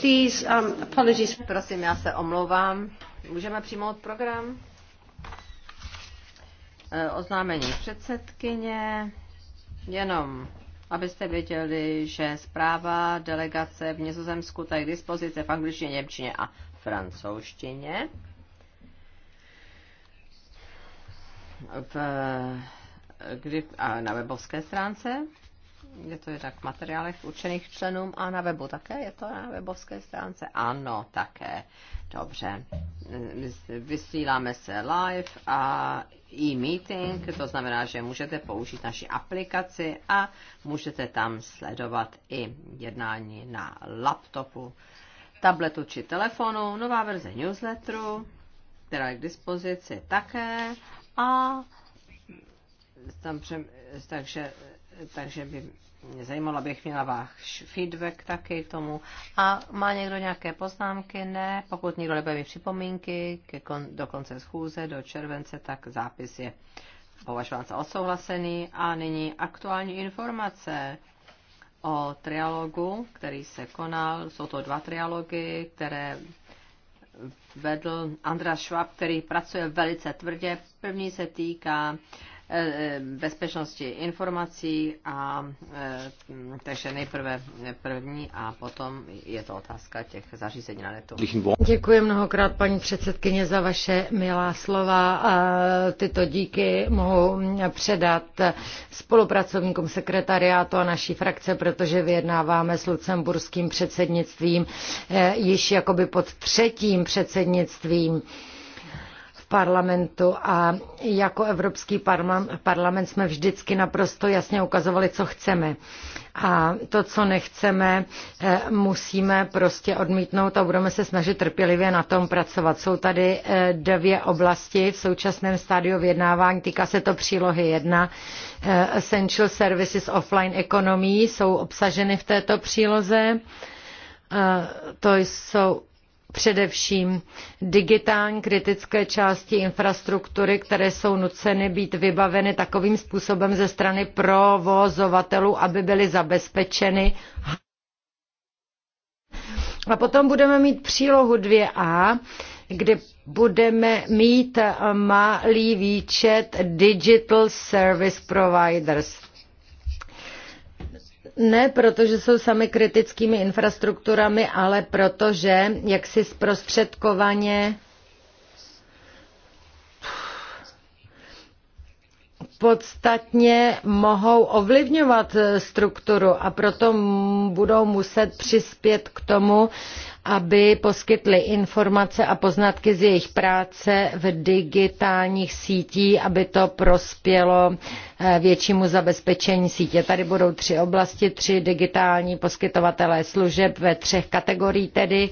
Please, um, apologies. Prosím, já se omlouvám. Můžeme přijmout program? Eh, oznámení předsedkyně. Jenom abyste věděli, že zpráva delegace v Nizozemsku je k dispozici v angličtině, němčině a francouzštině. V, eh, kdy, a na webovské stránce je to jednak v materiálech určených členům a na webu také? Je to na webovské stránce? Ano, také. Dobře. Vysíláme se live a e-meeting, to znamená, že můžete použít naši aplikaci a můžete tam sledovat i jednání na laptopu, tabletu či telefonu. Nová verze newsletteru, která je k dispozici také a tam, takže takže by mě zajímalo, abych měla váš feedback taky k tomu. A má někdo nějaké poznámky? Ne. Pokud někdo nebude mít připomínky ke kon, do konce schůze, do července, tak zápis je považován za odsouhlasený. A nyní aktuální informace o trialogu, který se konal. Jsou to dva trialogy, které vedl Andra Schwab, který pracuje velice tvrdě. První se týká uh, Eh, bezpečnosti informací a eh, takže nejprve první a potom je to otázka těch zařízení na netu. Děkuji mnohokrát paní předsedkyně za vaše milá slova. Tyto díky mohu předat spolupracovníkům sekretariátu a naší frakce, protože vyjednáváme s lucemburským předsednictvím eh, již jakoby pod třetím předsednictvím parlamentu a jako Evropský parlament jsme vždycky naprosto jasně ukazovali, co chceme. A to, co nechceme, eh, musíme prostě odmítnout a budeme se snažit trpělivě na tom pracovat. Jsou tady eh, dvě oblasti v současném stádiu vyjednávání, týká se to přílohy jedna. Eh, Essential Services Offline Economy jsou obsaženy v této příloze. To jsou především digitální kritické části infrastruktury, které jsou nuceny být vybaveny takovým způsobem ze strany provozovatelů, aby byly zabezpečeny. A potom budeme mít přílohu 2a, kde budeme mít malý výčet Digital Service Providers ne proto, že jsou sami kritickými infrastrukturami, ale proto, že jaksi zprostředkovaně podstatně mohou ovlivňovat eh, strukturu a proto budou muset přispět k tomu, aby poskytly informace a poznatky z jejich práce v digitálních sítí, aby to prospělo eh, většímu zabezpečení sítě. Tady budou tři oblasti, tři digitální poskytovatelé služeb ve třech kategoriích tedy,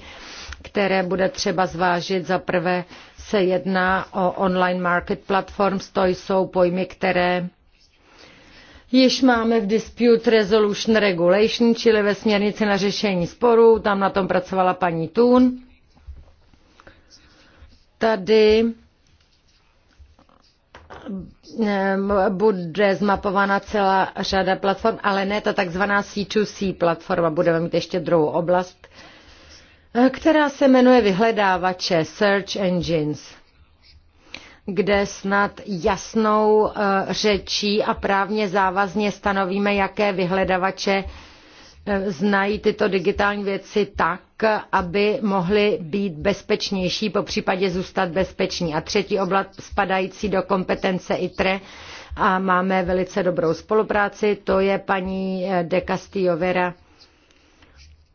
které bude třeba zvážit za prvé se jedná o online market platforms, to jsou pojmy, které již máme v Dispute Resolution Regulation, čili ve směrnici na řešení sporů, tam na tom pracovala paní Thun. Tady ehm, bude zmapována celá řada platform, ale ne ta takzvaná C2C platforma. Budeme mít ještě druhou oblast, Eh, která se jmenuje vyhledávače Search Engines kde snad jasnou eh, řečí a právně závazně stanovíme, jaké vyhledavače eh, znají tyto digitální věci tak, aby mohly být bezpečnější, po případě zůstat bezpeční. A třetí oblast spadající do kompetence ITRE a máme velice dobrou spolupráci, to je paní de Vera.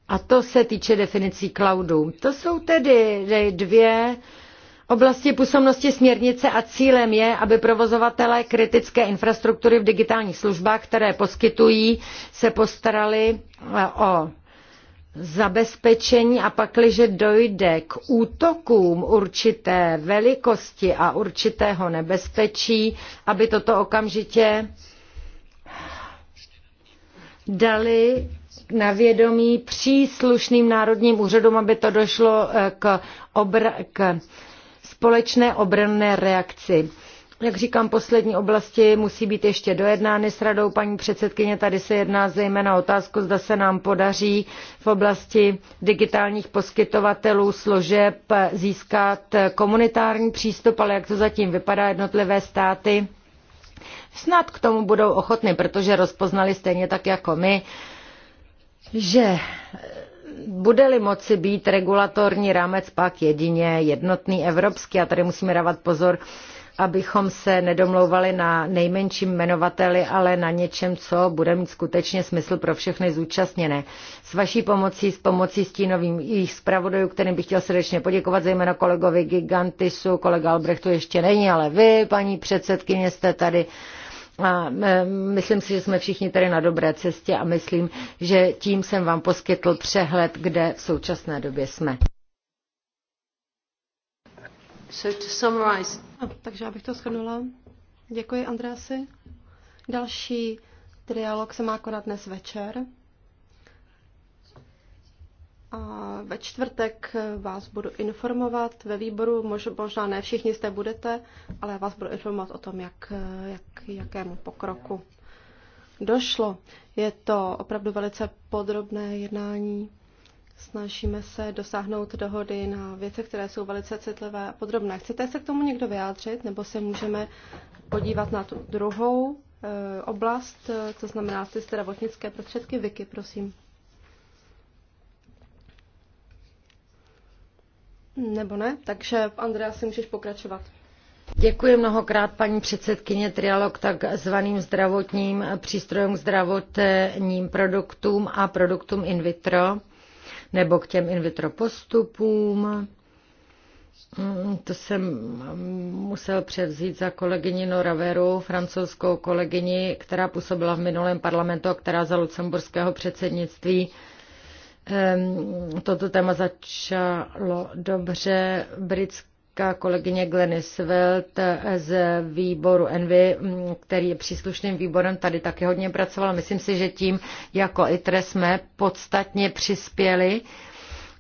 A to se týče definicí cloudu. To jsou tedy dvě oblasti působnosti směrnice a cílem je, aby provozovatelé kritické infrastruktury v digitálních službách, které poskytují, se postarali eh, o zabezpečení a pakliže dojde k útokům určité velikosti a určitého nebezpečí, aby toto okamžitě dali na vědomí příslušným národním úřadům, aby to došlo eh, k, obr- k společné obranné reakci. Jak říkám, poslední oblasti musí být ještě dojednány s radou. Paní předsedkyně, tady se jedná zejména otázku, zda se nám podaří v oblasti digitálních poskytovatelů složeb získat komunitární přístup, ale jak to zatím vypadá, jednotlivé státy snad k tomu budou ochotny, protože rozpoznali stejně tak jako my, že eh, bude-li moci být regulatorní rámec pak jedině jednotný evropský, a tady musíme dávat pozor, abychom se nedomlouvali na nejmenším jmenovateli, ale na něčem, co bude mít skutečně smysl pro všechny zúčastněné. S vaší pomocí, s pomocí stínovým jejich zpravodajů, kterým bych chtěl srdečně poděkovat, zejména kolegovi Gigantisu, kolega Albrechtu ještě není, ale vy, paní předsedkyně, jste tady a e, myslím si, že jsme všichni tady na dobré cestě a myslím, že tím jsem vám poskytl přehled, kde v současné době jsme. So to summarize. No, takže abych to shrnula. Děkuji, Andreasi. Další trialog se má konat dnes večer. A ve čtvrtek vás budu informovat ve výboru, možná ne všichni jste budete, ale vás budu informovat o tom, jak, jak, jakému pokroku došlo. Je to opravdu velice podrobné jednání. Snažíme se dosáhnout dohody na věce, které jsou velice citlivé a podrobné. Chcete se k tomu někdo vyjádřit, nebo se můžeme podívat na tu druhou e, oblast, eh, to znamená ty zdravotnické prostředky. Vicky, prosím. Nebo ne? Takže Andrea, si můžeš pokračovat. Děkuji mnohokrát paní předsedkyně Trialog zvaným zdravotním přístrojům zdravotním produktům a produktům in vitro nebo k těm in vitro postupům. Mm, to jsem musel převzít za kolegyni Noraveru, francouzskou kolegyni, která působila v minulém parlamentu a která za lucemburského předsednictví Toto téma začalo dobře. Britská kolegyně Glenis Welt z výboru Envy, který je příslušným výborem, tady taky hodně pracovala. Myslím si, že tím jako ITRE jsme podstatně přispěli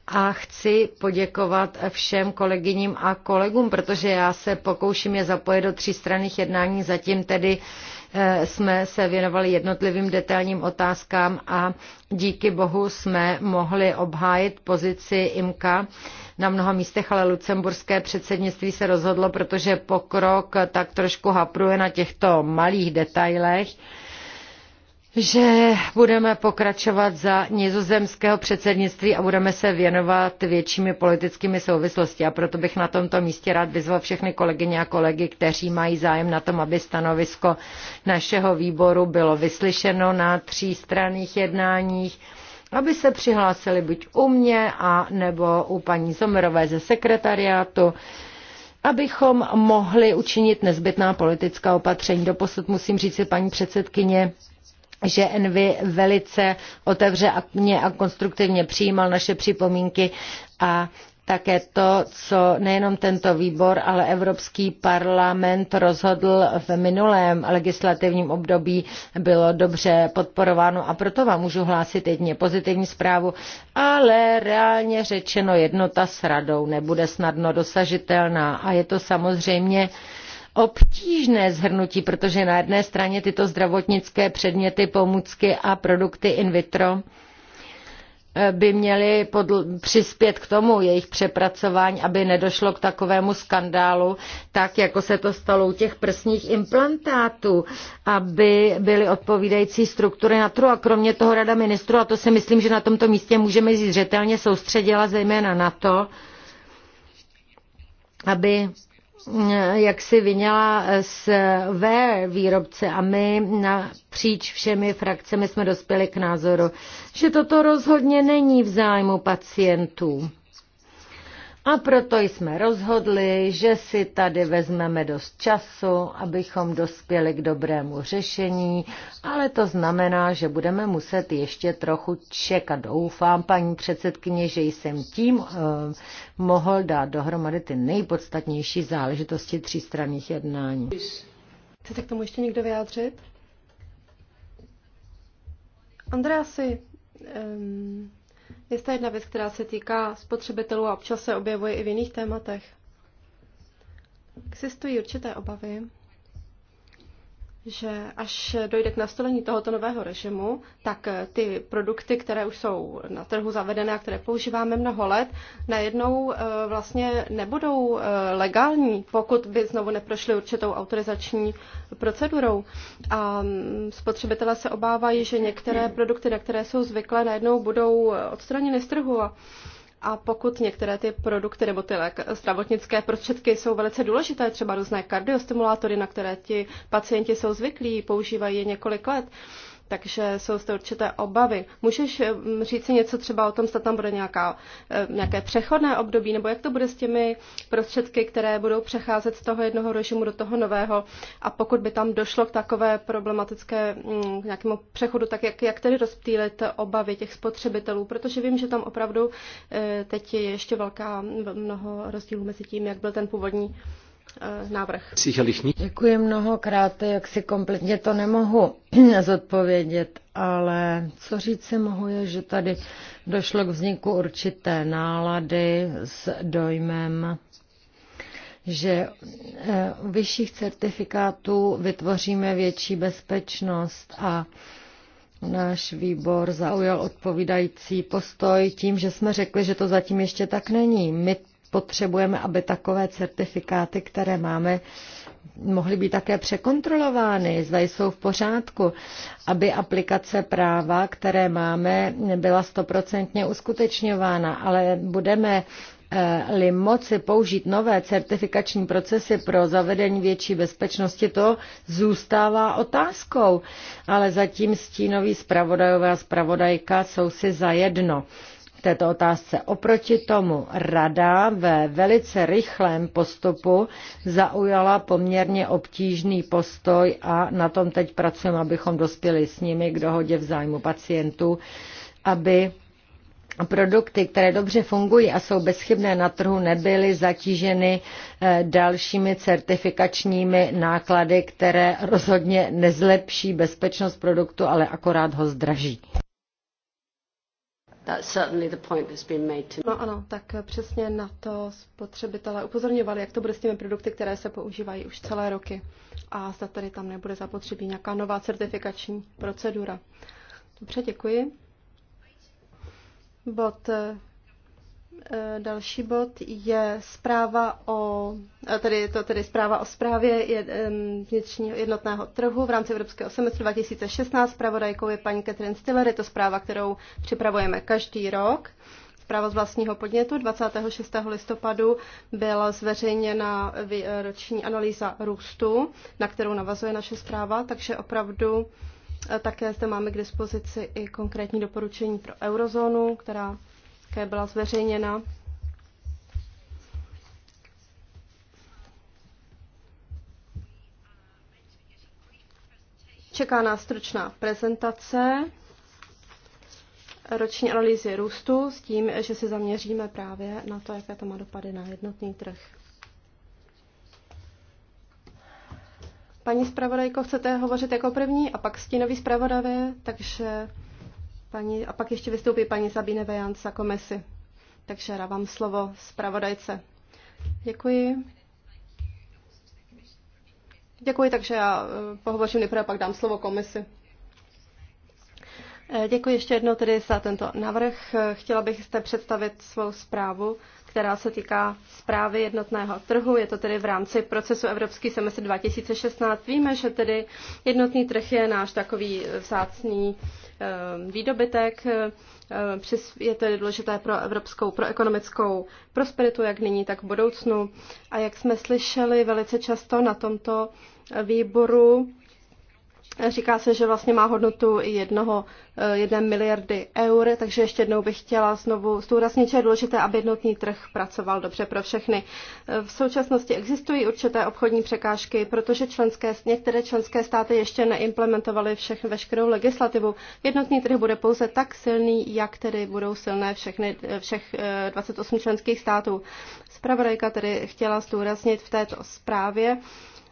a chci poděkovat všem kolegyním a kolegům, protože já se pokouším je zapojit do třístranných jednání, zatím tedy uh, Eh, jsme se věnovali jednotlivým detailním otázkám a díky bohu jsme mohli obhájit pozici IMKA na mnoha místech, ale lucemburské předsednictví se rozhodlo, protože pokrok tak trošku hapruje na těchto malých detailech, že budeme pokračovat za nizozemského předsednictví a budeme se věnovat většími politickými souvislosti. A proto bych na tomto místě rád vyzval všechny kolegyně a kolegy, kteří mají zájem na tom, aby stanovisko našeho výboru bylo vyslyšeno na třístranných jednáních aby se přihlásili buď u mě a nebo u paní Zomerové ze sekretariátu, abychom mohli učinit nezbytná politická opatření. Doposud musím říct paní předsedkyně, že envi velice otevřeně a konstruktivně přijímal naše připomínky a také to, co nejenom tento výbor, ale Evropský parlament rozhodl v minulém legislativním období, bylo dobře podporováno a proto vám můžu hlásit jedně pozitivní zprávu, ale reálně řečeno jednota s radou nebude snadno dosažitelná a je to samozřejmě uh, obtížné zhrnutí, protože na jedné straně tyto zdravotnické předměty, pomůcky a produkty in vitro eh, by měly podl- přispět k tomu jejich přepracování, aby nedošlo k takovému skandálu, tak jako se to stalo u těch prsních implantátů, aby byly odpovídající struktury na trhu. A kromě toho Rada ministru, a to si myslím, že na tomto místě můžeme zřetelně soustředila zejména na to, aby jak si vyněla své výrobce a my napříč všemi frakcemi jsme dospěli k názoru, že toto rozhodně není v zájmu pacientů. A proto jsme rozhodli, že si tady vezmeme dost času, abychom dospěli k dobrému řešení, ale to znamená, že budeme muset ještě trochu čekat. Doufám, paní předsedkyně, že jsem tím eh, mohl dát dohromady ty nejpodstatnější záležitosti třístranných jednání. Chcete k tomu ještě někdo vyjádřit? Andreasi, um, ehm, je to jedna věc, která se týká spotřebitelů a občas se objevuje i v jiných tématech. Existují určité obavy, že až dojde k nastolení tohoto nového režimu, tak ty produkty, které už jsou na trhu zavedené a které používáme mnoho let, najednou eh, vlastně nebudou eh, legální, pokud by znovu neprošly určitou autorizační procedurou. A mm, spotřebitelé se obávají, že některé produkty, na které jsou zvyklé, najednou budou eh, odstraněny z trhu. A a pokud některé ty produkty nebo ty zdravotnické prostředky jsou velice důležité, třeba různé kardiostimulátory, na které ti pacienti jsou zvyklí, používají je několik let, takže jsou zde určité obavy. Můžeš eh, říct si něco třeba o tom, zda tam bude nějaká, eh, nějaké přechodné období, nebo jak to bude s těmi prostředky, které budou přecházet z toho jednoho režimu do toho nového a pokud by tam došlo k takové problematické mm, k nějakému přechodu, tak jak, jak tedy rozptýlit obavy těch spotřebitelů, protože vím, že tam opravdu eh, teď je ještě velká mnoho rozdílů mezi tím, jak byl ten původní Eh, návrh. Děkuji mnohokrát, jak si kompletně to nemohu zodpovědět, ale co říct si mohu je, že tady došlo k vzniku určité nálady s dojmem že eh, u vyšších certifikátů vytvoříme větší bezpečnost a náš výbor zaujal odpovídající postoj tím, že jsme řekli, že to zatím ještě tak není. My potřebujeme, aby takové certifikáty, které máme, mohly být také překontrolovány, zda jsou v pořádku, aby aplikace práva, které máme, byla stoprocentně uskutečňována, ale budeme li moci použít nové certifikační procesy pro zavedení větší bezpečnosti, to zůstává otázkou. Ale zatím stínoví zpravodajové a zpravodajka jsou si zajedno. jedno této otázce. Oproti tomu rada ve velice rychlém postupu zaujala poměrně obtížný postoj a na tom teď pracujeme, abychom dospěli s nimi k dohodě v zájmu pacientů, aby produkty, které dobře fungují a jsou bezchybné na trhu, nebyly zatíženy eh, dalšími certifikačními náklady, které rozhodně nezlepší bezpečnost produktu, ale akorát ho zdraží. No ano, tak přesně na to spotřebitelé upozorňovali, jak to bude s těmi produkty, které se používají už celé roky a zda tady tam nebude zapotřebí nějaká nová certifikační procedura. Dobře, děkuji. Bod Eh, další bod je zpráva o, eh, tedy to tedy zpráva o zprávě vnitřního jednotného trhu v rámci Evropského semestru 2016. Zpravodajkou je paní Katrin Stiller. Je to zpráva, kterou připravujeme každý rok. Zpráva z vlastního podnětu 26. listopadu byla zveřejněna eh, roční analýza růstu, na kterou navazuje naše zpráva, takže opravdu také zde máme k dispozici i konkrétní doporučení pro eurozónu, která také byla zveřejněna. Čeká nás stručná prezentace roční analýzy růstu s tím, že se zaměříme právě na to, jaké to má dopady na jednotný trh. Paní zpravodajko, chcete hovořit jako první a pak stínový zpravodavě, takže Paní, a pak ještě vystoupí paní Zabíne Vejanca komisi. Takže dávám slovo zpravodajce. Děkuji. Děkuji, takže já eh, pohovořím nejprve, pak dám slovo komisi. Eh, děkuji ještě jednou tedy za tento návrh. Eh, chtěla bych zde představit svou zprávu, která se týká zprávy jednotného trhu. Je to tedy v rámci procesu Evropský semestr 2016. Víme, že tedy jednotný trh je náš takový vzácný Eh, výdobytek. Eh, je to důležité pro evropskou, pro ekonomickou prosperitu, jak nyní, tak v budoucnu. A jak jsme slyšeli velice často na tomto výboru, Říká se, že vlastně má hodnotu jednoho, eh, jedné miliardy eur, takže ještě jednou bych chtěla znovu zdůraznit, že je důležité, aby jednotný trh pracoval dobře pro všechny. Eh, v současnosti existují určité obchodní překážky, protože členské, některé členské státy ještě neimplementovaly všechny veškerou legislativu. Jednotný trh bude pouze tak silný, jak tedy budou silné všechny, eh, všech 28 členských států. Spravodajka tedy chtěla zdůraznit v této zprávě,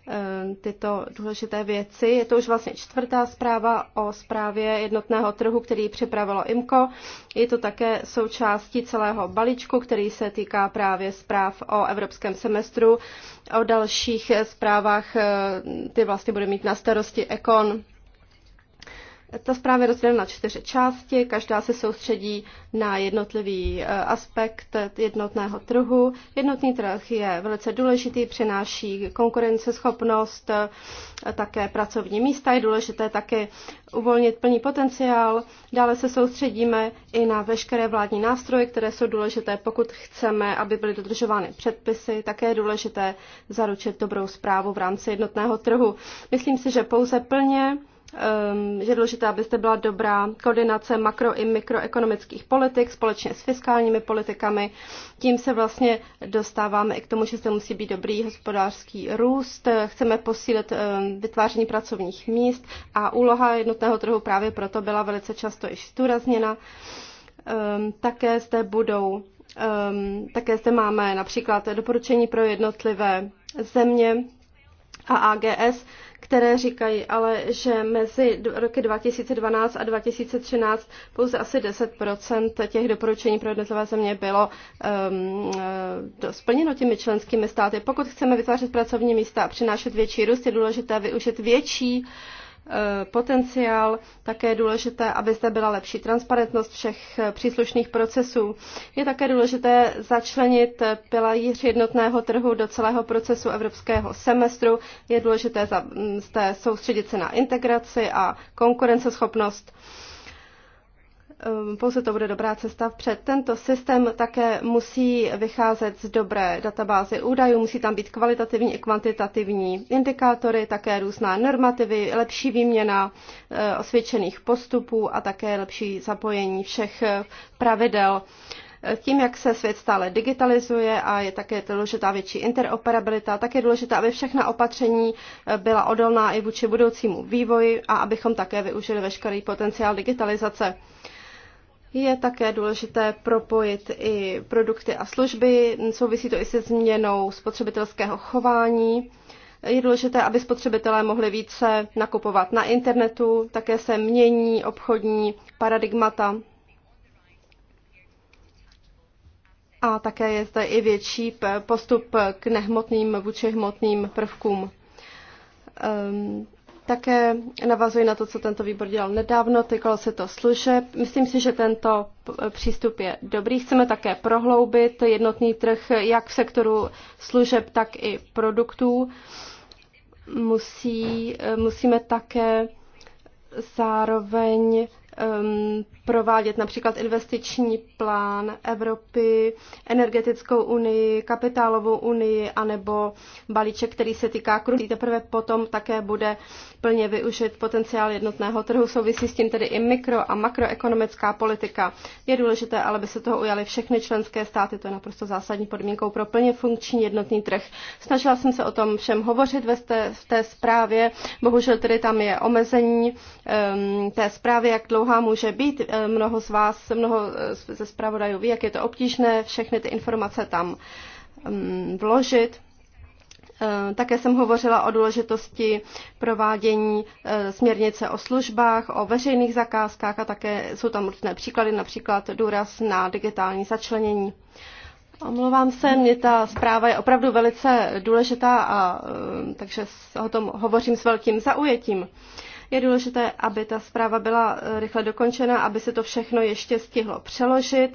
Eh, tyto důležité věci. Je to už vlastně čtvrtá zpráva o zprávě jednotného trhu, který připravilo IMCO. Je to také součástí celého balíčku, který se týká právě zpráv o evropském semestru. O dalších zprávách eh, ty vlastně bude mít na starosti ECON. Ta zpráva je rozdělena na čtyři části, každá se soustředí na jednotlivý eh, aspekt jednotného trhu. Jednotný trh je velice důležitý, přináší konkurenceschopnost, eh, také pracovní místa, je důležité také uvolnit plný potenciál. Dále se soustředíme i na veškeré vládní nástroje, které jsou důležité, pokud chceme, aby byly dodržovány předpisy. Také je důležité zaručit dobrou zprávu v rámci jednotného trhu. Myslím si, že pouze plně Ehm, že je důležité, abyste byla dobrá koordinace makro i mikroekonomických politik společně s fiskálními politikami. Tím se vlastně dostáváme i k tomu, že se musí být dobrý hospodářský růst, chceme posílit ehm, vytváření pracovních míst a úloha jednotného trhu právě proto byla velice často již zdůrazněna. Ehm, také zde budou také zde máme například doporučení pro jednotlivé země a AGS které říkají ale, že mezi roky 2012 a 2013 pouze asi 10 těch doporučení pro jednotlivé země bylo um, splněno těmi členskými státy. Pokud chceme vytvářet pracovní místa a přinášet větší růst, je důležité využít větší uh, Eh, potenciál. Také je důležité, aby zde byla lepší transparentnost všech eh, příslušných procesů. Je také důležité začlenit eh, pilíř jednotného trhu do celého procesu evropského semestru. Je důležité mm, zde soustředit se na integraci a konkurenceschopnost. Ehm, pouze to bude dobrá cesta vpřed. Tento systém také musí vycházet z dobré databáze údajů, musí tam být kvalitativní i kvantitativní indikátory, také různá normativy, lepší výměna eh, osvědčených postupů a také lepší zapojení všech eh, pravidel. Eh, tím, jak se svět stále digitalizuje a je také důležitá větší interoperabilita, tak je důležité, aby všechna opatření byla odolná i vůči budoucímu vývoji a abychom také využili veškerý potenciál digitalizace. Je také důležité propojit i produkty a služby, souvisí to i se změnou spotřebitelského chování. Je důležité, aby spotřebitelé mohli více nakupovat na internetu, také se mění obchodní paradigmata. A také je zde i větší postup k nehmotným vůči hmotným prvkům. Um, také navazuji na to, co tento výbor dělal nedávno, týkalo se to služeb. Myslím si, že tento přístup je dobrý. Chceme také prohloubit jednotný trh jak v sektoru služeb, tak i produktů. Musí, musíme také zároveň um, provádět například investiční plán Evropy, energetickou unii, kapitálovou unii, anebo balíček, který se týká kruhu. Teprve potom také bude plně využit potenciál jednotného trhu. Souvisí s tím tedy i mikro- a makroekonomická politika. Je důležité, ale by se toho ujali všechny členské státy. To je naprosto zásadní podmínkou pro plně funkční jednotný trh. Snažila jsem se o tom všem hovořit ve té, v té zprávě. Bohužel tedy tam je omezení um, té zprávy, jak dlouho dlouhá může být. Eh, mnoho z vás, mnoho eh, ze zpravodajů ví, jak je to obtížné všechny ty informace tam mm, vložit. Eh, také jsem hovořila o důležitosti provádění směrnice o službách, o veřejných zakázkách a také jsou tam různé příklady, například důraz na digitální začlenění. Omlouvám se, mě ta zpráva je opravdu velice důležitá, a, takže o tom hovořím s velkým zaujetím. Je důležité, aby ta zpráva byla eh, rychle dokončena, aby se to všechno ještě stihlo přeložit,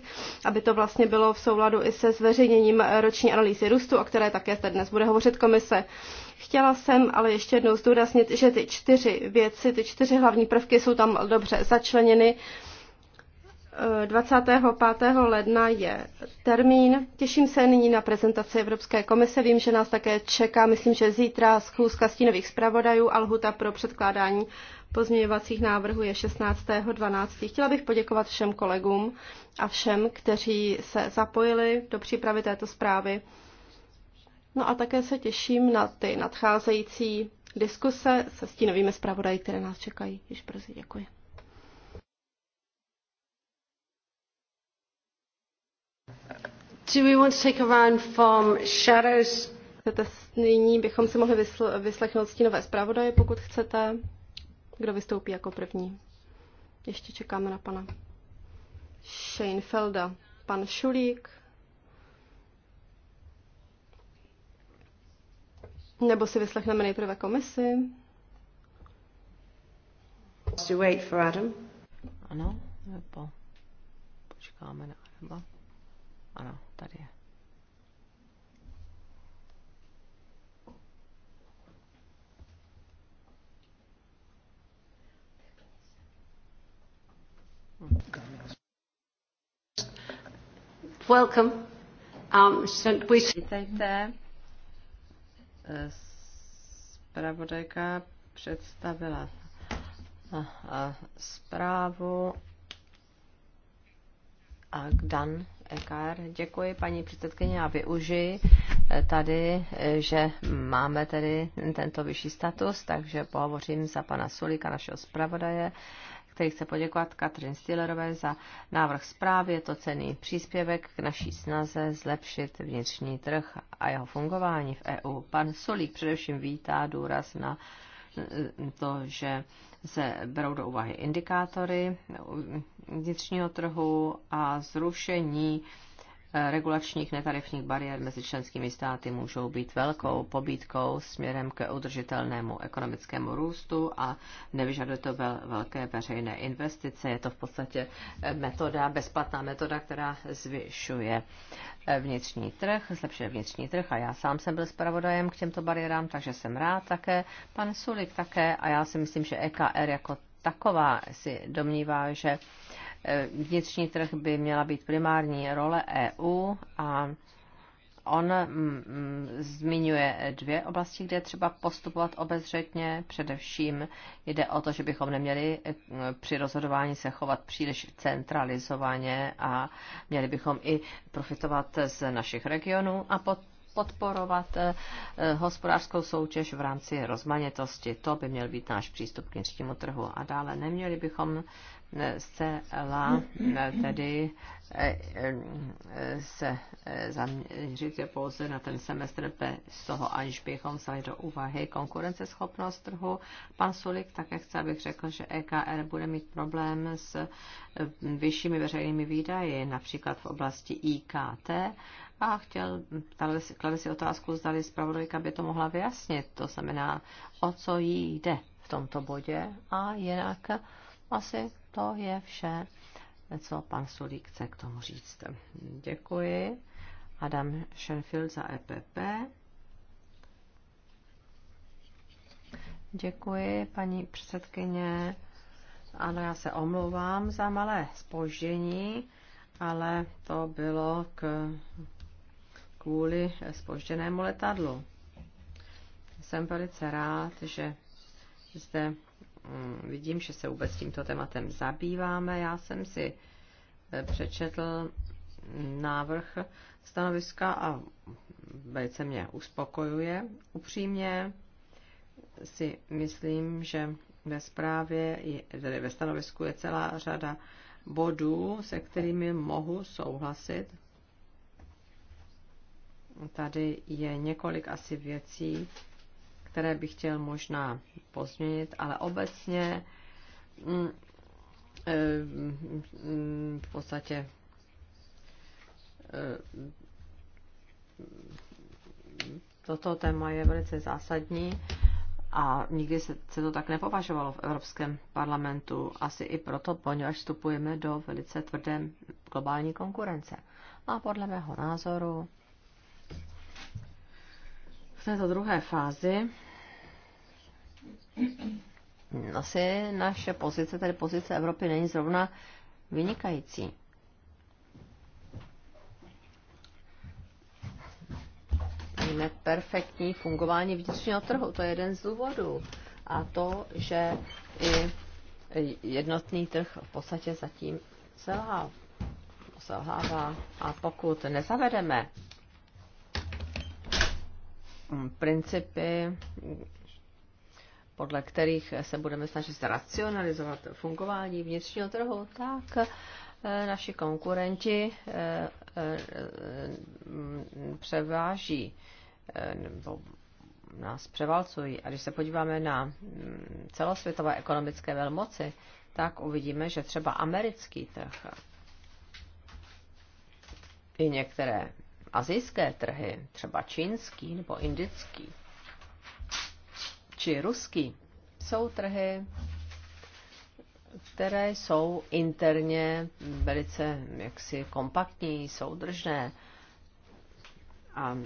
aby to vlastně bylo v souladu i se zveřejněním eh, roční analýzy růstu, o které také zde dnes bude hovořit komise. Chtěla jsem ale ještě jednou zdůraznit, že ty čtyři věci, ty čtyři hlavní prvky jsou tam dobře začleněny. 25. ledna je termín. Těším se nyní na prezentaci Evropské komise. Vím, že nás také čeká, myslím, že zítra schůzka stínových zpravodajů a lhuta pro předkládání pozměňovacích návrhů je 16.12. Chtěla bych poděkovat všem kolegům a všem, kteří se zapojili do přípravy této zprávy. No a také se těším na ty nadcházející diskuse se stínovými zpravodaji, které nás čekají již brzy. Děkuji. Do we want to take a round from shadows? Chcete, nyní bychom si mohli vysl- vyslechnout stínové zpravodaje, pokud chcete. Kdo vystoupí jako první? Ještě čekáme na pana Scheinfelda. Pan Šulík. Nebo si vyslechneme nejprve komisi. wait for Adam. Ano, nebo počkáme na Adama. Ano, tady je. Welcome. Um, so we... Vítejte. Spravodajka představila eh, eh, zprávu a k Dan EKR. Děkuji, paní předsedkyně, já využiji eh, tady, eh, že máme tedy tento vyšší status, takže pohovořím za pana Sulíka, našeho zpravodaje který chce poděkovat Katrin Stillerové za návrh zprávy. Je to cený příspěvek k naší snaze zlepšit vnitřní trh a jeho fungování v EU. Pan Solík především vítá důraz na eh, to, že se berou do úvahy indikátory vnitřního trhu a zrušení regulačních netarifních bariér mezi členskými státy můžou být velkou pobídkou směrem k udržitelnému ekonomickému růstu a nevyžaduje to velké veřejné investice. Je to v podstatě metoda, bezplatná metoda, která zvyšuje vnitřní trh, zlepšuje vnitřní trh a já sám jsem byl zpravodajem k těmto bariérám, takže jsem rád také. Pan Sulik také a já si myslím, že EKR jako taková si domnívá, že Eh, vnitřní trh by měla být primární role EU a on mm, mm, zmiňuje dvě oblasti, kde je třeba postupovat obezřetně. Především jde o to, že bychom neměli eh, při rozhodování se chovat příliš centralizovaně a měli bychom i profitovat z našich regionů a podporovat eh, hospodářskou soutěž v rámci rozmanitosti. To by měl být náš přístup k vnitřnímu trhu. A dále neměli bychom zcela tedy eh, eh, se eh, zaměřit pouze na ten semestr bez toho, aniž bychom vzali do úvahy konkurenceschopnost trhu. Pan Sulik také chce, abych řekl, že EKR bude mít problém s vyššími veřejnými výdaji, například v oblasti IKT, a chtěl, klade si otázku, zdali zpravodajka by to mohla vyjasnit, to znamená, o co jí jde v tomto bodě a jinak asi to je vše, co pan Sulík chce k tomu říct. Děkuji. Adam Schenfield za EPP. Děkuji, paní předsedkyně. Ano, já se omlouvám za malé spoždění, ale to bylo k, kvůli spožděnému letadlu. Jsem velice rád, že zde Mm, vidím, že se vůbec tímto tématem zabýváme. Já jsem si eh, přečetl návrh stanoviska a velice mě uspokojuje. Upřímně si myslím, že ve zprávě, tedy ve stanovisku je celá řada bodů, se kterými mohu souhlasit. Tady je několik asi věcí, které bych chtěl možná pozměnit, ale obecně mm, eh, mm, v podstatě eh, toto téma je velice zásadní a nikdy se, se to tak nepovažovalo v Evropském parlamentu. Asi i proto, poněvadž vstupujeme do velice tvrdé globální konkurence. A podle mého názoru v této druhé fázi asi naše pozice, tedy pozice Evropy, není zrovna vynikající. neperfektní fungování vnitřního trhu. To je jeden z důvodů. A to, že i jednotný trh v podstatě zatím selhává. A pokud nezavedeme Mm, principy, podle kterých se budeme snažit racionalizovat fungování vnitřního trhu, tak eh, naši konkurenti eh, eh, převáží nebo nás převalcují. A když se podíváme na mm, celosvětové ekonomické velmoci, tak uvidíme, že třeba americký trh i některé azijské trhy, třeba čínský nebo indický či ruský, jsou trhy, které jsou interně velice jaksi kompaktní, soudržné a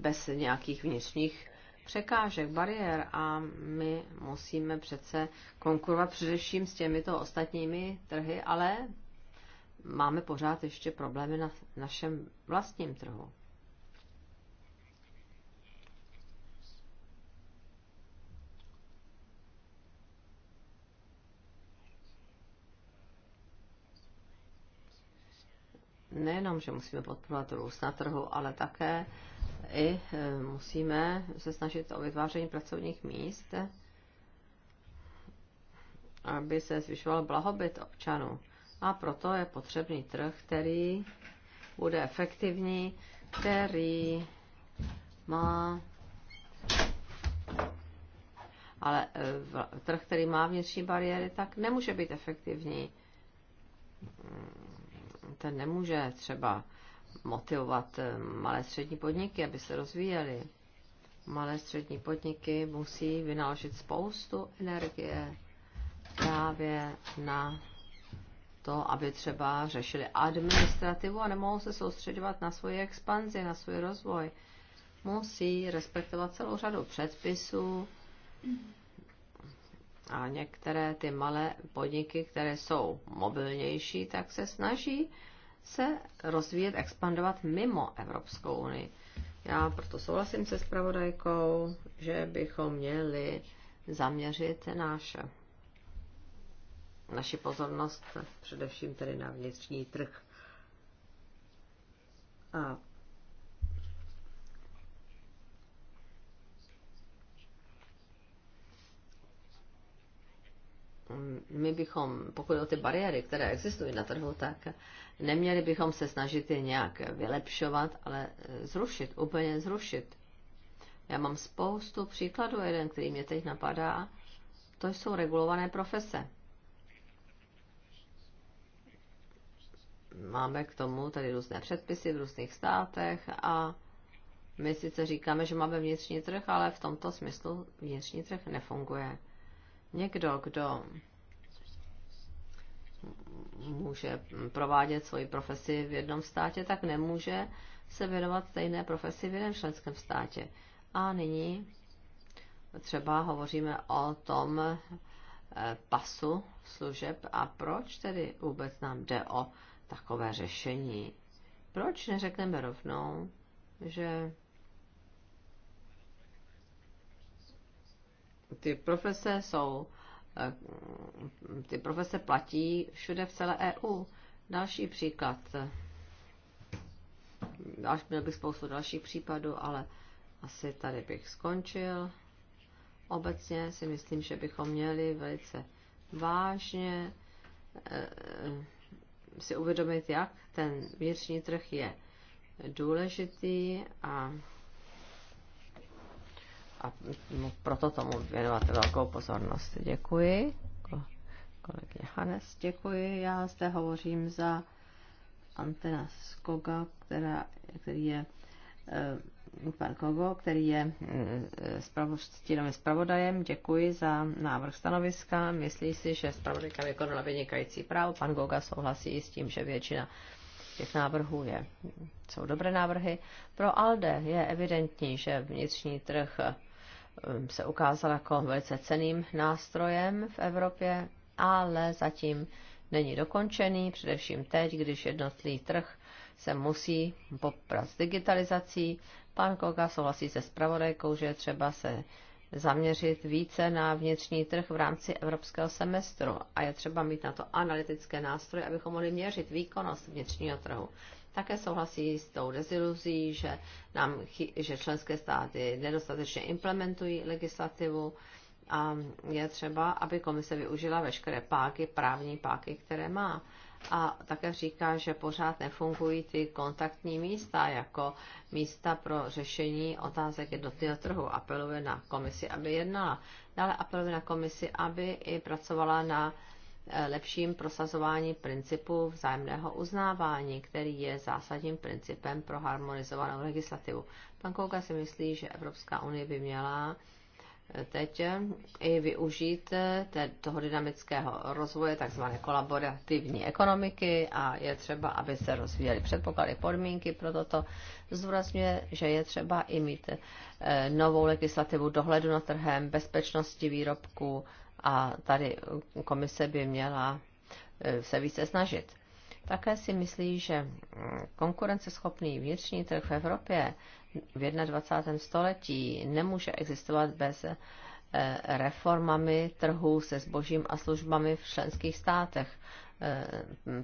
bez nějakých vnitřních překážek, bariér a my musíme přece konkurovat především s těmito ostatními trhy, ale máme pořád ještě problémy na našem vlastním trhu. nejenom, že musíme podporovat růst na trhu, ale také i e, musíme se snažit o vytváření pracovních míst, aby se zvyšoval blahobyt občanů a proto je potřebný trh, který bude efektivní, který má ale e, trh, který má vnitřní bariéry, tak nemůže být efektivní. Mm, ten nemůže třeba motivovat e, malé střední podniky, aby se rozvíjely. Malé střední podniky musí vynaložit spoustu energie právě na to, aby třeba řešili administrativu a nemohou se soustředovat na svoji expanzi, na svůj rozvoj. Musí respektovat celou řadu předpisů a některé ty malé podniky, které jsou mobilnější, tak se snaží se rozvíjet, expandovat mimo Evropskou unii. Já proto souhlasím se spravodajkou, že bychom měli zaměřit náš naši pozornost především tedy na vnitřní trh. A my bychom, pokud o ty bariéry, které existují na trhu, tak neměli bychom se snažit je nějak vylepšovat, ale zrušit, úplně zrušit. Já mám spoustu příkladů, jeden, který mě teď napadá, to jsou regulované profese. máme k tomu tady různé předpisy v různých státech a my sice říkáme, že máme vnitřní trh, ale v tomto smyslu vnitřní trh nefunguje. Někdo, kdo může provádět svoji profesi v jednom státě, tak nemůže se věnovat stejné profesi v jiném členském státě. A nyní třeba hovoříme o tom eh, pasu služeb a proč tedy vůbec nám jde o takové řešení. Proč neřekneme rovnou, že ty profese jsou, eh, ty profese platí všude v celé EU. Další příklad. Až měl bych spoustu dalších případů, ale asi tady bych skončil. Obecně si myslím, že bychom měli velice vážně eh, si uvědomit, jak ten vnitřní trh je důležitý a, a proto tomu věnovat velkou pozornost. Děkuji. Kolegyně Hanes, děkuji. Já zde hovořím za Antena Skoga, která, který je eh, pan Kogo, který je mm, stínovým zpravodajem. Děkuji za návrh stanoviska. Myslí si, že zpravodajka vykonala vynikající právo. Pan Goga souhlasí s tím, že většina těch návrhů je, jsou dobré návrhy. Pro ALDE je evidentní, že vnitřní trh mm, se ukázal jako velice ceným nástrojem v Evropě, ale zatím není dokončený, především teď, když jednotlivý trh se musí poprat s digitalizací Pan Koga souhlasí se spravodajkou, že je třeba se zaměřit více na vnitřní trh v rámci evropského semestru a je třeba mít na to analytické nástroje, abychom mohli měřit výkonnost vnitřního trhu. Také souhlasí s tou deziluzí, že, nám, že členské státy nedostatečně implementují legislativu a je třeba, aby komise využila veškeré páky, právní páky, které má a také říká, že pořád nefungují ty kontaktní místa jako místa pro řešení otázek jednotného trhu. Apeluje na komisi, aby jednala. Dále apeluje na komisi, aby i pracovala na eh, lepším prosazování principu vzájemného uznávání, který je zásadním principem pro harmonizovanou legislativu. Pan Kouka si myslí, že Evropská unie by měla teď i využít toho dynamického rozvoje tzv. kolaborativní ekonomiky a je třeba, aby se rozvíjely předpoklady, podmínky pro toto. Zvrazňuje, že je třeba i mít eh, novou legislativu dohledu na trhem, bezpečnosti výrobků a tady komise by měla eh, se více snažit. Také si myslí, že mm, konkurenceschopný vnitřní trh v Evropě v 21. století nemůže existovat bez eh, reformami trhu se zbožím a službami v členských státech. Eh,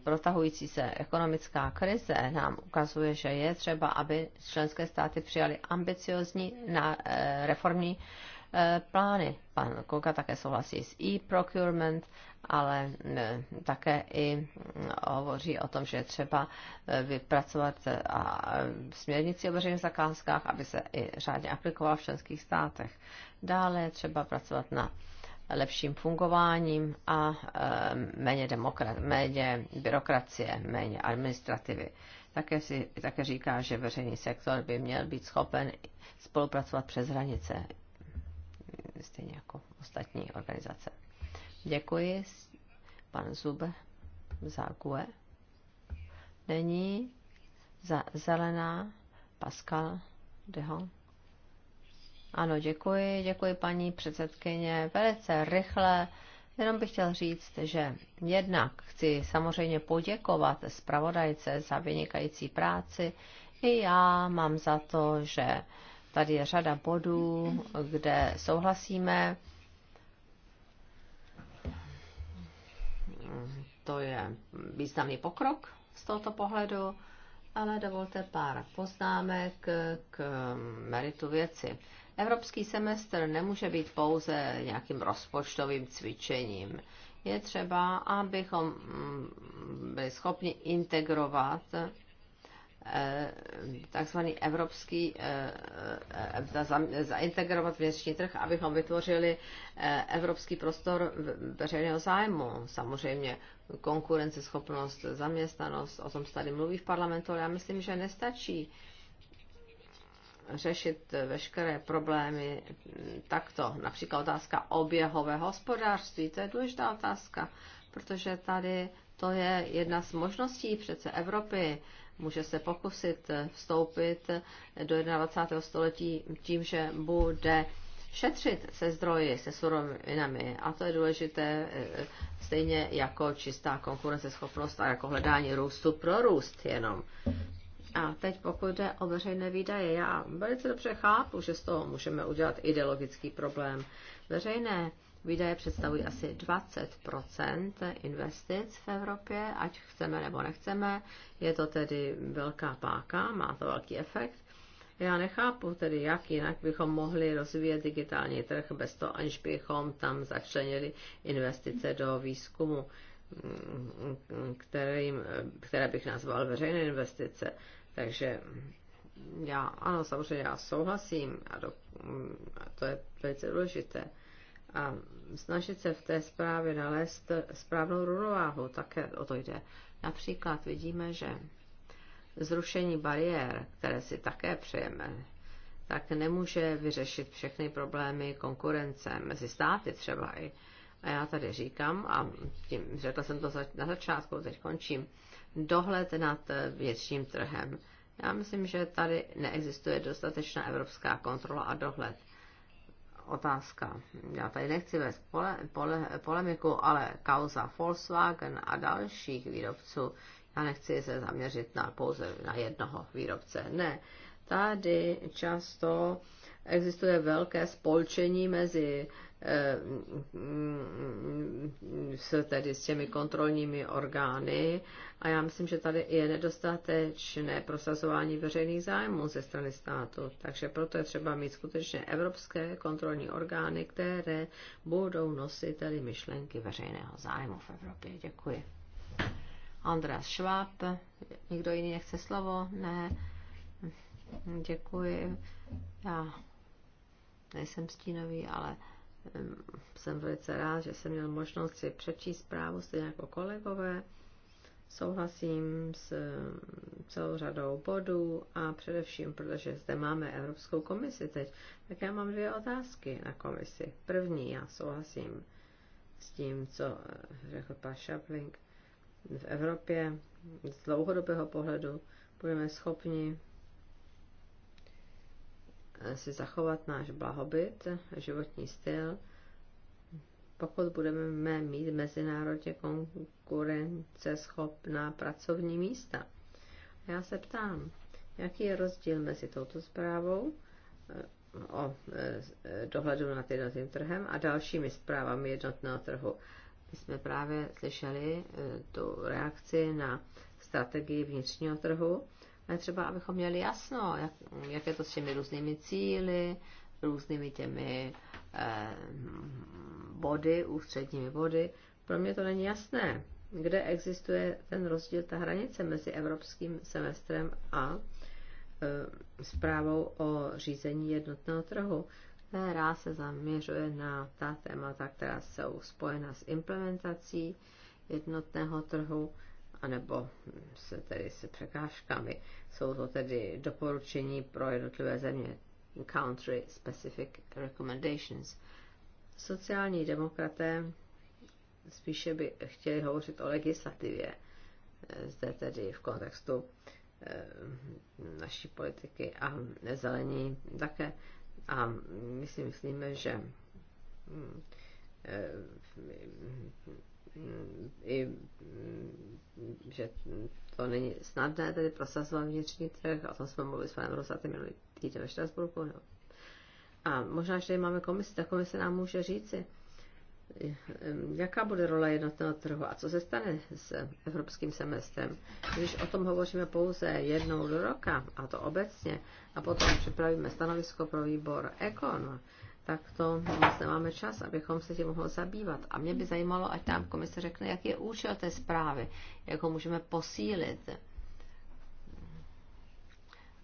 protahující se ekonomická krize nám ukazuje, že je třeba, aby členské státy přijaly ambiciozní eh, reformní Eh, plány. Pan Koga také souhlasí s e-procurement, ale eh, také i mm, hovoří o tom, že je třeba eh, vypracovat a směrnici o veřejných zakázkách, aby se i řádně aplikovala v členských státech. Dále je třeba pracovat na lepším fungováním a méně, demokrat, méně byrokracie, méně administrativy. Také, si, také říká, že veřejný sektor by měl být schopen spolupracovat přes hranice stejně jako ostatní organizace. Děkuji, pan Zube za GUE. Není za zelená Pascal Deho. Ano, děkuji, děkuji paní předsedkyně. Velice rychle, jenom bych chtěl říct, že jednak chci samozřejmě poděkovat zpravodajce za vynikající práci. I já mám za to, že Tady je řada bodů, kde souhlasíme. To je významný pokrok z tohoto pohledu, ale dovolte pár poznámek k meritu věci. Evropský semestr nemůže být pouze nějakým rozpočtovým cvičením. Je třeba, abychom byli schopni integrovat Eh, takzvaný evropský, eh, eh, zaintegrovat vnitřní trh, abychom vytvořili evropský prostor veřejného zájmu. Samozřejmě konkurenceschopnost, zaměstnanost, o tom se tady mluví v parlamentu, ale já myslím, že nestačí řešit veškeré problémy takto. Například otázka oběhového hospodářství, to je důležitá otázka, protože tady to je jedna z možností přece Evropy může se pokusit vstoupit do 21. století tím, že bude šetřit se zdroji, se surovinami. A to je důležité eh, stejně jako čistá konkurenceschopnost a jako hledání růstu pro růst jenom. A teď pokud jde o veřejné výdaje, já velice dobře chápu, že z toho můžeme udělat ideologický problém. Veřejné Výdaje představují asi 20 investic v Evropě, ať chceme nebo nechceme. Je to tedy velká páka, má to velký efekt. Já nechápu tedy, jak jinak bychom mohli rozvíjet digitální trh bez toho, aniž bychom tam začlenili investice do výzkumu, kterým, které bych nazval veřejné investice. Takže já, ano, samozřejmě já souhlasím a, do, a to je velice důležité a snažit se v té zprávě nalézt správnou rovnováhu, také o to jde. Například vidíme, že zrušení bariér, které si také přejeme, tak nemůže vyřešit všechny problémy konkurence mezi státy třeba i. A já tady říkám, a tím, řekla jsem to na začátku, teď končím, dohled nad vnitřním trhem. Já myslím, že tady neexistuje dostatečná evropská kontrola a dohled otázka. Já tady nechci vést pole, pole, polemiku, ale kauza Volkswagen a dalších výrobců, já nechci se zaměřit na pouze na jednoho výrobce. Ne, tady často existuje velké spolčení mezi uh, Eh, s, tedy s těmi kontrolními orgány. A já myslím, že tady je nedostatečné prosazování veřejných zájmů ze strany státu. Takže proto je třeba mít skutečně evropské kontrolní orgány, které budou nosit tady myšlenky veřejného zájmu v Evropě. Děkuji. Andreas Schwab, nikdo jiný nechce slovo? Ne. Děkuji. Já nejsem stínový, ale jsem velice rád, že jsem měl možnost si přečíst zprávu stejně jako kolegové. Souhlasím s celou řadou bodů a především, protože zde máme Evropskou komisi teď, tak já mám dvě otázky na komisi. První, já souhlasím s tím, co eh, řekl pan Šaplink. V Evropě z dlouhodobého pohledu budeme schopni Eh, si zachovat náš blahobyt, životní styl, pokud budeme mít mezinárodně konkurenceschopná pracovní místa. Já se ptám, jaký je rozdíl mezi touto zprávou eh, o eh, dohledu nad jednotným trhem a dalšími zprávami jednotného trhu. My jsme právě slyšeli tu reakci na strategii vnitřního trhu třeba abychom měli jasno, jak, jak je to s těmi různými cíly, různými těmi eh, body, ústředními body. Pro mě to není jasné, kde existuje ten rozdíl, ta hranice mezi evropským semestrem a eh, zprávou o řízení jednotného trhu. Hra se zaměřuje na ta témata, která jsou spojena s implementací jednotného trhu. Eh, anebo se tedy se překážkami. Jsou to tedy doporučení pro jednotlivé země, country specific recommendations. Sociální demokraté spíše by chtěli hovořit o legislativě, eh, zde tedy v kontextu eh, naší politiky a zelení také. A my si myslíme, že mm, eh, i, mm, že to není snadné tedy prosazovat vnitřní trh, a tom jsme mluvili s panem Rosatem minulý týden ve Štrasburku. Jo. A možná, že máme komisi, ta komise nám může říci, jaká bude role jednotného trhu a co se stane s evropským semestrem. Když o tom hovoříme pouze jednou do roka, a to obecně, a potom připravíme stanovisko pro výbor EKON, tak to moc nemáme čas, abychom se tím mohli zabývat. A mě by zajímalo, ať tam komise řekne, jaký je účel té zprávy, jak ho můžeme posílit.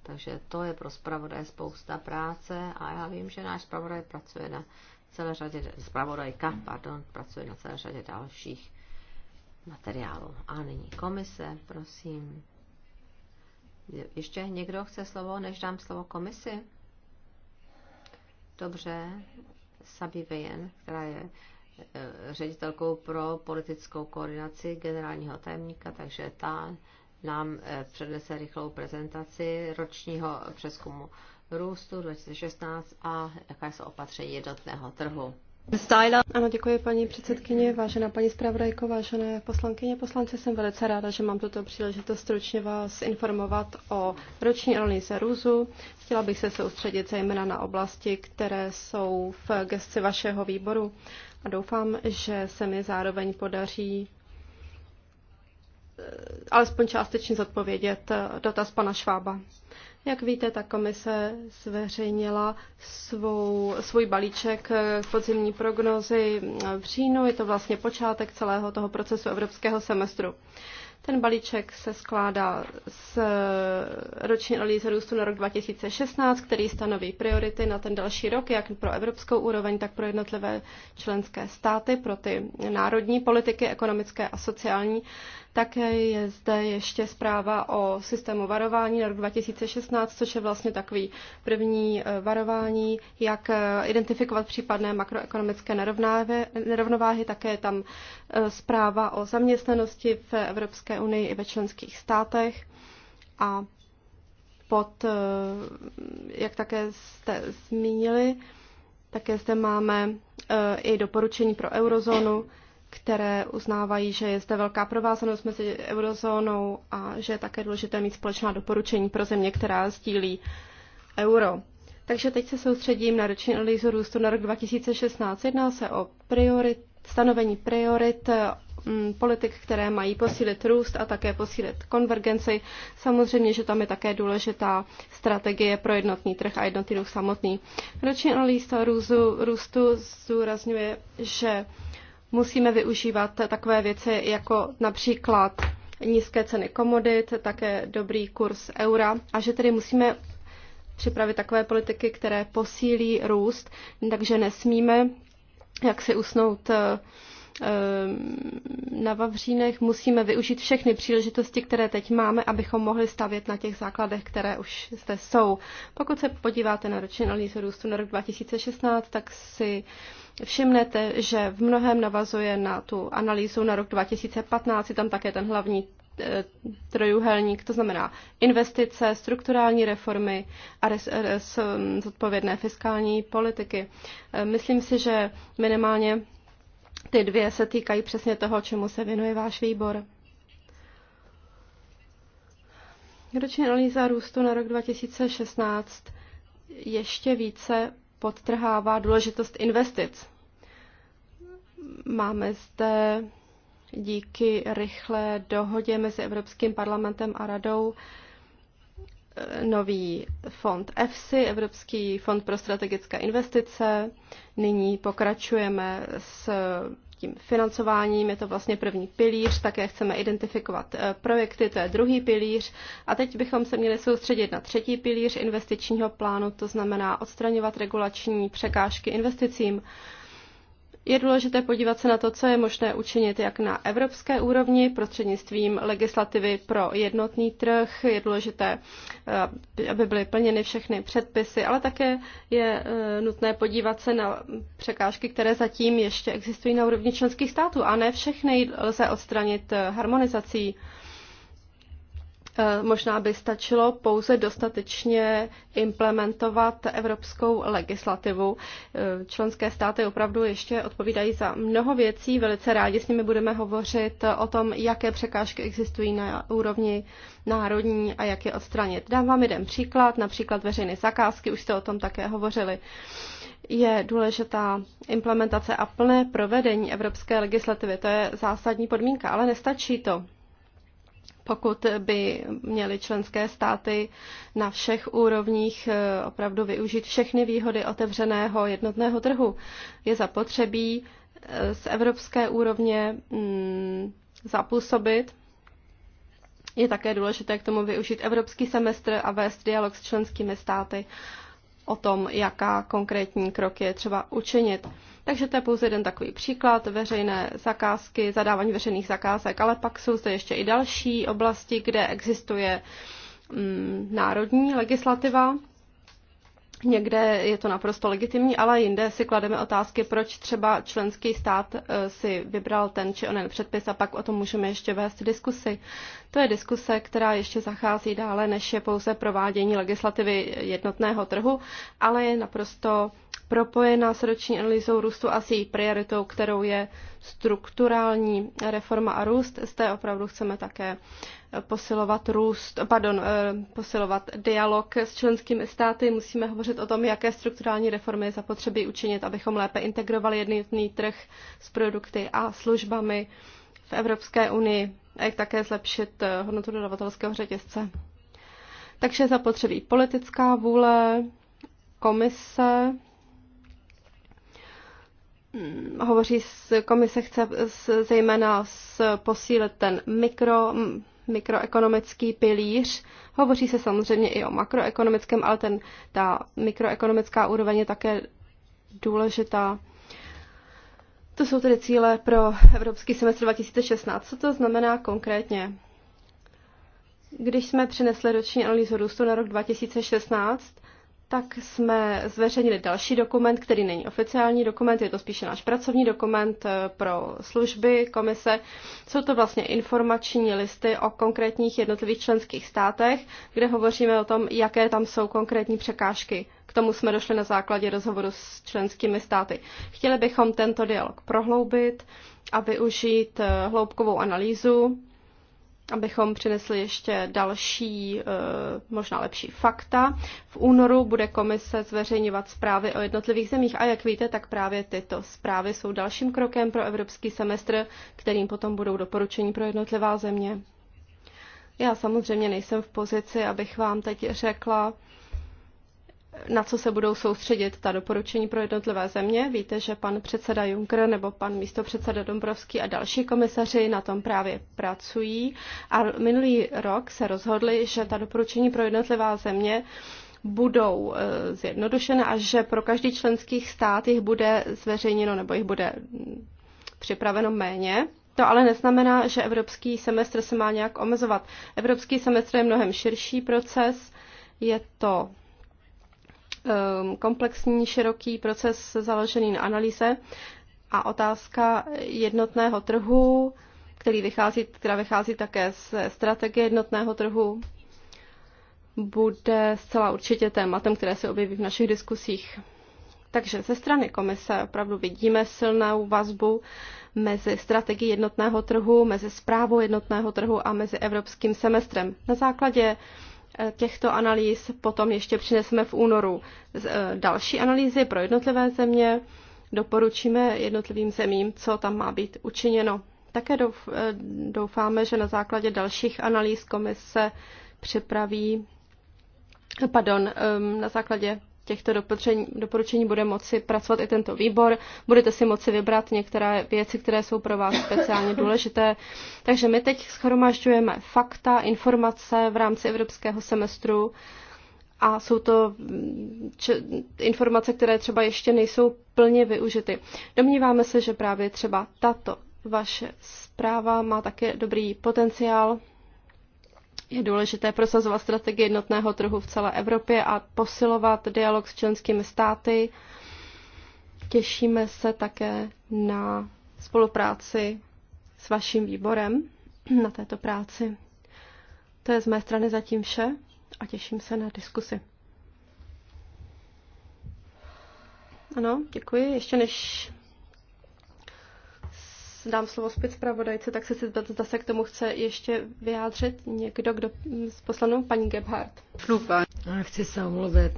Takže to je pro zpravodaje spousta práce a já vím, že náš zpravodaj pracuje na celé řadě, zpravodajka, pardon, pracuje na celé řadě dalších materiálů. A nyní komise, prosím. Ještě někdo chce slovo, než dám slovo komisi? dobře Sabi Vejen, která je e, ředitelkou pro politickou koordinaci generálního tajemníka, takže ta nám e, přednese rychlou prezentaci ročního přeskumu růstu 2016 a jaká jsou opatření jednotného trhu. Ano, děkuji paní předsedkyně, vážená paní zpravodajko, vážené poslankyně, poslanci. Jsem velice ráda, že mám tuto příležitost stručně vás informovat o roční analýze růzu. Chtěla bych se soustředit zejména na oblasti, které jsou v gesci vašeho výboru a doufám, že se mi zároveň podaří eh, alespoň částečně zodpovědět eh, dotaz pana Švába. Jak víte, ta komise zveřejnila svou, svůj balíček podzimní prognozy v říjnu. Je to vlastně počátek celého toho procesu evropského semestru. Ten balíček se skládá z roční analýzy růstu na rok 2016, který stanoví priority na ten další rok, jak pro evropskou úroveň, tak pro jednotlivé členské státy, pro ty národní politiky, ekonomické a sociální. Také je zde ještě zpráva o systému varování na rok 2016, což je vlastně takový první eh, varování, jak eh, identifikovat případné makroekonomické nerovnováhy. Také je tam eh, zpráva o zaměstnanosti v Evropské unii i ve členských státech. A pod, jak také jste zmínili, také zde máme i doporučení pro eurozónu které uznávají, že je zde velká provázanost mezi eurozónou a že je také důležité mít společná doporučení pro země, která sdílí euro. Takže teď se soustředím na roční analýzu růstu na rok 2016. Jedná se o priorit, stanovení priorit m, mm, politik, které mají posílit růst a také posílit konvergenci. Samozřejmě, že tam je také důležitá strategie pro jednotný trh a jednotný růst samotný. Roční analýza růstu zdůrazňuje, že musíme využívat takové věci jako například nízké ceny komodit, také dobrý kurz eura a že tedy musíme připravit takové politiky, které posílí růst, takže nesmíme jak si usnout eh, Ehm, na Vavřínech musíme využít všechny příležitosti, které teď máme, abychom mohli stavět na těch základech, které už zde jsou. Pokud se podíváte na roční analýzu růstu na rok 2016, tak si všimnete, že v mnohem navazuje na tu analýzu na rok 2015. Je tam také ten hlavní eh, trojuhelník, to znamená investice, strukturální reformy a res, res, hm, zodpovědné fiskální politiky. Ehm, myslím si, že minimálně ty dvě se týkají přesně toho, čemu se věnuje váš výbor. Roční analýza růstu na rok 2016 ještě více podtrhává důležitost investic. Máme zde díky rychlé dohodě mezi Evropským parlamentem a radou nový fond EFSI, Evropský fond pro strategické investice. Nyní pokračujeme s tím financováním, je to vlastně první pilíř, také chceme identifikovat eh, projekty, to je druhý pilíř. A teď bychom se měli soustředit na třetí pilíř investičního plánu, to znamená odstraňovat regulační překážky investicím. Je důležité podívat se na to, co je možné učinit jak na evropské úrovni prostřednictvím legislativy pro jednotný trh. Je důležité, eh, aby byly plněny všechny předpisy, ale také je eh, nutné podívat se na překážky, které zatím ještě existují na úrovni členských států a ne všechny lze odstranit harmonizací. Eh, možná by stačilo pouze dostatečně implementovat evropskou legislativu. Eh, členské státy opravdu ještě odpovídají za mnoho věcí. Velice rádi s nimi budeme hovořit o tom, jaké překážky existují na úrovni národní a jak je odstranit. Dám vám jeden příklad, například veřejné zakázky, už jste o tom také hovořili je důležitá implementace a plné provedení evropské legislativy. To je zásadní podmínka, ale nestačí to pokud by měly členské státy na všech úrovních eh, opravdu využít všechny výhody otevřeného jednotného trhu. Je zapotřebí eh, z evropské úrovně mm, zapůsobit. Je také důležité k tomu využít evropský semestr a vést dialog s členskými státy o tom, jaká konkrétní kroky je třeba učinit. Takže to je pouze jeden takový příklad, veřejné zakázky, zadávání veřejných zakázek, ale pak jsou zde ještě i další oblasti, kde existuje mm, národní legislativa. Někde je to naprosto legitimní, ale jinde si klademe otázky, proč třeba členský stát eh, si vybral ten či onen předpis a pak o tom můžeme ještě vést diskusy. To je diskuse, která ještě zachází dále, než je pouze provádění legislativy jednotného trhu, ale je naprosto propojená s roční analýzou růstu a s její prioritou, kterou je strukturální reforma a růst. Zde opravdu chceme také posilovat růst, pardon, eh, posilovat dialog s členskými státy. Musíme hovořit o tom, jaké strukturální reformy je zapotřebí učinit, abychom lépe integrovali jednotný trh s produkty a službami v Evropské unii a jak také zlepšit eh, hodnotu dodavatelského řetězce. Takže zapotřebí politická vůle, komise, hm, hovoří s komise, chce zejména posílit ten mikro, hm, mikroekonomický pilíř. Hovoří se samozřejmě i o makroekonomickém, ale ten, ta mikroekonomická úroveň je také důležitá. To jsou tedy cíle pro Evropský semestr 2016. Co to znamená konkrétně? Když jsme přinesli roční analýzu růstu na rok 2016, tak jsme zveřejnili další dokument, který není oficiální dokument, je to spíše náš pracovní dokument eh, pro služby komise. Jsou to vlastně informační listy o konkrétních jednotlivých členských státech, kde hovoříme o tom, jaké tam jsou konkrétní překážky tomu jsme došli na základě rozhovoru s členskými státy. Chtěli bychom tento dialog prohloubit a využít eh, hloubkovou analýzu, abychom přinesli ještě další, eh, možná lepší fakta. V únoru bude komise zveřejňovat zprávy o jednotlivých zemích a jak víte, tak právě tyto zprávy jsou dalším krokem pro evropský semestr, kterým potom budou doporučení pro jednotlivá země. Já samozřejmě nejsem v pozici, abych vám teď řekla, na co se budou soustředit ta doporučení pro jednotlivé země. Víte, že pan předseda Juncker nebo pan místopředseda Dombrovský a další komisaři na tom právě pracují. A minulý rok se rozhodli, že ta doporučení pro jednotlivá země budou eh, zjednodušena a že pro každý členský stát jich bude zveřejněno nebo jich bude mm, připraveno méně. To ale neznamená, že evropský semestr se má nějak omezovat. Evropský semestr je mnohem širší proces, je to Um, komplexní, široký proces založený na analýze a otázka jednotného trhu, který vychází, která vychází také z strategie jednotného trhu, bude zcela určitě tématem, které se objeví v našich diskusích. Takže ze strany komise opravdu vidíme silnou vazbu mezi strategií jednotného trhu, mezi zprávou jednotného trhu a mezi evropským semestrem. Na základě těchto analýz potom ještě přineseme v únoru e, další analýzy pro jednotlivé země. Doporučíme jednotlivým zemím, co tam má být učiněno. Také e, doufáme, že na základě dalších analýz komise připraví, pardon, e, na základě těchto doporučení, doporučení bude moci pracovat i tento výbor. Budete si moci vybrat některé věci, které jsou pro vás speciálně důležité. Takže my teď schromažďujeme fakta, informace v rámci evropského semestru a jsou to mm, informace, které třeba ještě nejsou plně využity. Domníváme se, že právě třeba tato vaše zpráva má také dobrý potenciál je důležité prosazovat strategii jednotného trhu v celé Evropě a posilovat dialog s členskými státy. Těšíme se také na spolupráci s vaším výborem na této práci. To je z mé strany zatím vše a těším se na diskusi. Ano, děkuji. Ještě než dám slovo zpět zpravodajce, tak se si zeptat, zda se k tomu chce ještě vyjádřit někdo, kdo s poslanou paní Gebhardt. Flupa. Chci se omluvit.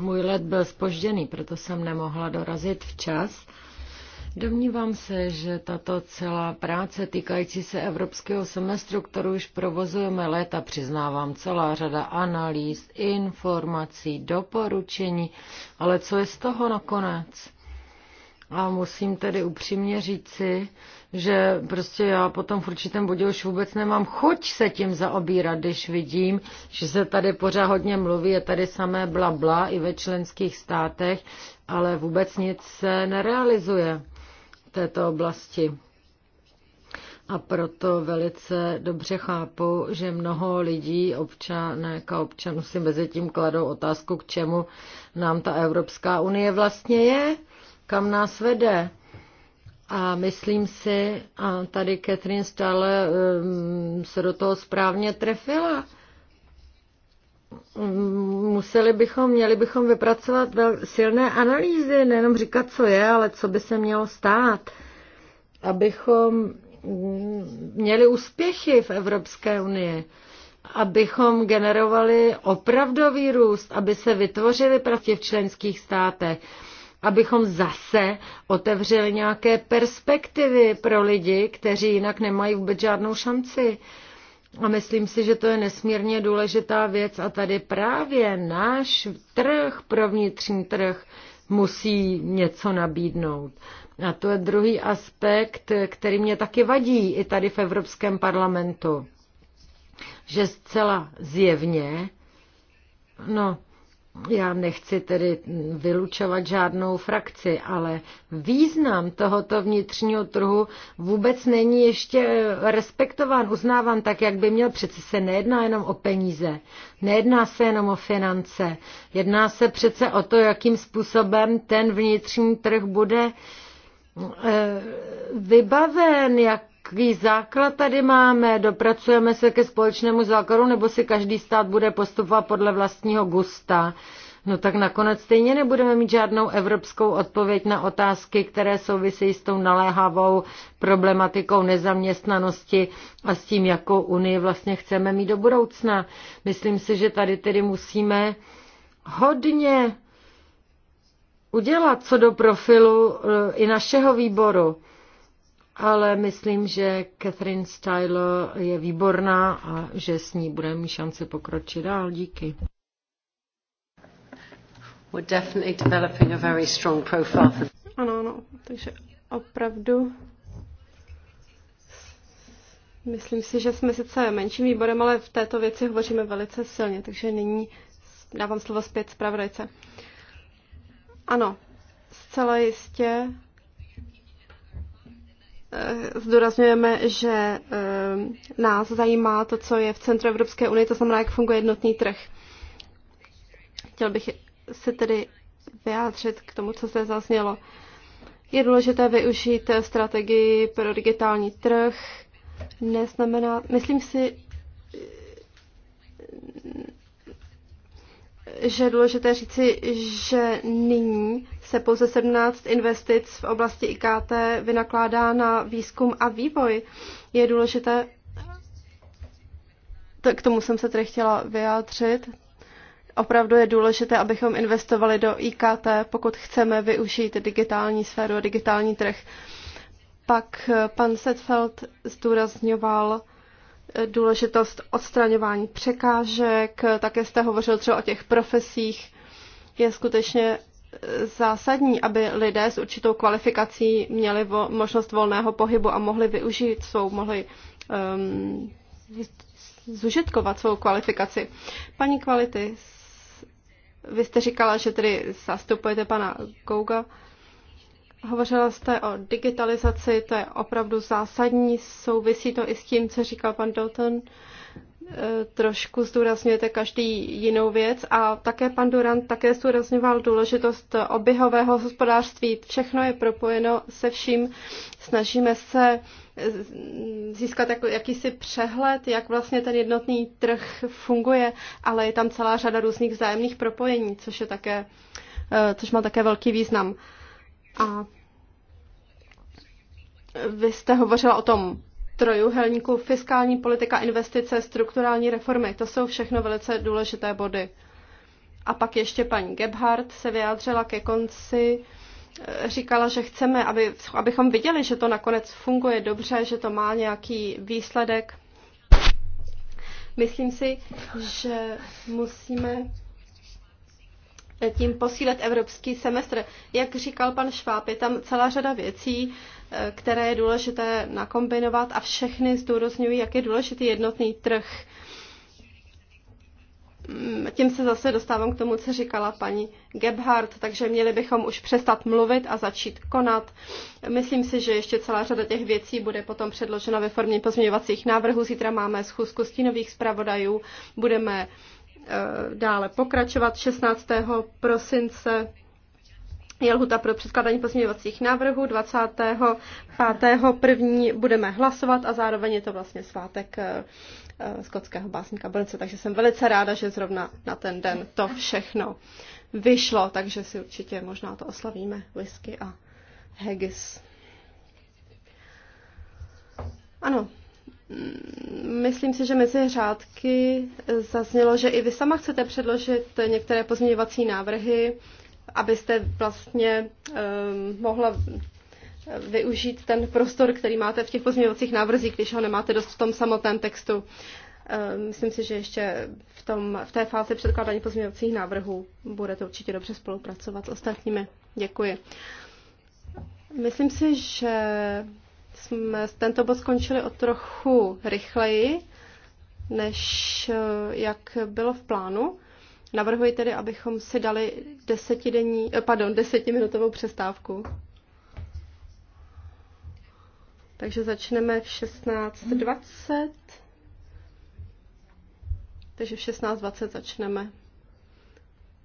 Můj let byl spožděný, proto jsem nemohla dorazit včas. Domnívám se, že tato celá práce týkající se evropského semestru, kterou už provozujeme léta, přiznávám, celá řada analýz, informací, doporučení, ale co je z toho nakonec? A musím tedy upřímně říci, že prostě já potom v určitém bodě už vůbec nemám chuť se tím zaobírat, když vidím, že se tady pořád hodně mluví, je tady samé blabla i ve členských státech, ale vůbec nic se nerealizuje v této oblasti. A proto velice dobře chápu, že mnoho lidí, občanek a občanů si mezi tím kladou otázku, k čemu nám ta Evropská unie vlastně je, kam nás vede a myslím si, a tady Catherine stále um, se do toho správně trefila, um, museli bychom, měli bychom vypracovat silné analýzy, nejenom říkat, co je, ale co by se mělo stát, abychom mm, měli úspěchy v Evropské unii, abychom generovali opravdový růst, aby se vytvořily prachy v členských státech abychom zase otevřeli nějaké perspektivy pro lidi, kteří jinak nemají vůbec žádnou šanci. A myslím si, že to je nesmírně důležitá věc a tady právě náš trh pro vnitřní trh musí něco nabídnout. A to je druhý aspekt, který mě taky vadí i tady v Evropském parlamentu. Že zcela zjevně, no, já nechci tedy vylučovat žádnou frakci, ale význam tohoto vnitřního trhu vůbec není ještě respektován, uznávám tak, jak by měl. Přece se nejedná jenom o peníze, nejedná se jenom o finance, jedná se přece o to, jakým způsobem ten vnitřní trh bude eh, vybaven, jak jaký základ tady máme? Dopracujeme se ke společnému základu, nebo si každý stát bude postupovat podle vlastního gusta? No tak nakonec stejně nebudeme mít žádnou evropskou odpověď na otázky, které souvisejí s tou naléhavou problematikou nezaměstnanosti a s tím, jakou Unii vlastně chceme mít do budoucna. Myslím si, že tady tedy musíme hodně udělat co do profilu e, i našeho výboru ale myslím, že Catherine Style je výborná a že s ní budeme mít šance pokročit dál. Díky. We're definitely developing a very strong profile for... Ano, ano, takže opravdu myslím si, že jsme sice menším výborem, ale v této věci hovoříme velice silně, takže nyní dávám slovo zpět zpravodajce. Ano, zcela jistě Eh, zdůrazňujeme, že eh, nás zajímá to, co je v centru Evropské unie, to znamená, jak funguje jednotný trh. Chtěl bych se tedy vyjádřit k tomu, co se zaznělo. Je důležité využít strategii pro digitální trh. Neznamená, myslím si, že je důležité říci, že nyní se pouze 17 investic v oblasti IKT vynakládá na výzkum a vývoj. Je důležité, tak k tomu jsem se tady chtěla vyjádřit, opravdu je důležité, abychom investovali do IKT, pokud chceme využít digitální sféru a digitální trh. Pak eh, pan Setfeld zdůrazňoval, důležitost odstraňování překážek, také jste hovořil třeba o těch profesích. Je skutečně zásadní, aby lidé s určitou kvalifikací měli vo, možnost volného pohybu a mohli využít svou, mohli um, zužitkovat svou kvalifikaci. Paní kvality, vy jste říkala, že tedy zastupujete pana Gouga. Uh, Hovořila jste o digitalizaci, to je opravdu zásadní, souvisí to i s tím, co říkal pan Dalton. E, trošku zdůrazňujete každý jinou věc a také pan Durant také zdůrazňoval důležitost oběhového hospodářství. Všechno je propojeno se vším. Snažíme se získat jako jakýsi přehled, jak vlastně ten jednotný trh funguje, ale je tam celá řada různých vzájemných propojení, což, je také, e, což má také velký význam. A vy jste hovořila o tom trojuhelníku fiskální politika, investice, strukturální reformy. To jsou všechno velice důležité body. A pak ještě paní Gebhardt se vyjádřila ke konci, eh, říkala, že chceme, aby, abychom viděli, že to nakonec funguje dobře, že to má nějaký výsledek. Myslím si, že musíme tím posílit evropský semestr. Jak říkal pan Šváb, je tam celá řada věcí, eh, které je důležité nakombinovat a všechny zdůrazňují, jak je důležitý jednotný trh. Mm, tím se zase dostávám k tomu, co říkala paní Gebhardt, takže měli bychom už přestat mluvit a začít konat. Myslím si, že ještě celá řada těch věcí bude potom předložena ve formě pozměňovacích návrhů. Zítra máme schůzku stínových zpravodajů, budeme Eh, dále pokračovat. 16. prosince je lhuta pro předkládání pozměňovacích návrhů. 25. první budeme hlasovat a zároveň je to vlastně svátek eh, eh, skotského básníka Brnce, takže jsem velice ráda, že zrovna na ten den to všechno vyšlo, takže si určitě možná to oslavíme whisky a haggis. Ano, Myslím si, že mezi řádky zaznělo, že i vy sama chcete předložit některé pozměňovací návrhy, abyste vlastně um, mohla využít ten prostor, který máte v těch pozměňovacích návrzích, když ho nemáte dost v tom samotném textu. Ehm, myslím si, že ještě v, tom, v té fázi předkládání pozměňovacích návrhů budete určitě dobře spolupracovat s ostatními. Děkuji. Myslím si, že jsme tento bod skončili o trochu rychleji, než eh, jak bylo v plánu. Navrhuji tedy, abychom si dali desetidenní, eh, pardon, desetiminutovou přestávku. Takže začneme v 16.20. Takže v 16.20 začneme.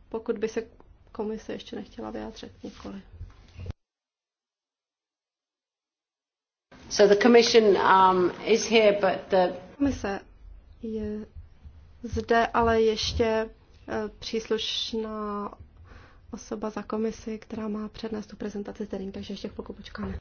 Pokud by se komise ještě nechtěla vyjádřit nikoli. So the commission um, is here, but the... Komise je zde, ale ještě eh, příslušná osoba za komisi, která má přednést tu prezentaci s takže ještě chvilku počkáme.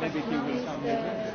Maybe he will come later.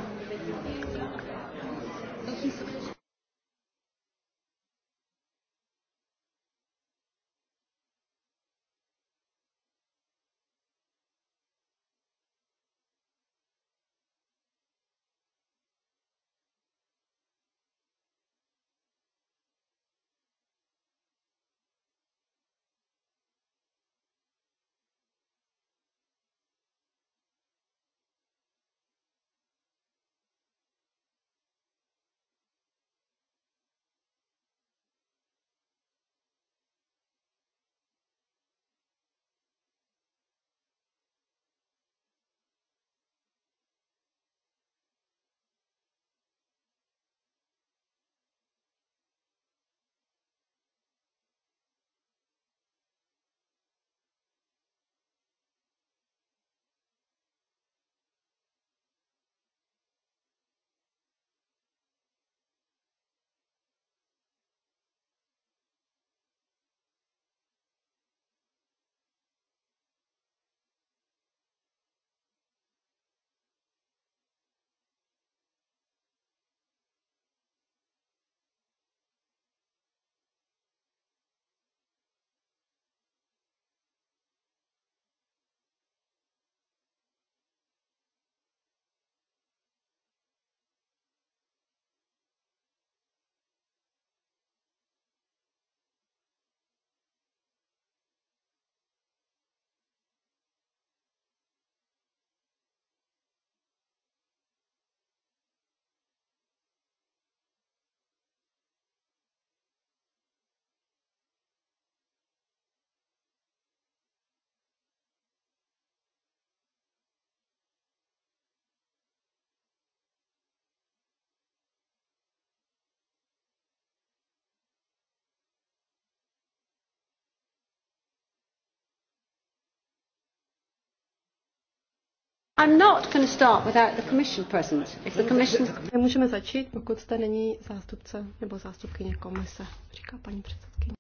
I'm not going to start without the commission present. If the commission... Nemůžeme začít, pokud zde není zástupce nebo zástupkyně komise, říká paní předsedkyně.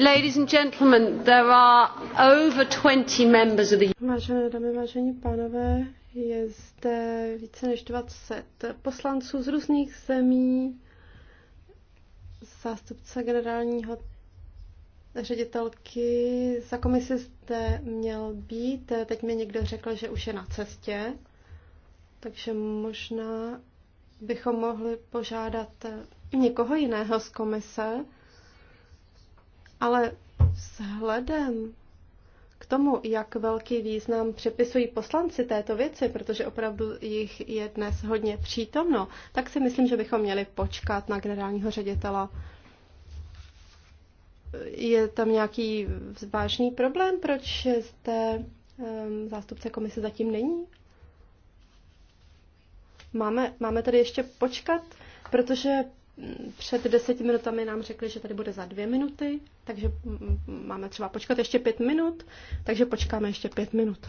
Ladies and gentlemen, there are over 20 members of the... Vážené dámy, vážení pánové, je zde více než dvacet poslanců z různých zemí, zástupce generálního ředitelky za komisi jste měl být. Teď mi někdo řekl, že už je na cestě, takže možná bychom mohli požádat někoho jiného z komise, ale vzhledem k tomu, jak velký význam přepisují poslanci této věci, protože opravdu jich je dnes hodně přítomno, tak si myslím, že bychom měli počkat na generálního ředitela. Je tam nějaký vážný problém, proč jste um, ehm, zástupce komise zatím není? Máme, máme tady ještě počkat, protože před deseti minutami nám řekli, že tady bude za dvě minuty, takže máme třeba počkat ještě pět minut, takže počkáme ještě pět minut.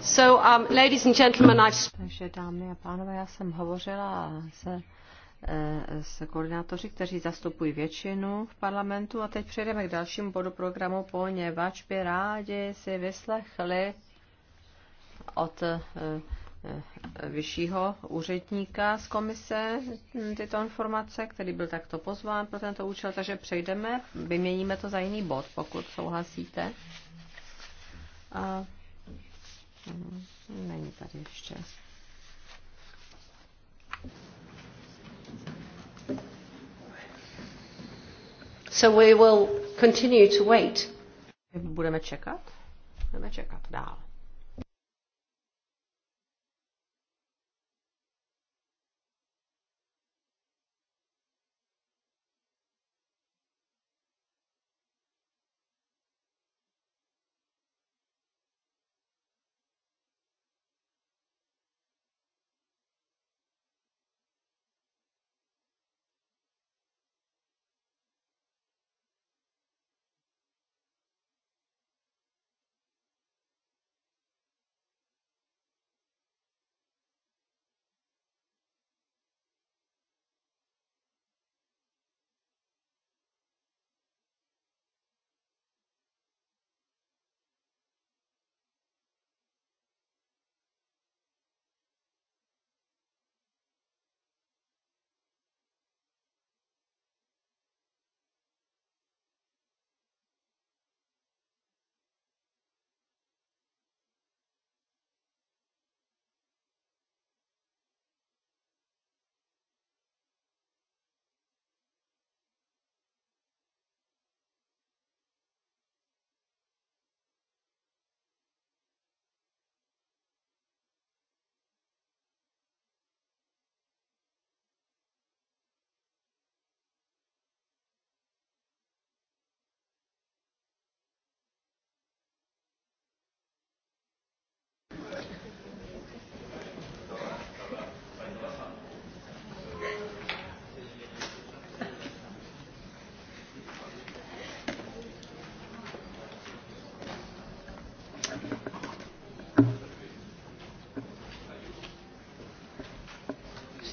Um, takže dámy a pánové, já jsem hovořila se eh, s koordinátoři, kteří zastupují většinu v parlamentu. A teď přejdeme k dalšímu bodu programu, poněvadž by rádi si vyslechli od eh, eh, vyššího úředníka z komise tyto informace, který byl takto pozván pro tento účel, takže přejdeme, vyměníme to za jiný bod, pokud souhlasíte. A Hm, není tady ještě. So we will continue to wait. Budeme čekat? Budeme čekat dál.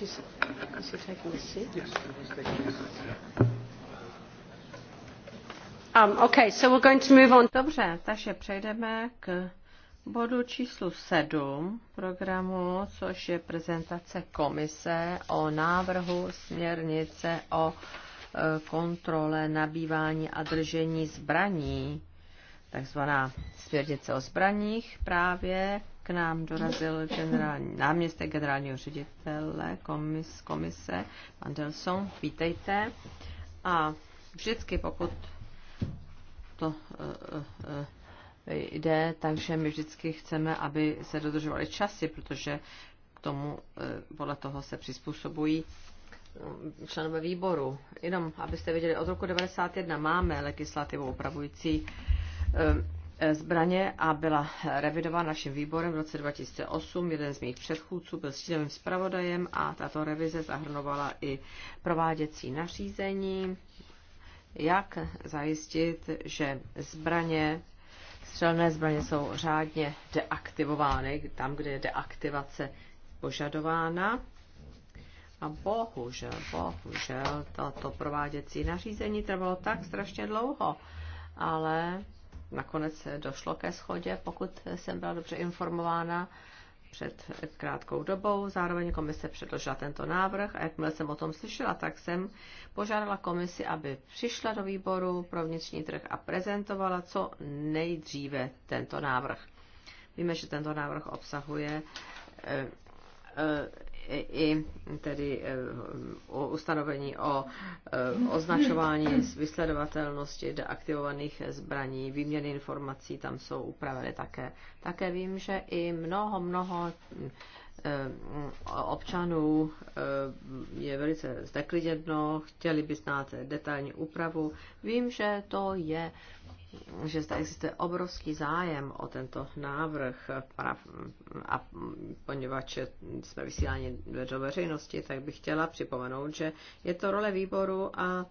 Is, is taking a seat? Um, so we're going to move on. Dobře, takže přejdeme k bodu číslu 7 programu, což je prezentace komise o návrhu směrnice o e, kontrole nabývání a držení zbraní, takzvaná směrnice o zbraních právě, k nám dorazil generální, náměstek generálního ředitele komis, komise Mandelson. Vítejte. A vždycky, pokud to uh, uh, jde, takže my vždycky chceme, aby se dodržovaly časy, protože k tomu podle toho se přizpůsobují členové výboru. Jenom, abyste věděli, od roku 1991 máme legislativu upravující Eh, zbraně a byla revidována naším výborem v roce 2008. Jeden z mých předchůdců byl střídavým zpravodajem a tato revize zahrnovala i prováděcí nařízení, jak zajistit, že zbraně, střelné zbraně jsou řádně deaktivovány, tam, kde je deaktivace požadována. A bohužel, bohužel, toto prováděcí nařízení trvalo tak strašně dlouho, ale nakonec došlo ke schodě, pokud jsem byla dobře informována před krátkou dobou. Zároveň komise předložila tento návrh a jakmile jsem o tom slyšela, tak jsem požádala komisi, aby přišla do výboru pro vnitřní trh a prezentovala co nejdříve tento návrh. Víme, že tento návrh obsahuje eh, eh, i tedy eh, o ustanovení o eh, označování z vysledovatelnosti deaktivovaných zbraní, výměny informací tam jsou upraveny také. Také vím, že i mnoho, mnoho eh, občanů je velice zdekliděno, chtěli by znát detailní úpravu. Vím, že to je že zde existuje obrovský zájem o tento návrh a poněvadž jsme vysíláni do veřejnosti, tak bych chtěla připomenout, že je to role výboru a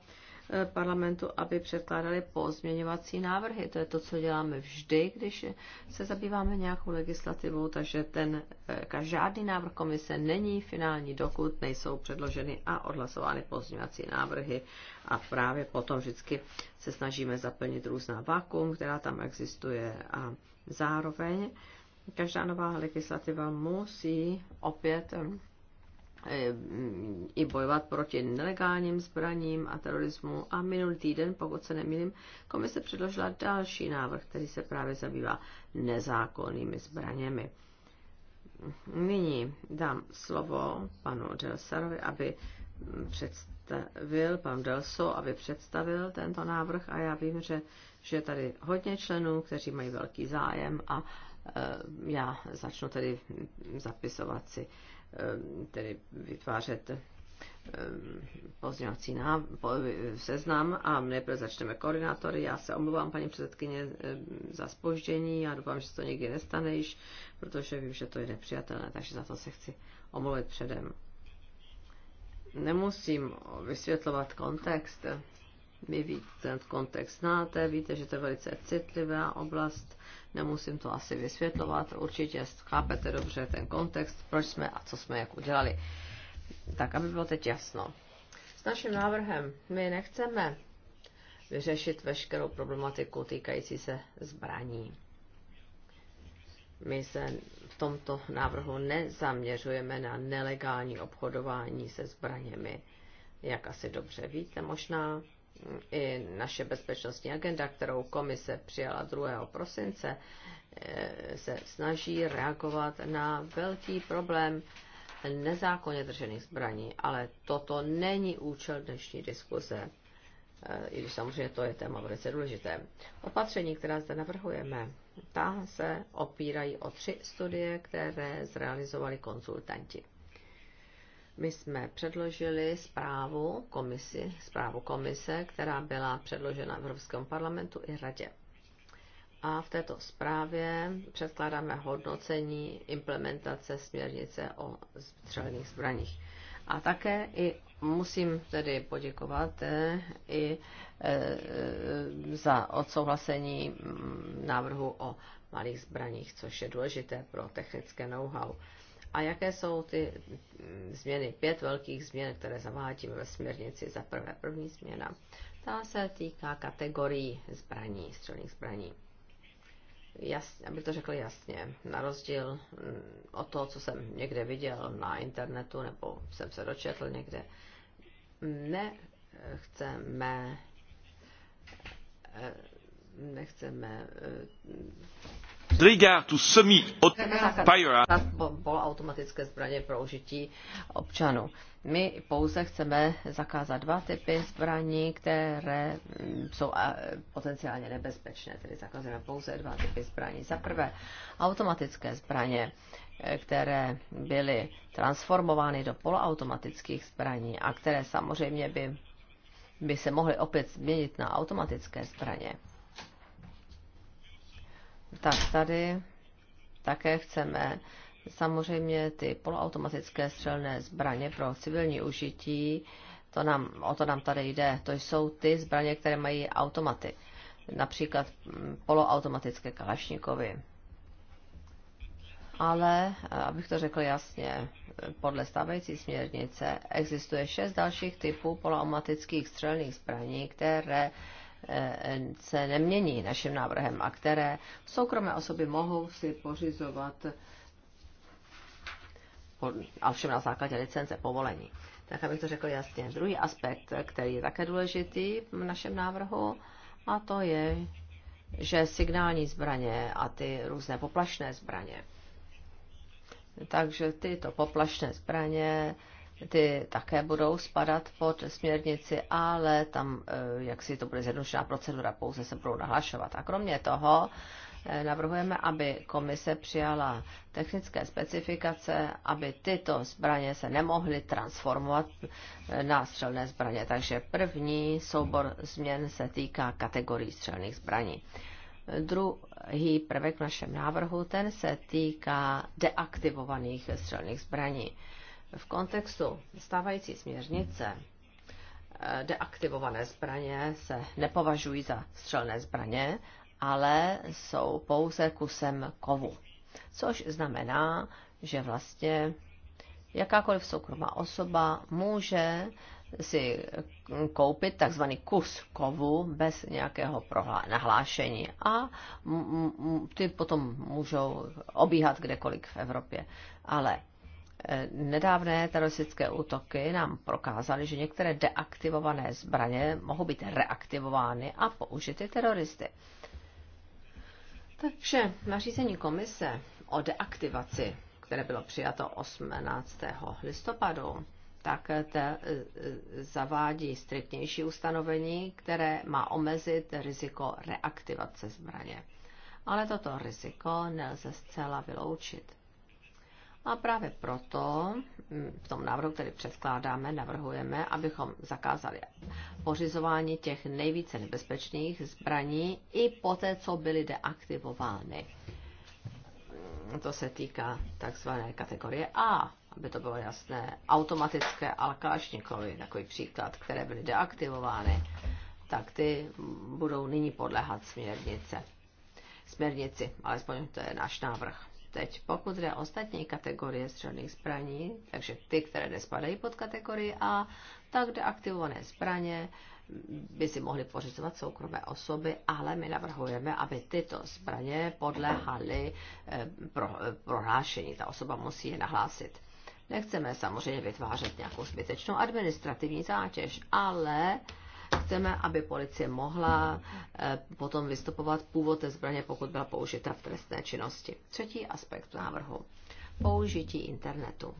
Eh, parlamentu, aby předkládali pozměňovací návrhy. To je to, co děláme vždy, když se zabýváme nějakou legislativou, takže ten, eh, žádný návrh komise není finální, dokud nejsou předloženy a odhlasovány pozměňovací návrhy. A právě potom vždycky se snažíme zaplnit různá vakuum, která tam existuje a zároveň každá nová legislativa musí opět eh, i bojovat proti nelegálním zbraním a terorismu. A minulý týden, pokud se nemýlím, komise předložila další návrh, který se právě zabývá nezákonnými zbraněmi. Nyní dám slovo panu Delsarovi, aby představil, pan Delso, aby představil tento návrh a já vím, že, že je tady hodně členů, kteří mají velký zájem a e, já začnu tedy zapisovat si Eh, tedy vytvářet eh, pozdělací eh, seznam a nejprve začneme koordinátory. Já se omluvám, paní předsedkyně, za spoždění. A doufám, že se to nikdy nestane již, protože vím, že to je nepřijatelné, takže za to se chci omluvit předem. Nemusím vysvětlovat kontext vy víte, ten kontext znáte, víte, že to je velice citlivá oblast, nemusím to asi vysvětlovat, určitě chápete dobře ten kontext, proč jsme a co jsme jak udělali. Tak, aby bylo teď jasno. S naším návrhem my nechceme vyřešit veškerou problematiku týkající se zbraní. My se v tomto návrhu nezaměřujeme na nelegální obchodování se zbraněmi, jak asi dobře víte možná i naše bezpečnostní agenda, kterou komise přijala 2. prosince, eh, se snaží reagovat na velký problém nezákonně držených zbraní, ale toto není účel dnešní diskuze, eh, i když samozřejmě to je téma velice důležité. Opatření, která zde navrhujeme, ta se opírají o tři studie, které zrealizovali konzultanti. My jsme předložili zprávu, komisi, zprávu komise, která byla předložena Evropskému parlamentu i radě. A v této zprávě předkládáme hodnocení implementace směrnice o střelných zbraních. A také i musím tedy poděkovat eh, i eh, za odsouhlasení mm, návrhu o malých zbraních, což je důležité pro technické know-how. A jaké jsou ty mm, změny? Pět velkých změn, které zavádíme ve směrnici za prvé. První změna, ta se týká kategorií zbraní, střelných zbraní. Jasně, aby to řekl jasně, na rozdíl mm, od toho, co jsem někde viděl na internetu nebo jsem se dočetl někde, eh, eh, nechceme nechceme Regardu semi od bol automatické zbraně pro užití občanů. My pouze chceme zakázat dva typy zbraní, které mm, jsou potenciálně nebezpečné, tedy zakazujeme pouze dva typy zbraní. Za prvé automatické zbraně, eh, které byly transformovány do poloautomatických zbraní a které samozřejmě by, by se mohly opět změnit na automatické zbraně tak tady také chceme samozřejmě ty poloautomatické střelné zbraně pro civilní užití, to nám, o to nám tady jde. To jsou ty zbraně, které mají automaty, například mm, poloautomatické kalašníkovy. Ale, eh, abych to řekl jasně, podle stávající směrnice existuje šest dalších typů poloautomatických střelných zbraní, které Eh, se nemění naším návrhem a které soukromé osoby mohou si pořizovat a všem na základě licence povolení. Tak abych to řekl jasně. Druhý aspekt, který je také důležitý v našem návrhu, a to je, že signální zbraně a ty různé poplašné zbraně. Takže tyto poplašné zbraně ty také budou spadat pod směrnici, ale tam, eh, jak si to bude zjednodušená procedura, pouze se budou nahlašovat. A kromě toho eh, navrhujeme, aby komise přijala technické specifikace, aby tyto zbraně se nemohly transformovat eh, na střelné zbraně. Takže první soubor změn se týká kategorií střelných zbraní. Druhý prvek v našem návrhu, ten se týká deaktivovaných střelných zbraní v kontextu stávající směrnice eh, deaktivované zbraně se nepovažují za střelné zbraně, ale jsou pouze kusem kovu. Což znamená, že vlastně jakákoliv soukromá osoba může si koupit takzvaný kus kovu bez nějakého nahlášení a ty potom můžou obíhat kdekoliv v Evropě. Ale Nedávné teroristické útoky nám prokázaly, že některé deaktivované zbraně mohou být reaktivovány a použity teroristy. Takže nařízení komise o deaktivaci, které bylo přijato 18. listopadu, tak te, e, zavádí striktnější ustanovení, které má omezit riziko reaktivace zbraně. Ale toto riziko nelze zcela vyloučit. A právě proto mm, v tom návrhu, který předkládáme, navrhujeme, abychom zakázali pořizování těch nejvíce nebezpečných zbraní i poté, co byly deaktivovány. Mm, to se týká takzvané kategorie A, aby to bylo jasné, automatické alkášnikovy, takový příklad, které byly deaktivovány, tak ty budou nyní podléhat směrnice. Směrnici, alespoň to je náš návrh. Teď pokud jde ostatní kategorie střelných zbraní, takže ty, které nespadají pod kategorii A, tak deaktivované zbraně by si mohly pořizovat soukromé osoby, ale my navrhujeme, aby tyto zbraně podléhaly eh, pro, eh, prohlášení. Ta osoba musí je nahlásit. Nechceme samozřejmě vytvářet nějakou zbytečnou administrativní zátěž, ale Chceme, aby policie mohla eh, potom vystupovat původ té zbraně, pokud byla použita v trestné činnosti. Třetí aspekt návrhu. Použití internetu.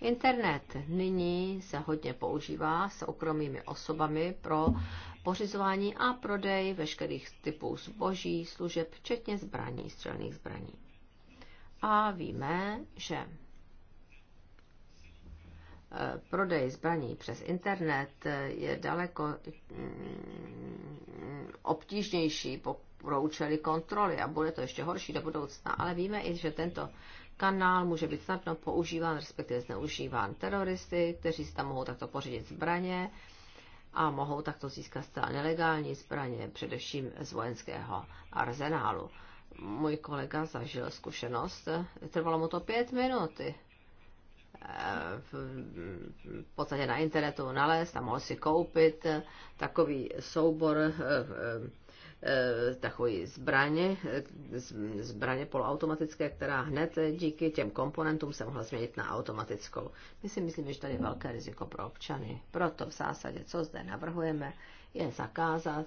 Internet nyní se hodně používá okromými osobami pro pořizování a prodej veškerých typů zboží, služeb, včetně zbraní, střelných zbraní. A víme, že prodej zbraní přes internet je daleko mm, obtížnější pro účely kontroly a bude to ještě horší do budoucna. Ale víme i, že tento kanál může být snadno používán, respektive zneužíván teroristy, kteří si tam mohou takto pořídit zbraně a mohou takto získat zcela nelegální zbraně, především z vojenského arzenálu. Můj kolega zažil zkušenost, trvalo mu to pět minut, v podstatě na internetu nalézt a mohl si koupit takový soubor eh, eh, takový zbraně, zbraně poloautomatické, která hned díky těm komponentům se mohla změnit na automatickou. My si myslíme, že tady je velké riziko pro občany. Proto v zásadě, co zde navrhujeme, je zakázat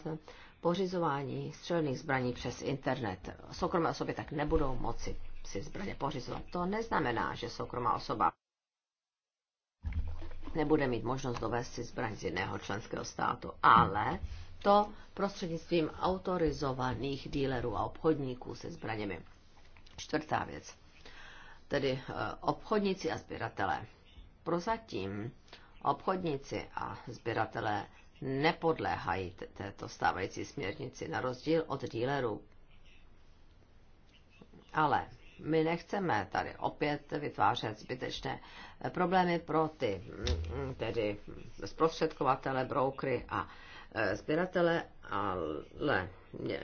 pořizování střelných zbraní přes internet. Soukromé osoby tak nebudou moci si zbraně pořizovat. To neznamená, že soukromá osoba nebude mít možnost dovést si zbraň z jiného členského státu, ale to prostřednictvím autorizovaných dílerů a obchodníků se zbraněmi. Čtvrtá věc, tedy eh, obchodníci a sběratelé. Prozatím obchodníci a sběratelé nepodléhají této stávající směrnici na rozdíl od dílerů. Ale my nechceme tady opět vytvářet zbytečné problémy pro ty, mm, tedy zprostředkovatele, broukry a e, sběratele, ale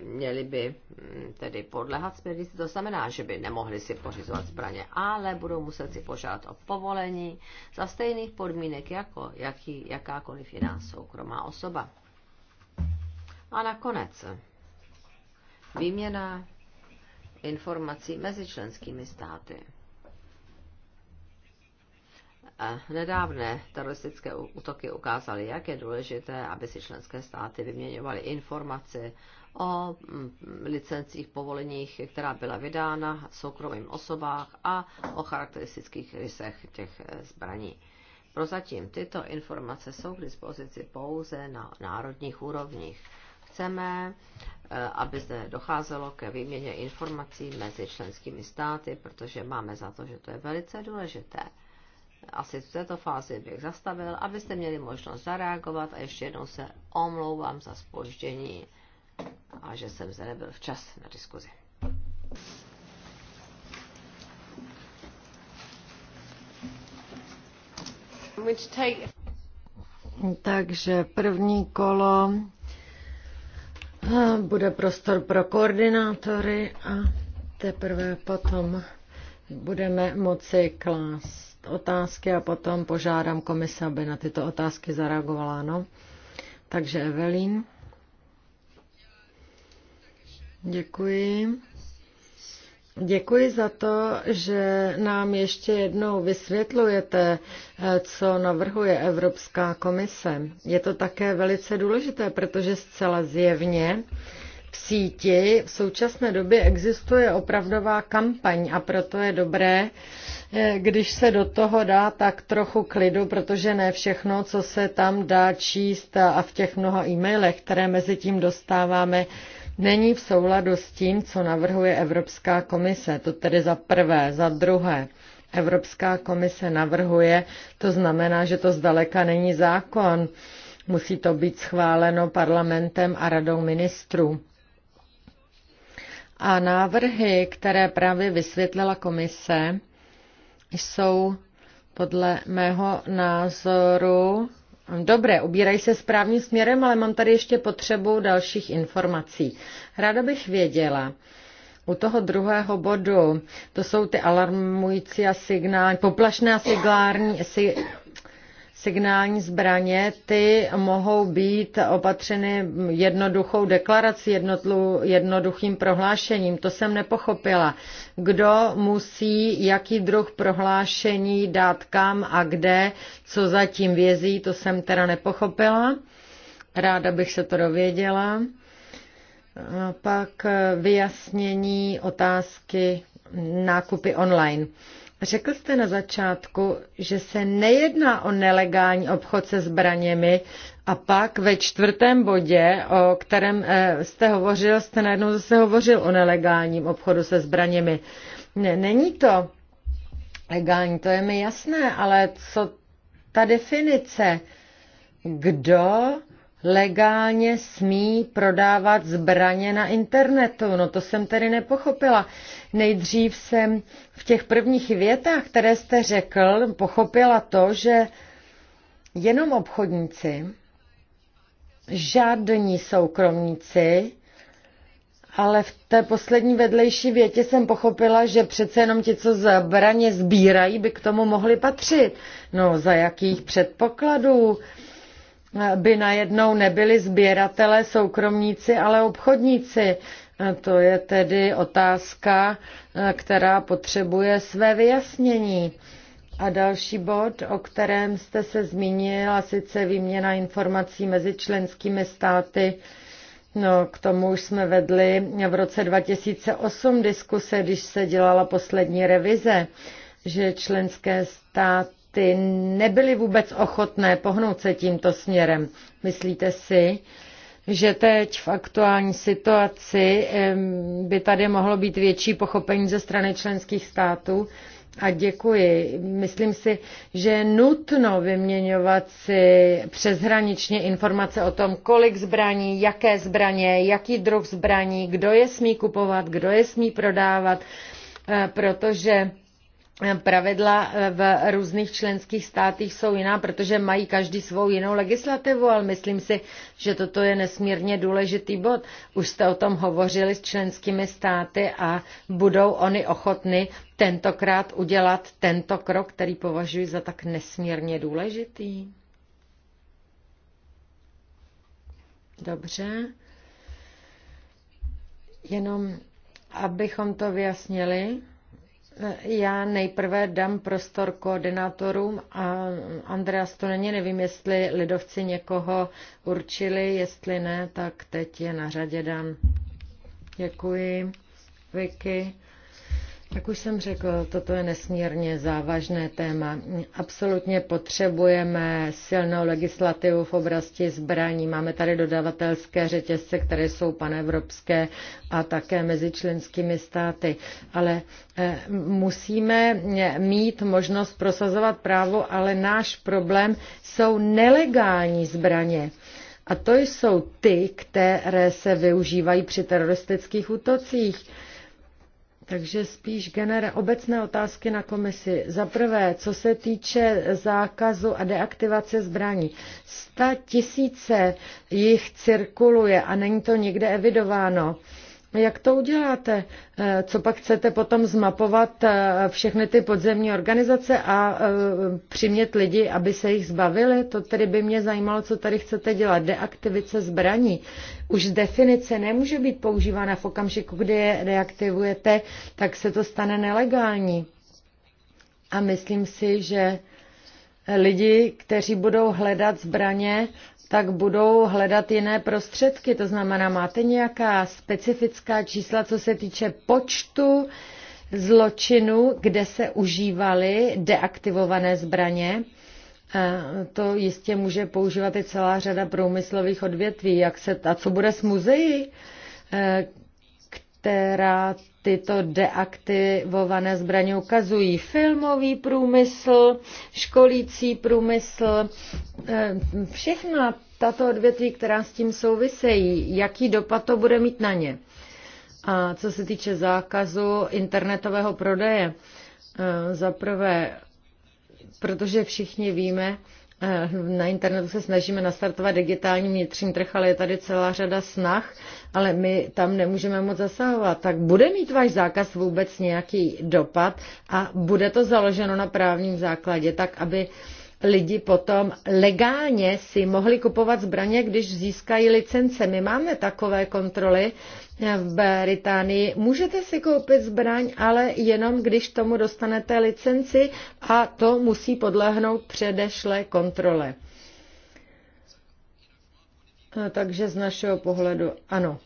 měli by mm, tedy podlehat směrnici. To znamená, že by nemohli si pořizovat zbraně, ale budou muset si požádat o povolení za stejných podmínek jako jaký, jakákoliv jiná soukromá osoba. A nakonec výměna informací mezi členskými státy. nedávné teroristické útoky ukázaly, jak je důležité, aby si členské státy vyměňovaly informace o mm, licencích, povoleních, která byla vydána soukromým osobách a o charakteristických rysech těch eh, zbraní. Prozatím tyto informace jsou k dispozici pouze na národních úrovních chceme, eh, aby zde docházelo ke výměně informací mezi členskými státy, protože máme za to, že to je velice důležité. Asi v této fázi bych zastavil, abyste měli možnost zareagovat a ještě jednou se omlouvám za spoždění a že jsem zde nebyl včas na diskuzi. Takže první kolo bude prostor pro koordinátory a teprve potom budeme moci klást otázky a potom požádám komise, aby na tyto otázky zareagovala. No? Takže Evelyn. Děkuji. Děkuji za to, že nám ještě jednou vysvětlujete, eh, co navrhuje Evropská komise. Je to také velice důležité, protože zcela zjevně v síti v současné době existuje opravdová kampaň a proto je dobré, eh, když se do toho dá tak trochu klidu, protože ne všechno, co se tam dá číst a v těch mnoha e-mailech, které mezi tím dostáváme, není v souladu s tím, co navrhuje Evropská komise. To tedy za prvé. Za druhé, Evropská komise navrhuje, to znamená, že to zdaleka není zákon. Musí to být schváleno parlamentem a radou ministrů. A návrhy, které právě vysvětlila komise, jsou podle mého názoru Dobré, ubírají se správným směrem, ale mám tady ještě potřebu dalších informací. Ráda bych věděla, u toho druhého bodu, to jsou ty alarmující a signální, poplašné a signální zbraně, ty mohou být opatřeny jednoduchou deklarací, jednotlu, jednoduchým prohlášením. To jsem nepochopila. Kdo musí jaký druh prohlášení dát kam a kde, co zatím vězí, to jsem teda nepochopila. Ráda bych se to dověděla. A pak vyjasnění otázky nákupy online. Řekl jste na začátku, že se nejedná o nelegální obchod se zbraněmi a pak ve čtvrtém bodě, o kterém eh, jste hovořil, jste najednou zase hovořil o nelegálním obchodu se zbraněmi. Ne, není to legální, to je mi jasné, ale co ta definice? Kdo legálně smí prodávat zbraně na internetu. No to jsem tedy nepochopila. Nejdřív jsem v těch prvních větách, které jste řekl, pochopila to, že jenom obchodníci, žádní soukromníci, ale v té poslední vedlejší větě jsem pochopila, že přece jenom ti, co zbraně sbírají, by k tomu mohli patřit. No, za jakých předpokladů? by najednou nebyli sběratelé, soukromníci, ale obchodníci. To je tedy otázka, eh, která potřebuje své vyjasnění. A další bod, o kterém jste se zmínila, sice výměna informací mezi členskými státy, No, k tomu už jsme vedli v roce 2008 diskuse, když se dělala poslední revize, že členské státy ty nebyly vůbec ochotné pohnout se tímto směrem. Myslíte si, že teď v aktuální situaci by tady mohlo být větší pochopení ze strany členských států? A děkuji. Myslím si, že je nutno vyměňovat si přeshraničně informace o tom, kolik zbraní, jaké zbraně, jaký druh zbraní, kdo je smí kupovat, kdo je smí prodávat, eh, protože pravidla eh, v různých členských státech jsou jiná, protože mají každý svou jinou legislativu, ale myslím si, že toto je nesmírně důležitý bod. Už jste o tom hovořili s členskými státy a budou oni ochotny tentokrát udělat tento krok, který považuji za tak nesmírně důležitý. Dobře. Jenom abychom to vyjasnili já nejprve dám prostor koordinátorům a Andreas to není, nevím, jestli lidovci někoho určili, jestli ne, tak teď je na řadě Dan. Děkuji, Vicky. Jak už jsem řekl, toto je nesmírně závažné téma. Absolutně potřebujeme silnou legislativu v oblasti zbraní. Máme tady dodavatelské řetězce, které jsou panevropské a také mezi členskými státy. Ale eh, musíme mít možnost prosazovat právo, ale náš problém jsou nelegální zbraně. A to jsou ty, které se využívají při teroristických útocích takže spíš genere obecné otázky na komisi. Za prvé, co se týče zákazu a deaktivace zbraní. Sta tisíce jich cirkuluje a není to nikde evidováno. Jak to uděláte? Eh, co pak chcete potom zmapovat eh, všechny ty podzemní organizace a eh, přimět lidi, aby se jich zbavili? To tedy by mě zajímalo, co tady chcete dělat. Deaktivice zbraní. Už z definice nemůže být používána v okamžiku, kdy je deaktivujete, tak se to stane nelegální. A myslím si, že lidi, kteří budou hledat zbraně, tak budou hledat jiné prostředky. To znamená, máte nějaká specifická čísla, co se týče počtu zločinů, kde se užívaly deaktivované zbraně? To jistě může používat i celá řada průmyslových odvětví. Jak se, a co bude s muzeí, eh, která tyto deaktivované zbraně ukazují. Filmový průmysl, školící průmysl, eh, všechna tato odvětví, která s tím souvisejí, jaký dopad to bude mít na ně. A co se týče zákazu internetového prodeje, eh, zaprvé, protože všichni víme, eh, na internetu se snažíme nastartovat digitální vnitřní trh, ale je tady celá řada snah ale my tam nemůžeme moc zasahovat. Tak bude mít váš zákaz vůbec nějaký dopad a bude to založeno na právním základě, tak aby lidi potom legálně si mohli kupovat zbraně, když získají licence. My máme takové kontroly v Británii. Můžete si koupit zbraň, ale jenom když tomu dostanete licenci a to musí podlehnout předešlé kontrole. Takže z našeho pohledu ano,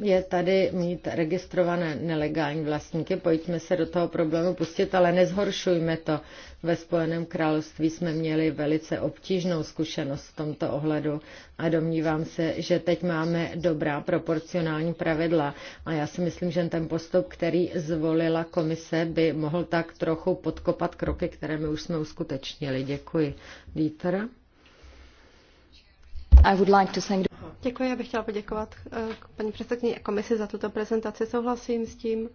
je tady mít registrované nelegální vlastníky, pojďme se do toho problému pustit, ale nezhoršujme to. Ve Spojeném království jsme měli velice obtížnou zkušenost v tomto ohledu a domnívám se, že teď máme dobrá proporcionální pravidla a já si myslím, že ten postup, který zvolila komise, by mohl tak trochu podkopat kroky, které my už jsme uskutečnili. Děkuji. Dítra? I would like to thank... Děkuji, já bych chtěla poděkovat eh, paní předsedkyni komisi za tuto prezentaci. Souhlasím s tím,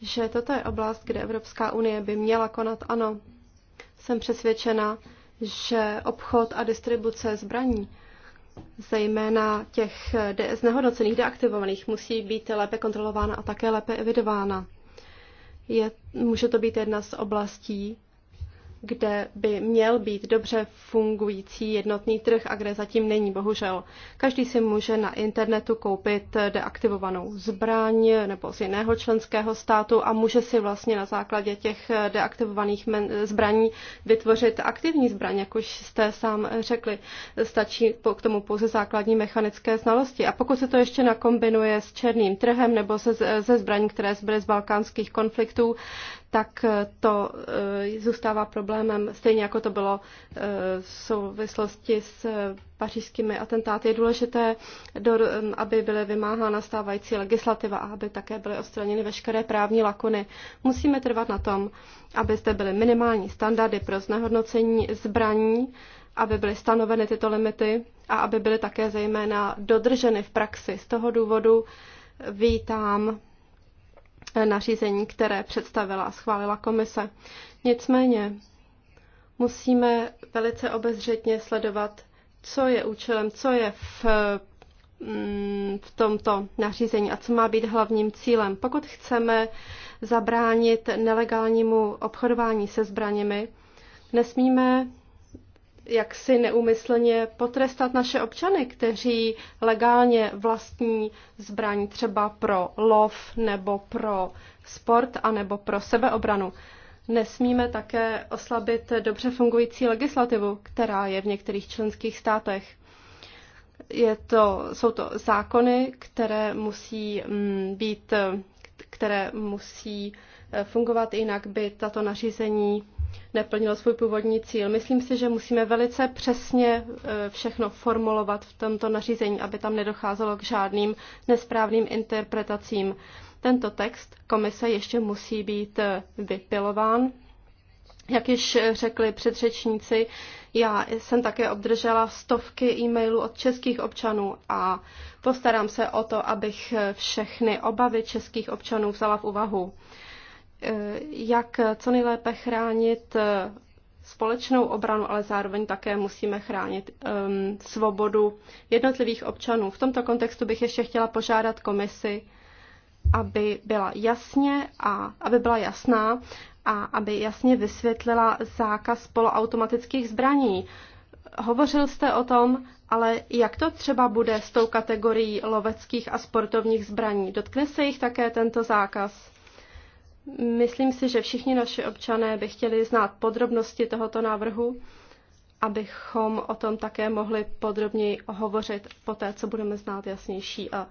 že toto je oblast, kde Evropská unie by měla konat. Ano, jsem přesvědčena, že obchod a distribuce zbraní, zejména těch eh, znehodnocených, deaktivovaných, musí být lépe kontrolována a také lépe evidována. Je, může to být jedna z oblastí, kde by měl být dobře fungující jednotný trh a kde zatím není, bohužel. Každý si může na internetu koupit deaktivovanou zbraň nebo z jiného členského státu a může si vlastně na základě těch deaktivovaných zbraní vytvořit aktivní zbraň, jak už jste sám řekli. Stačí k tomu pouze základní mechanické znalosti. A pokud se to ještě nakombinuje s černým trhem nebo se, ze zbraní, které zbyly z balkánských konfliktů, tak eh, to eh, zůstává problémem, stejně jako to bylo eh, v souvislosti s pařížskými atentáty. Je důležité, aby byly vymáhána stávající legislativa a aby také byly odstraněny veškeré právní lakony. Musíme trvat na tom, aby zde byly minimální standardy pro znehodnocení zbraní, aby byly stanoveny tyto limity a aby byly také zejména dodrženy v praxi. Z toho důvodu vítám nařízení, které představila a schválila komise. Nicméně musíme velice obezřetně sledovat, co je účelem, co je v, mm, v tomto nařízení a co má být hlavním cílem. Pokud chceme zabránit nelegálnímu obchodování se zbraněmi, nesmíme jaksi neumyslně potrestat naše občany, kteří legálně vlastní zbraň třeba pro lov nebo pro sport a nebo pro sebeobranu. Nesmíme také oslabit dobře fungující legislativu, která je v některých členských státech. Je to, jsou to zákony, které musí mm, být, které musí eh, fungovat, jinak by tato nařízení neplnilo svůj původní cíl. Myslím si, že musíme velice přesně eh, všechno formulovat v tomto nařízení, aby tam nedocházelo k žádným nesprávným interpretacím. Tento text komise ještě musí být eh, vypilován. Jak již eh, řekli předřečníci, já jsem také obdržela stovky e-mailů od českých občanů a postarám se o to, abych všechny obavy českých občanů vzala v úvahu. Eh, jak co nejlépe chránit eh, společnou obranu, ale zároveň také musíme chránit um, svobodu jednotlivých občanů. V tomto kontextu bych ještě chtěla požádat komisi, aby byla jasně a aby byla jasná a aby jasně vysvětlila zákaz poloautomatických zbraní. Hovořil jste o tom, ale jak to třeba bude s tou kategorií loveckých a sportovních zbraní? Dotkne se jich také tento zákaz? Myslím si, že všichni naši občané by chtěli znát podrobnosti tohoto návrhu, abychom o tom také mohli podrobněji hovořit po té, co budeme znát jasnější a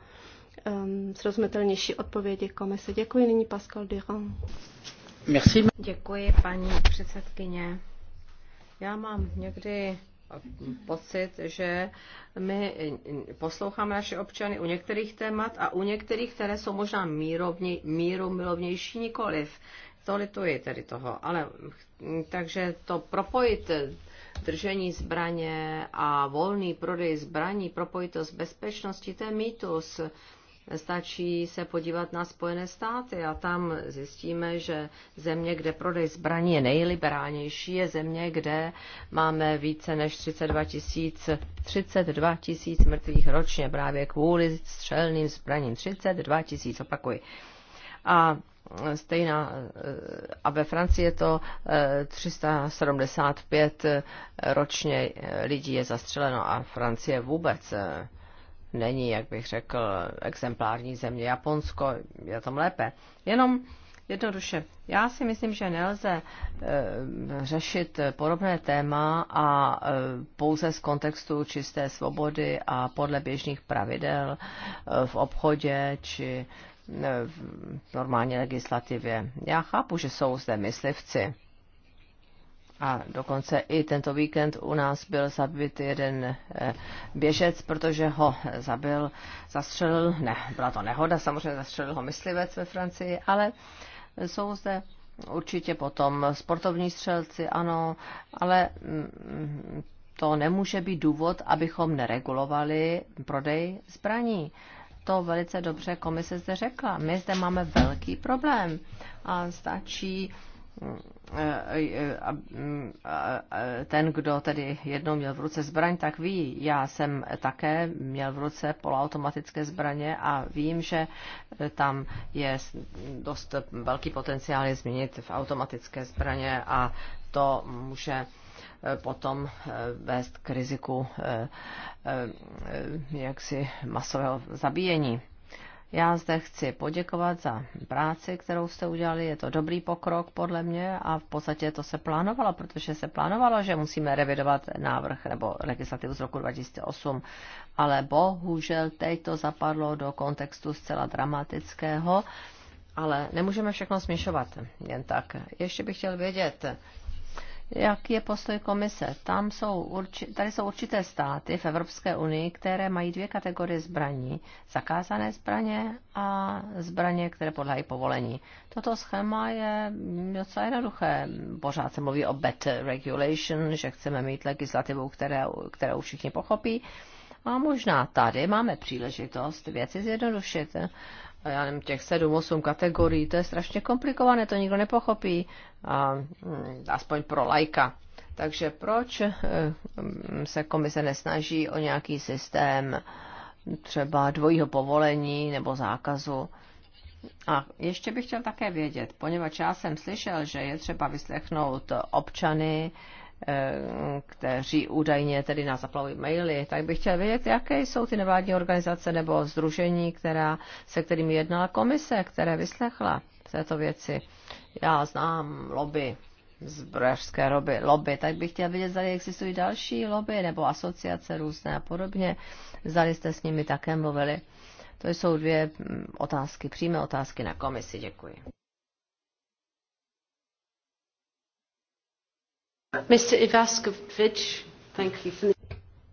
um, srozumitelnější odpovědi komise. Děkuji nyní Pascal Durand. Děkuji, paní předsedkyně. Já mám někdy pocit, že my posloucháme naše občany u některých témat a u některých, které jsou možná mírovně, míru milovnější nikoliv. To lituji tedy toho, ale takže to propojit eh, držení zbraně a volný prodej zbraní, propojit to s bezpečností, to je mýtus. Stačí se podívat na Spojené státy a tam zjistíme, že země, kde prodej zbraní je nejliberálnější, je země, kde máme více než 32 tisíc 32 tisíc mrtvých ročně právě kvůli střelným zbraním. 32 tisíc, opakuji. A stejná, a ve Francii je to 375 eh, eh, ročně eh, lidí je zastřeleno a Francie vůbec není, jak bych řekl, exemplární země. Japonsko je tam lépe. Jenom jednoduše, já si myslím, že nelze e, řešit podobné téma a e, pouze z kontextu čisté svobody a podle běžných pravidel e, v obchodě či e, v normální legislativě. Já chápu, že jsou zde myslivci a dokonce i tento víkend u nás byl zabit jeden eh, běžec, protože ho zabil, zastřelil, ne, byla to nehoda, samozřejmě zastřelil ho myslivec ve Francii, ale jsou zde určitě potom sportovní střelci, ano, ale mm, to nemůže být důvod, abychom neregulovali prodej zbraní. To velice dobře komise zde řekla. My zde máme velký problém a stačí ten, kdo tedy jednou měl v ruce zbraň, tak ví. Já jsem také měl v ruce poloautomatické zbraně a vím, že e, tam je dost velký potenciál je změnit v automatické zbraně a to může e, potom e, vést k riziku jaksi masového zabíjení. Já zde chci poděkovat za práci, kterou jste udělali. Je to dobrý pokrok podle mě a v podstatě to se plánovalo, protože se plánovalo, že musíme revidovat návrh nebo legislativu z roku 2008, ale bohužel teď to zapadlo do kontextu zcela dramatického, ale nemůžeme všechno směšovat jen tak. Ještě bych chtěl vědět, jak je postoj komise. Tam jsou urči, tady jsou určité státy v Evropské unii, které mají dvě kategorie zbraní. Zakázané zbraně a zbraně, které podlehají povolení. Toto schéma je docela jednoduché. Pořád se mluví o better regulation, že chceme mít legislativu, které, kterou všichni pochopí. A možná tady máme příležitost věci zjednodušit já nevím, těch 7-8 kategorií, to je strašně komplikované, to nikdo nepochopí, a, mm, aspoň pro lajka. Takže proč eh, mm, se komise nesnaží o nějaký systém třeba dvojího povolení nebo zákazu? A ještě bych chtěl také vědět, poněvadž já jsem slyšel, že je třeba vyslechnout občany, kteří údajně tedy nás zaplavují maily, tak bych chtěl vědět, jaké jsou ty nevládní organizace nebo združení, která, se kterými jednala komise, které vyslechla v této věci. Já znám lobby, zbrojařské lobby, lobby, tak bych chtěl vědět, zda existují další lobby nebo asociace různé a podobně. zda jste s nimi také mluvili. To jsou dvě mm, otázky, přímé otázky na komisi. Děkuji. Mr. Ivaskovič,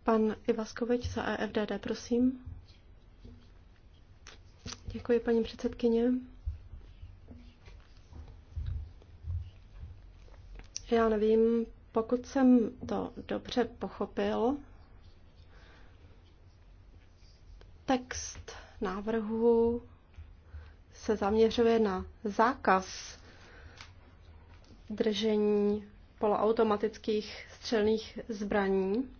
Pan Ivaskovič za AFDD e prosím. Děkuji, paní předsedkyně. Já nevím, pokud jsem to dobře pochopil, text návrhu se zaměřuje na zákaz držení poloautomatických střelných zbraní.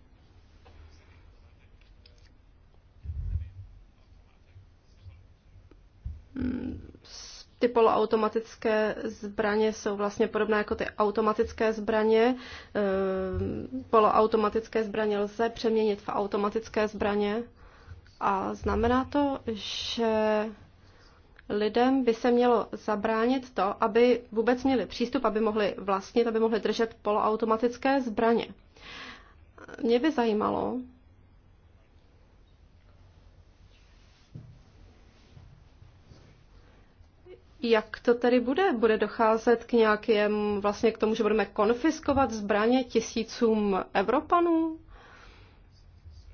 Ty poloautomatické zbraně jsou vlastně podobné jako ty automatické zbraně. Ehm, poloautomatické zbraně lze přeměnit v automatické zbraně a znamená to, že lidem by se mělo zabránit to, aby vůbec měli přístup, aby mohli vlastnit, aby mohli držet poloautomatické zbraně. Mě by zajímalo, Jak to tedy bude? Bude docházet k nějakým, vlastně k tomu, že budeme konfiskovat zbraně tisícům Evropanů?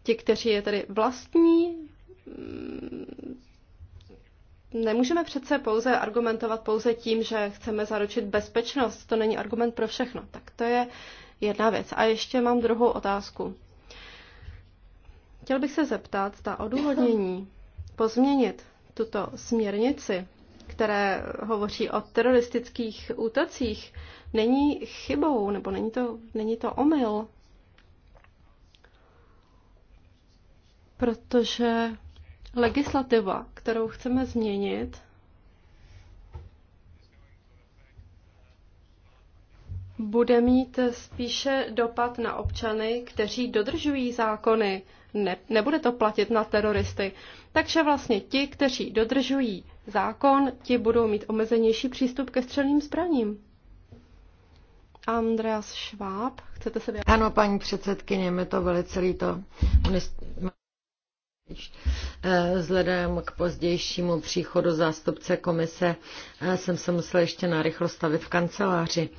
Ti, kteří je tedy vlastní, Nemůžeme přece pouze argumentovat pouze tím, že chceme zaručit bezpečnost. To není argument pro všechno. Tak to je jedna věc. A ještě mám druhou otázku. Chtěl bych se zeptat, ta odůvodnění pozměnit tuto směrnici, které hovoří o teroristických útocích, není chybou, nebo není to, není to omyl, protože Legislativa, kterou chceme změnit, bude mít spíše dopad na občany, kteří dodržují zákony. Ne, nebude to platit na teroristy. Takže vlastně ti, kteří dodržují zákon, ti budou mít omezenější přístup ke střelným zbraním. Andreas Schwab, chcete se vyjádřit? Ano, paní předsedkyně, mi to velice líto. Eh, vzhledem k pozdějšímu příchodu zástupce komise eh, jsem se musela ještě narychlo stavit v kanceláři.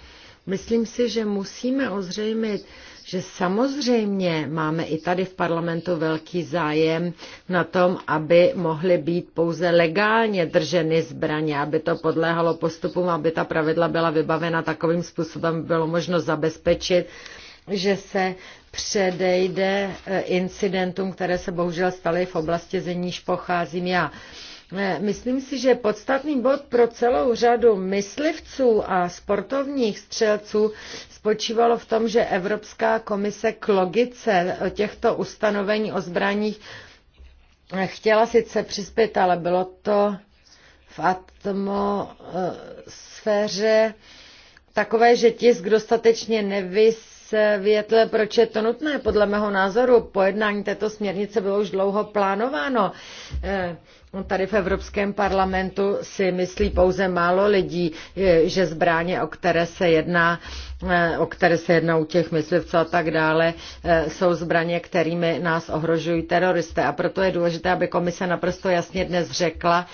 Myslím si, že musíme ozřejmit, že samozřejmě máme i tady v parlamentu velký zájem na tom, aby mohly být pouze legálně drženy zbraně, aby to podléhalo postupům, aby ta pravidla byla vybavena takovým způsobem, bylo možno zabezpečit, že se předejde eh, incidentům, které se bohužel staly v oblasti, ze níž pocházím já. Eh, myslím si, že podstatný bod pro celou řadu myslivců a sportovních střelců spočívalo v tom, že Evropská komise k logice eh, těchto ustanovení o zbraních chtěla sice přispět, ale bylo to v atmosféře takové, že tisk dostatečně nevys vysvětlil, proč je to nutné. Podle mého názoru pojednání této směrnice bylo už dlouho plánováno. Eh, tady v Evropském parlamentu si myslí pouze málo lidí, že zbraně, o které se jedná, eh, o které se jedná u těch myslivců a tak dále, eh, jsou zbraně, kterými nás ohrožují teroristé. A proto je důležité, aby komise naprosto jasně dnes řekla,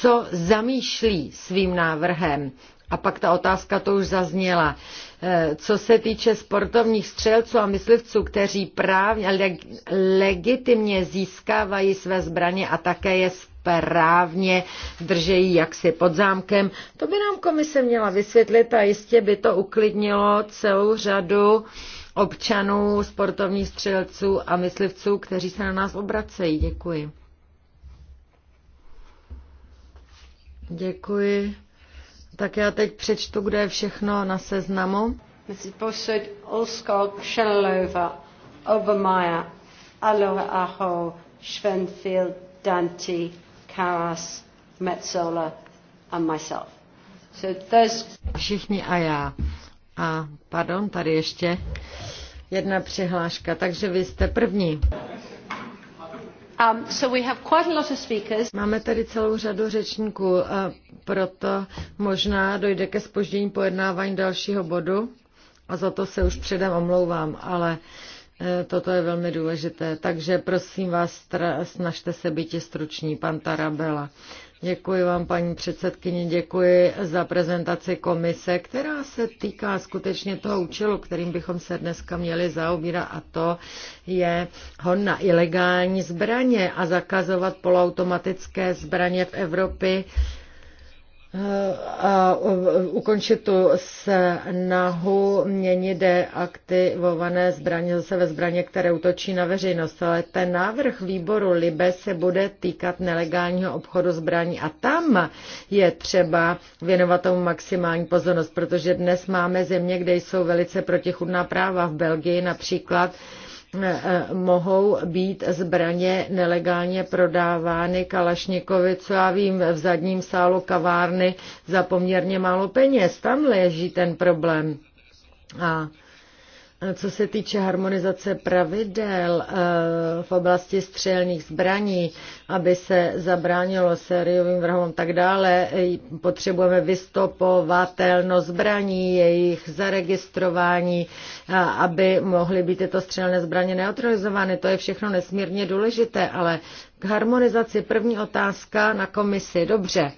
co zamýšlí svým návrhem. A pak ta otázka to už zazněla. Eh, co se týče sportovních střelců a myslivců, kteří právně leg, legitimně získávají své zbraně a také je správně držejí jaksi pod zámkem, to by nám komise měla vysvětlit a jistě by to uklidnilo celou řadu občanů, sportovních střelců a myslivců, kteří se na nás obracejí. Děkuji. Děkuji. Tak já teď přečtu, kde je všechno na seznamu. Mrs. Bussard, Olskog, Shenalova, Obermeyer, Aloha Aho, Schwenfield, Dante, Karas, Metzola a myself. So those... Všichni a já. A pardon, tady ještě jedna přihláška, takže vy jste první. Um, so we have quite a lot of speakers. Máme tady celou řadu řečníků. Uh, proto možná dojde ke spoždění pojednávání dalšího bodu a za to se už předem omlouvám, ale e, toto je velmi důležité. Takže prosím vás, snažte se být struční, pan Tarabela. Děkuji vám, paní předsedkyně, děkuji za prezentaci komise, která se týká skutečně toho účelu, kterým bychom se dneska měli zaobírat, a to je hon na ilegální zbraně a zakazovat poloautomatické zbraně v Evropě a ukončit tu snahu měnit deaktivované zbraně zase ve zbraně, které útočí na veřejnost. Ale ten návrh výboru Libe se bude týkat nelegálního obchodu zbraní a tam je třeba věnovat tomu maximální pozornost, protože dnes máme země, kde jsou velice protichudná práva. V Belgii například Eh, mohou být zbraně nelegálně prodávány Kalašnikovi, co já vím, v zadním sálu kavárny za poměrně málo peněz. Tam leží ten problém. A co se týče harmonizace pravidel eh, v oblasti střelných zbraní, aby se zabránilo sériovým vrahům tak dále, eh, potřebujeme vystopovatelnost zbraní, jejich zaregistrování, aby mohly být tyto střelné zbraně neutralizovány. To je všechno nesmírně důležité, ale k harmonizaci první otázka na komisi. Dobře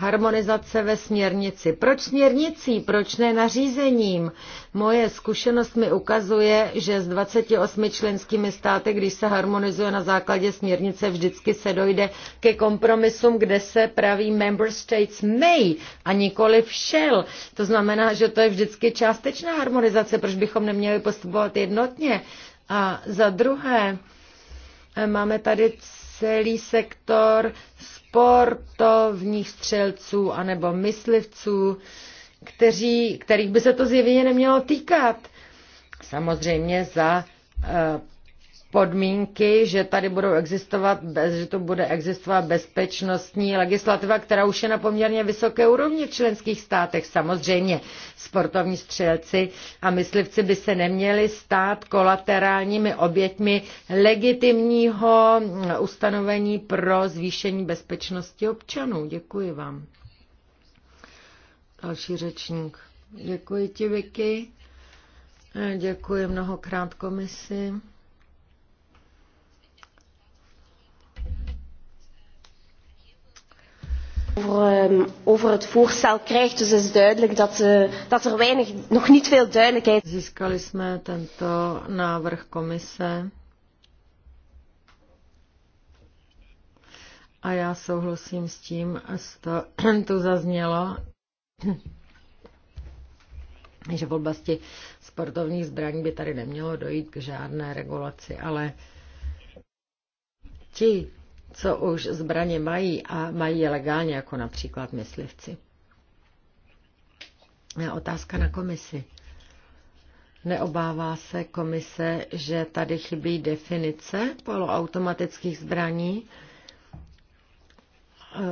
harmonizace ve směrnici. Proč směrnicí, proč ne nařízením? Moje zkušenost mi ukazuje, že s 28 členskými státy, když se harmonizuje na základě směrnice, vždycky se dojde ke kompromisům, kde se praví member states may a nikoli všel. To znamená, že to je vždycky částečná harmonizace, proč bychom neměli postupovat jednotně. A za druhé, máme tady celý sektor s sportovních střelců anebo myslivců, kteří, kterých by se to zjevně nemělo týkat. Samozřejmě za eh, podmínky, že tady budou existovat, bez, že to bude existovat bezpečnostní legislativa, která už je na poměrně vysoké úrovni v členských státech. Samozřejmě sportovní střelci a myslivci by se neměli stát kolaterálními oběťmi legitimního mm, ustanovení pro zvýšení bezpečnosti občanů. Děkuji vám. Další řečník. Děkuji ti, Vicky. Děkuji mnohokrát komisi. over, um, ehm, over het voorstel krijgt. Dus het is duidelijk dat, uh, dat er weinig, nog niet veel duidelijkheid is. Získali jsme tento návrh komise. A já souhlasím s tím, to tu zaznělo, že v oblasti sportovních zbraní by tady nemělo dojít k žádné regulaci, ale ti, co už zbraně mají a mají je legálně, jako například myslivci. Otázka na komisi. Neobává se komise, že tady chybí definice poloautomatických zbraní?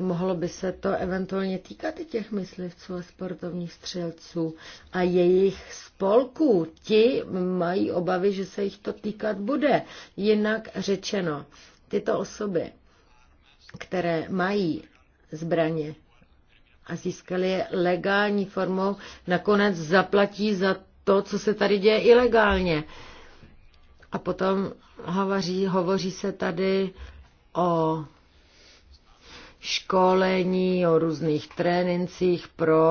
Mohlo by se to eventuálně týkat i těch myslivců a sportovních střelců a jejich spolků. Ti mají obavy, že se jich to týkat bude. Jinak řečeno, tyto osoby které mají zbraně a získali je legální formou, nakonec zaplatí za to, co se tady děje ilegálně. A potom hovoří, hovoří se tady o školení, o různých trénincích pro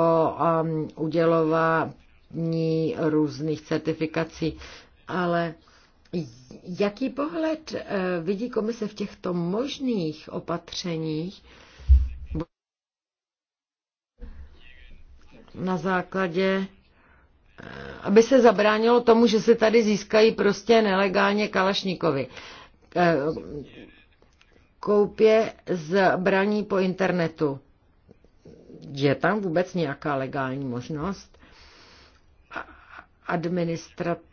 um, udělování různých certifikací, ale Jaký pohled eh, vidí komise v těchto možných opatřeních na základě, eh, aby se zabránilo tomu, že se tady získají prostě nelegálně kalašníkovi? Eh, koupě zbraní po internetu. Je tam vůbec nějaká legální možnost? Administrativní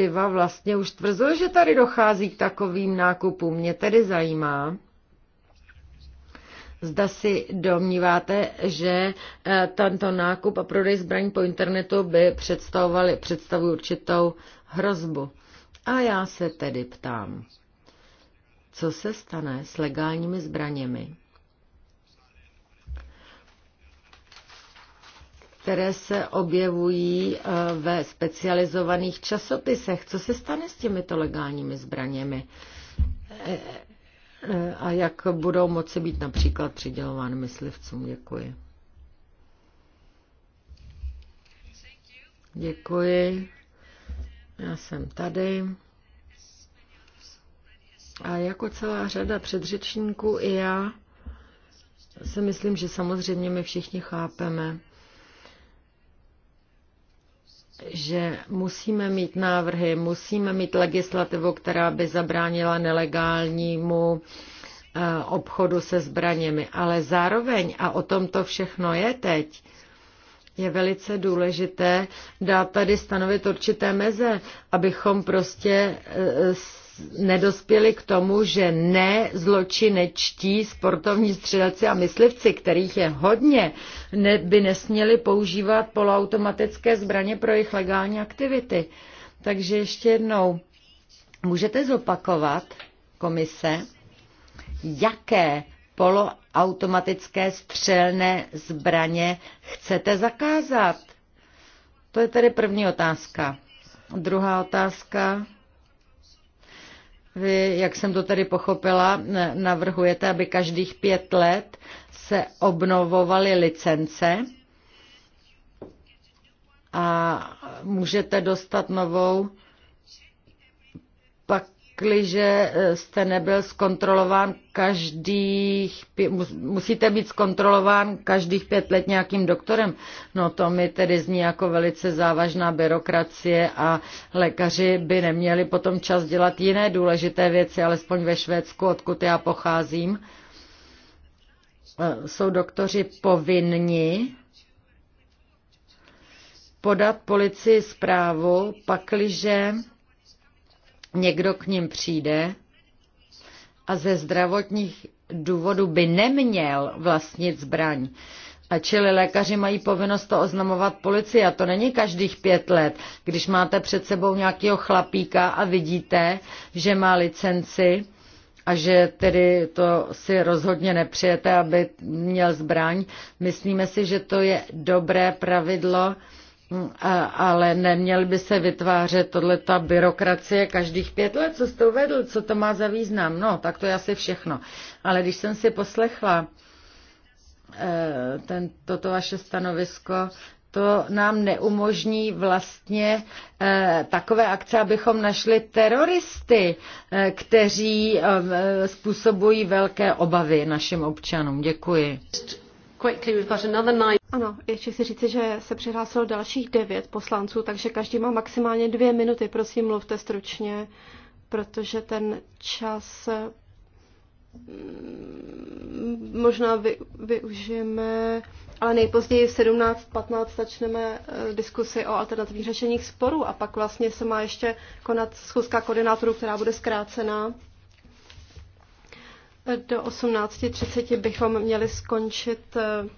legislativa vlastně už tvrzuje, že tady dochází k takovým nákupům. Mě tedy zajímá, Zda si domníváte, že eh, tento nákup a prodej zbraní po internetu by představovali, představují určitou hrozbu. A já se tedy ptám, co se stane s legálními zbraněmi, které se objevují eh, ve specializovaných časopisech. Co se stane s těmito legálními zbraněmi? Eh, eh, a jak budou moci být například přidělovány myslivcům? Děkuji. Děkuji. Já jsem tady. A jako celá řada předřečníků i já si myslím, že samozřejmě my všichni chápeme, že musíme mít návrhy, musíme mít legislativu, která by zabránila nelegálnímu eh, obchodu se zbraněmi. Ale zároveň, a o tom to všechno je teď, je velice důležité dát tady stanovit určité meze, abychom prostě eh, nedospěli k tomu, že ne zločinečtí sportovní střelci a myslivci, kterých je hodně, ne, by nesměli používat poloautomatické zbraně pro jejich legální aktivity. Takže ještě jednou, můžete zopakovat, komise, jaké poloautomatické střelné zbraně chcete zakázat? To je tedy první otázka. Druhá otázka vy, jak jsem to tady pochopila, navrhujete, aby každých pět let se obnovovaly licence a můžete dostat novou pakliže e, jste nebyl zkontrolován každých, musíte být zkontrolován každých pět let nějakým doktorem. No to mi tedy zní jako velice závažná byrokracie a lékaři by neměli potom čas dělat jiné důležité věci, alespoň ve Švédsku, odkud já pocházím. E, jsou doktoři povinni podat policii zprávu, pakliže někdo k ním přijde a ze zdravotních důvodů by neměl vlastnit zbraň. A čili lékaři mají povinnost to oznamovat policii a to není každých pět let. Když máte před sebou nějakého chlapíka a vidíte, že má licenci a že tedy to si rozhodně nepřijete, aby měl zbraň, myslíme si, že to je dobré pravidlo, ale neměl by se vytvářet tohle ta byrokracie každých pět let, co jste uvedl, co to má za význam. No, tak to je asi všechno. Ale když jsem si poslechla eh, ten, toto vaše stanovisko, to nám neumožní vlastně e, takové akce, abychom našli teroristy, e, kteří způsobují velké obavy našim občanům. Děkuji quickly, we've got another nine. Ano, ještě si říci, že se přihlásilo dalších devět poslanců, takže každý má maximálně dvě minuty. Prosím, mluvte stručně, protože ten čas mm, možná vy, využijeme, ale nejpozději v 17.15 začneme eh, diskusi o alternativních řešeních sporů a pak vlastně se má ještě konat schůzka koordinátorů, která bude zkrácená. Do 18.30 bychom měli skončit eh,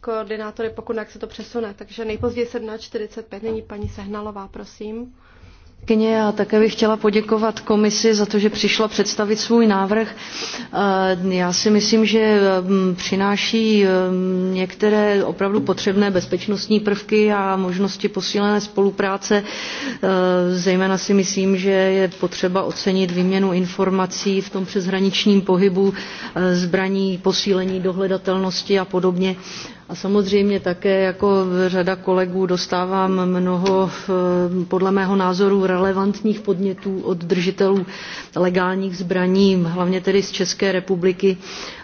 koordinátory, pokud jak se to přesune. Takže nejpozději 17.45 nyní paní Sehnalová, prosím. Já také bych chtěla poděkovat komisi za to, že přišla představit svůj návrh. Eh, já si myslím, že mm, přináší mm, některé opravdu potřebné bezpečnostní prvky a možnosti posílené spolupráce. Eh, zejména si myslím, že je potřeba ocenit výměnu informací v tom přeshraničním pohybu eh, zbraní, posílení dohledatelnosti a podobně a samozřejmě také jako řada kolegů dostávám mnoho, eh, podle mého názoru, relevantních podnětů od držitelů legálních zbraní, hlavně tedy z České republiky.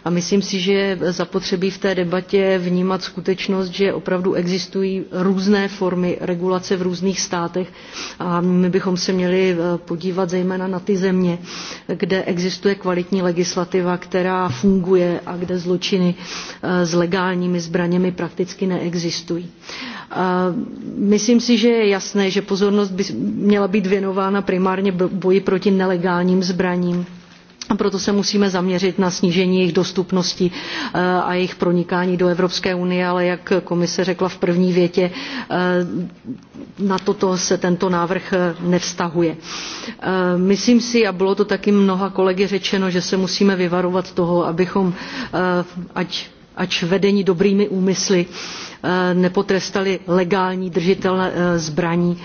A myslím si, že je zapotřebí v té debatě vnímat skutečnost, že opravdu existují různé formy regulace v různých státech a my bychom se měli eh, podívat zejména na ty země, kde existuje kvalitní legislativa, která funguje a kde zločiny eh, s legálními zbraněmi zeměmi prakticky neexistují. Myslím si, že je jasné, že pozornost by měla být věnována primárně boji proti nelegálním zbraním. A proto se musíme zaměřit na snížení jejich dostupnosti e, a jejich pronikání do Evropské unie, ale jak komise řekla v první větě, e, na toto se tento návrh e, nevztahuje. Myslím si, a bylo to taky mnoha kolegy řečeno, že se musíme vyvarovat toho, abychom, ať ač vedení dobrými úmysly eh, nepotrestali legální držitele eh, zbraní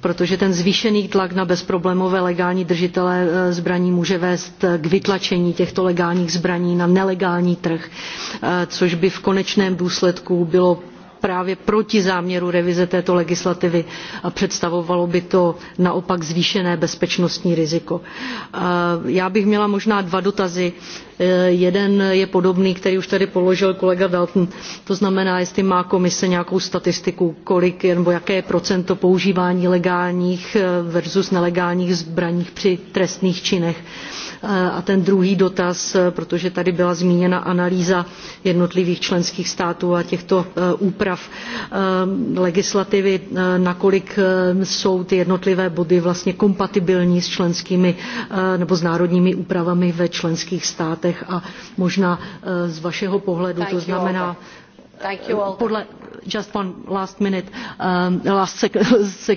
protože ten zvýšený tlak na bezproblémové legální držitele eh, zbraní může vést k vytlačení těchto legálních zbraní na nelegální trh což by v konečném důsledku bylo právě proti záměru revize této legislativy a představovalo by to naopak zvýšené bezpečnostní riziko. Já bych měla možná dva dotazy. E, jeden je podobný, který už tady položil kolega Dalton. To znamená, jestli má komise nějakou statistiku, kolik nebo jaké procento používání legálních e, versus nelegálních zbraní při trestných činech a ten druhý dotaz, eh, protože tady byla zmíněna analýza jednotlivých členských států a těchto eh, úprav eh, legislativy, nakolik jsou ty jednotlivé body vlastně kompatibilní s členskými nebo s národními úpravami ve členských státech a možná z vašeho pohledu, to znamená Uh, podle um,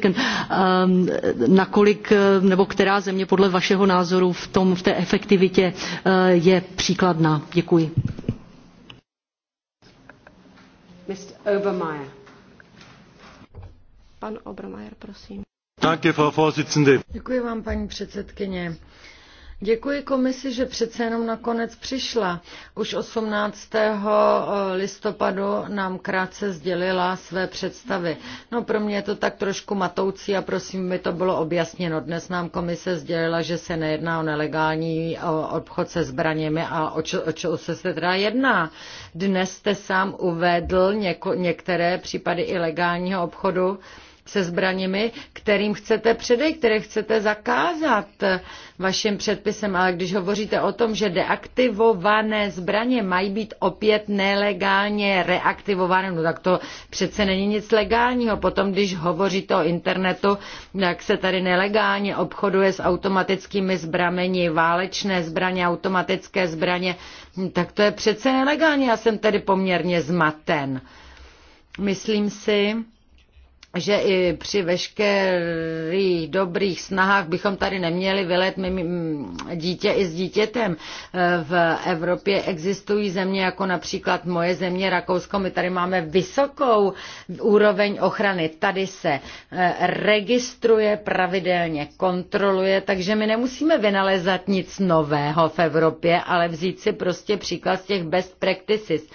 um, nakolik uh, nebo která země podle vašeho názoru v, tom, v té efektivitě uh, je příkladná. Děkuji. Pan Obermeier, prosím. Děkuji vám, paní předsedkyně Děkuji komisi, že přece jenom nakonec přišla. Už 18. Eh, listopadu nám krátce sdělila své představy. No pro mě je to tak trošku matoucí a prosím, by to bylo objasněno. Dnes nám komise sdělila, že se nejedná o nelegální eh, obchod se zbraněmi a o čeho čo se se teda jedná. Dnes jste sám uvedl něko, některé případy ilegálního obchodu se zbraněmi, kterým chcete předej, které chcete zakázat vašim předpisem. Ale když hovoříte o tom, že deaktivované zbraně mají být opět nelegálně reaktivované, no tak to přece není nic legálního. Potom, když hovoříte o internetu, jak se tady nelegálně obchoduje s automatickými zbrameni, válečné zbraně, automatické zbraně, tak to je přece nelegálně. Já jsem tedy poměrně zmaten. Myslím si, že i při veškerých dobrých snahách bychom tady neměli vylet mm, dítě i s dítětem. E, v Evropě existují země jako například moje země Rakousko. My tady máme vysokou úroveň ochrany. Tady se e, registruje, pravidelně kontroluje, takže my nemusíme vynalezat nic nového v Evropě, ale vzít si prostě příklad z těch best practices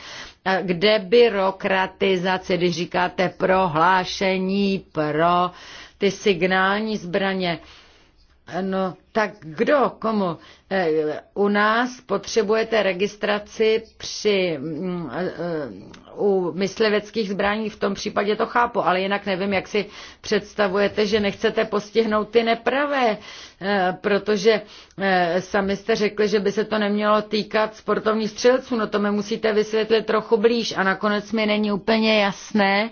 kde byrokratizace, když říkáte prohlášení pro ty signální zbraně, No, tak kdo, komu? Eh, u nás potřebujete registraci při, mm, eh, eh, u mysliveckých zbraní, v tom případě to chápu, ale jinak nevím, jak si představujete, že nechcete postihnout ty nepravé, protože sami jste řekli, že by se to nemělo týkat sportovních střelců, no to mi musíte vysvětlit trochu blíž a nakonec mi není úplně jasné,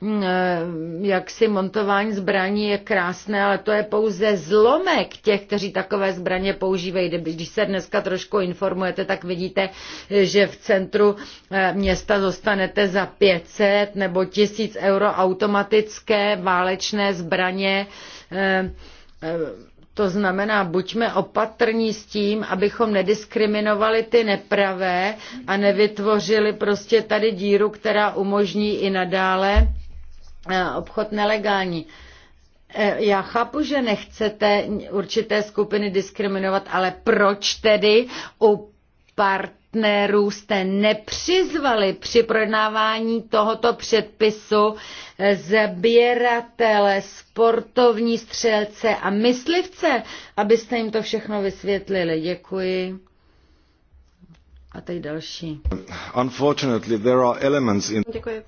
Mm, eh, jak si montování zbraní je krásné, ale to je pouze zlomek těch, kteří takové zbraně používají. Když se dneska trošku informujete, tak vidíte, eh, že v centru eh, města zostanete za 500 nebo 1000 euro automatické válečné zbraně. To znamená, buďme opatrní s tím, abychom nediskriminovali ty nepravé a nevytvořili prostě tady díru, která umožní i nadále obchod nelegální. E, já chápu, že nechcete určité skupiny diskriminovat, ale proč tedy u partnerů jste nepřizvali při projednávání tohoto předpisu zběratele, e, sportovní střelce a myslivce, abyste jim to všechno vysvětlili? Děkuji. A teď další. Děkuji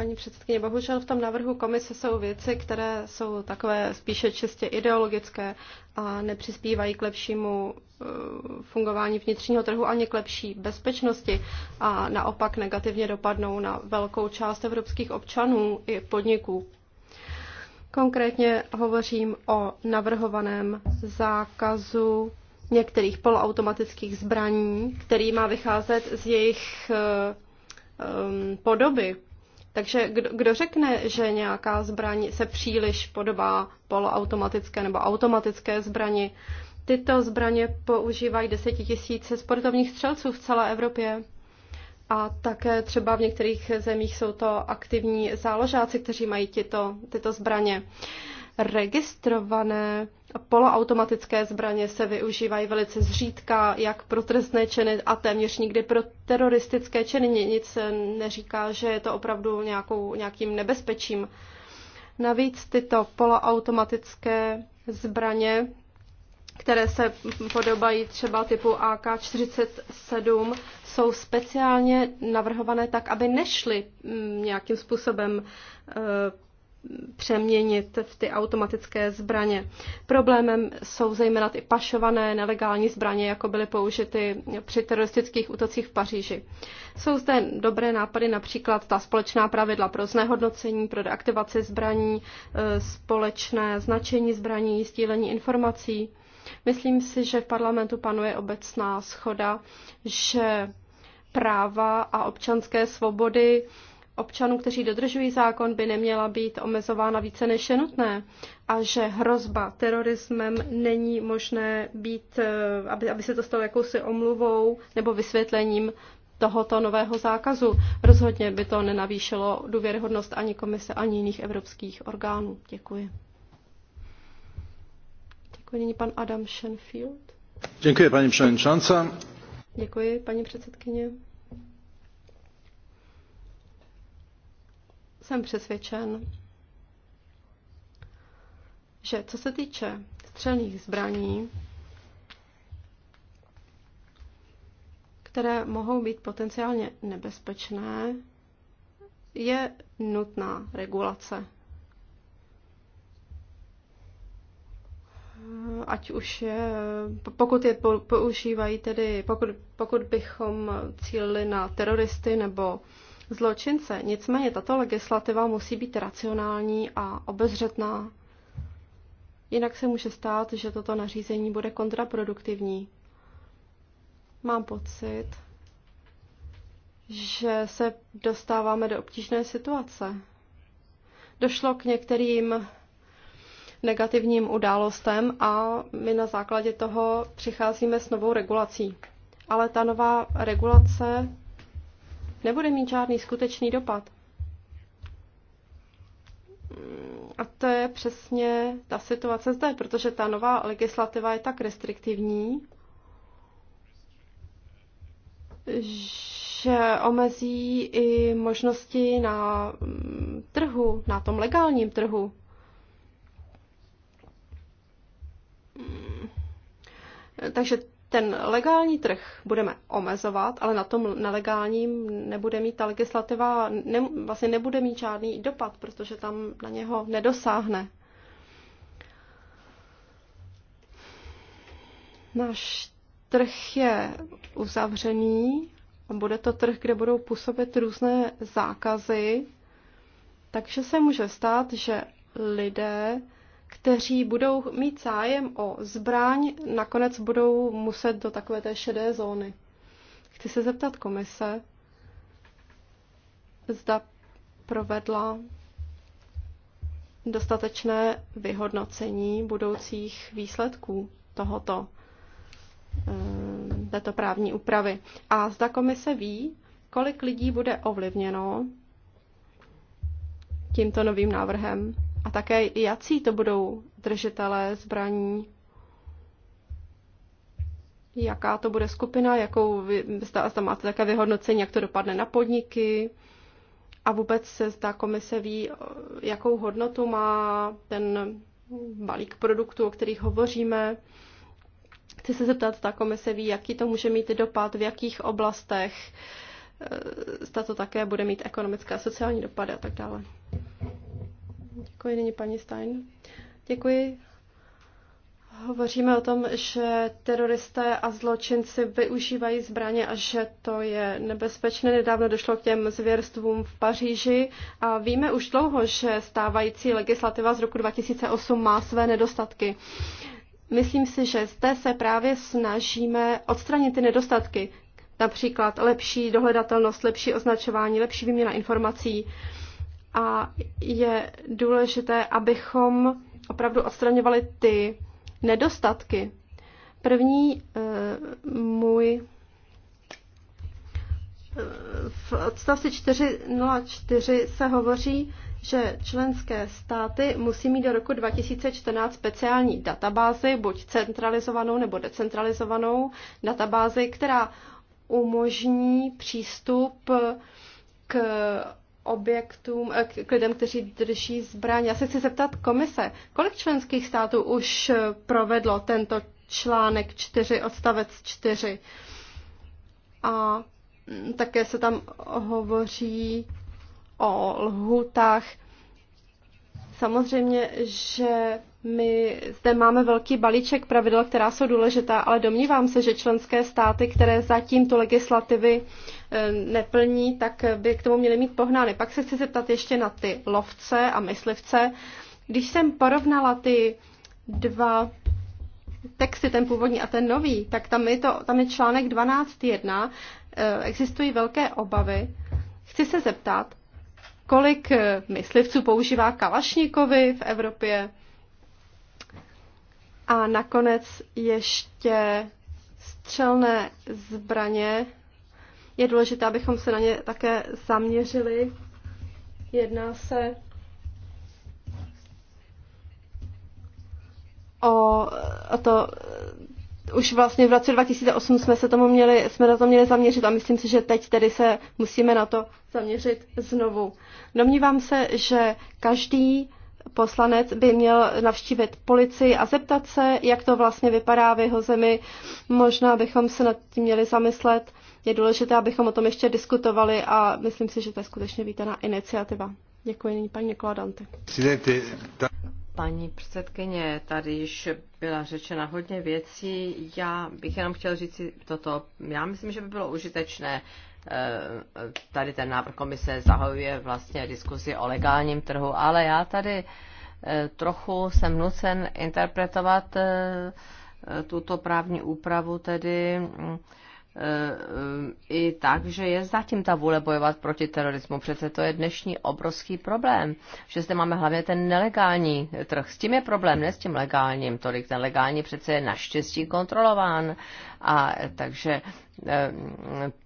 paní předsedkyně. Bohužel v tom návrhu komise jsou věci, které jsou takové spíše čistě ideologické a nepřispívají k lepšímu eh, fungování vnitřního trhu ani k lepší bezpečnosti a naopak negativně dopadnou na velkou část evropských občanů i podniků. Konkrétně hovořím o navrhovaném zákazu některých poloautomatických zbraní, který má vycházet z jejich eh, eh, podoby. Takže kdo, kdo řekne, že nějaká zbraň se příliš podobá poloautomatické nebo automatické zbrani? Tyto zbraně používají desetitisíce sportovních střelců v celé Evropě. A také třeba v některých zemích jsou to aktivní záložáci, kteří mají tyto, tyto zbraně. Uh, registrované poloautomatické zbraně se využívají velice zřídka, jak pro trestné činy a téměř nikdy pro teroristické činy. Nic neříká, že je to opravdu nějakou, nějakým nebezpečím. Navíc tyto poloautomatické zbraně, které se podobají třeba typu AK-47, jsou speciálně navrhované tak, aby nešly mm, nějakým způsobem eh, přeměnit v ty automatické zbraně. Problémem jsou zejména ty pašované nelegální zbraně, jako byly použity při teroristických útocích v Paříži. Jsou zde dobré nápady, například ta společná pravidla pro znehodnocení, pro deaktivaci zbraní, e, společné značení zbraní, sdílení informací. Myslím si, že v parlamentu panuje obecná schoda, že práva a občanské svobody občanů, kteří dodržují zákon, by neměla být omezována více než je nutné a že hrozba terorismem není možné být, eh, aby, aby se to stalo jakousi omluvou nebo vysvětlením tohoto nového zákazu. Rozhodně by to nenavýšilo důvěryhodnost ani komise, ani jiných evropských orgánů. Děkuji. Děkuji. Nyní pan Adam Schenfield. Děkuji, paní předsedkyně. Děkuji, paní předsedkyně. Jsem přesvědčen, že co se týče střelných zbraní, které mohou být potenciálně nebezpečné, je nutná regulace. Ať už je, pokud je používají tedy, pokud, pokud bychom cílili na teroristy nebo zločince. Nicméně tato legislativa musí být racionální a obezřetná. Jinak se může stát, že toto nařízení bude kontraproduktivní. Mám pocit, že se dostáváme do obtížné situace. Došlo k některým negativním událostem a my na základě toho přicházíme s novou regulací. Ale ta nová regulace nebude mít žádný skutečný dopad. A to je přesně ta situace zde, protože ta nová legislativa je tak restriktivní, že omezí i možnosti na mm, trhu, na tom legálním trhu. Mm. Takže ten legální trh budeme omezovat, ale na tom nelegálním nebude mít ta legislativa, ne, vlastně nebude mít žádný dopad, protože tam na něho nedosáhne. Náš trh je uzavřený a bude to trh, kde budou působit různé zákazy, takže se může stát, že lidé kteří budou mít zájem o zbraň, nakonec budou muset do takové té šedé zóny. Chci se zeptat komise, zda provedla dostatečné vyhodnocení budoucích výsledků tohoto, eh, této právní úpravy. A zda komise ví, kolik lidí bude ovlivněno tímto novým návrhem. A také jací to budou držitelé zbraní, jaká to bude skupina, jakou vy, zda, zda máte také vyhodnocení, jak to dopadne na podniky a vůbec se zda komise ví, jakou hodnotu má ten balík produktů, o kterých hovoříme. Chci se zeptat, zda komise ví, jaký to může mít dopad, v jakých oblastech, eh, zda to také bude mít ekonomické a sociální dopady a tak dále. Děkuji, není paní Stein. Děkuji. Hovoříme o tom, že teroristé a zločinci využívají zbraně a že to je nebezpečné. Nedávno došlo k těm zvěrstvům v Paříži a víme už dlouho, že stávající legislativa z roku 2008 má své nedostatky. Myslím si, že zde se právě snažíme odstranit ty nedostatky, například lepší dohledatelnost, lepší označování, lepší výměna informací a je důležité, abychom opravdu odstraňovali ty nedostatky. První eh, můj eh, v odstavci 4.04 se hovoří, že členské státy musí mít do roku 2014 speciální databázi, buď centralizovanou nebo decentralizovanou databázi, která umožní přístup k objektům, eh, k lidem, kteří drží zbraň. Já se chci zeptat komise, kolik členských států už eh, provedlo tento článek 4, odstavec 4? A mm, také se tam hovoří o lhutách. Samozřejmě, že my zde máme velký balíček pravidel, která jsou důležitá, ale domnívám se, že členské státy, které zatím tu legislativy eh, neplní, tak by k tomu měly mít pohnány. Pak se chci zeptat ještě na ty lovce a myslivce. Když jsem porovnala ty dva texty, ten původní a ten nový, tak tam je, to, tam je článek 12.1, eh, existují velké obavy. Chci se zeptat, kolik eh, myslivců používá Kalašníkovi v Evropě, a nakonec ještě střelné zbraně. Je důležité, abychom se na ně také zaměřili. Jedná se o, o to, už vlastně v roce 2008 jsme se tomu měli, jsme na to měli zaměřit a myslím si, že teď tedy se musíme na to zaměřit znovu. Domnívám se, že každý poslanec by měl navštívit policii a zeptat se, jak to vlastně vypadá v jeho zemi. Možná bychom se nad tím měli zamyslet. Je důležité, abychom o tom ještě diskutovali a myslím si, že to je skutečně vítaná iniciativa. Děkuji, nyní paní Nikola Dante. Paní předsedkyně, tady již byla řečena hodně věcí. Já bych jenom chtěl říct toto. Já myslím, že by bylo užitečné Eh, tady ten návrh komise zahajuje vlastně diskuzi o legálním trhu, ale já tady eh, trochu jsem nucen interpretovat eh, tuto právní úpravu tedy mm, i tak, že je zatím ta vůle bojovat proti terorismu. Přece to je dnešní obrovský problém, že zde máme hlavně ten nelegální trh. S tím je problém, ne s tím legálním. Tolik ten legální přece je naštěstí kontrolován. A takže Eh,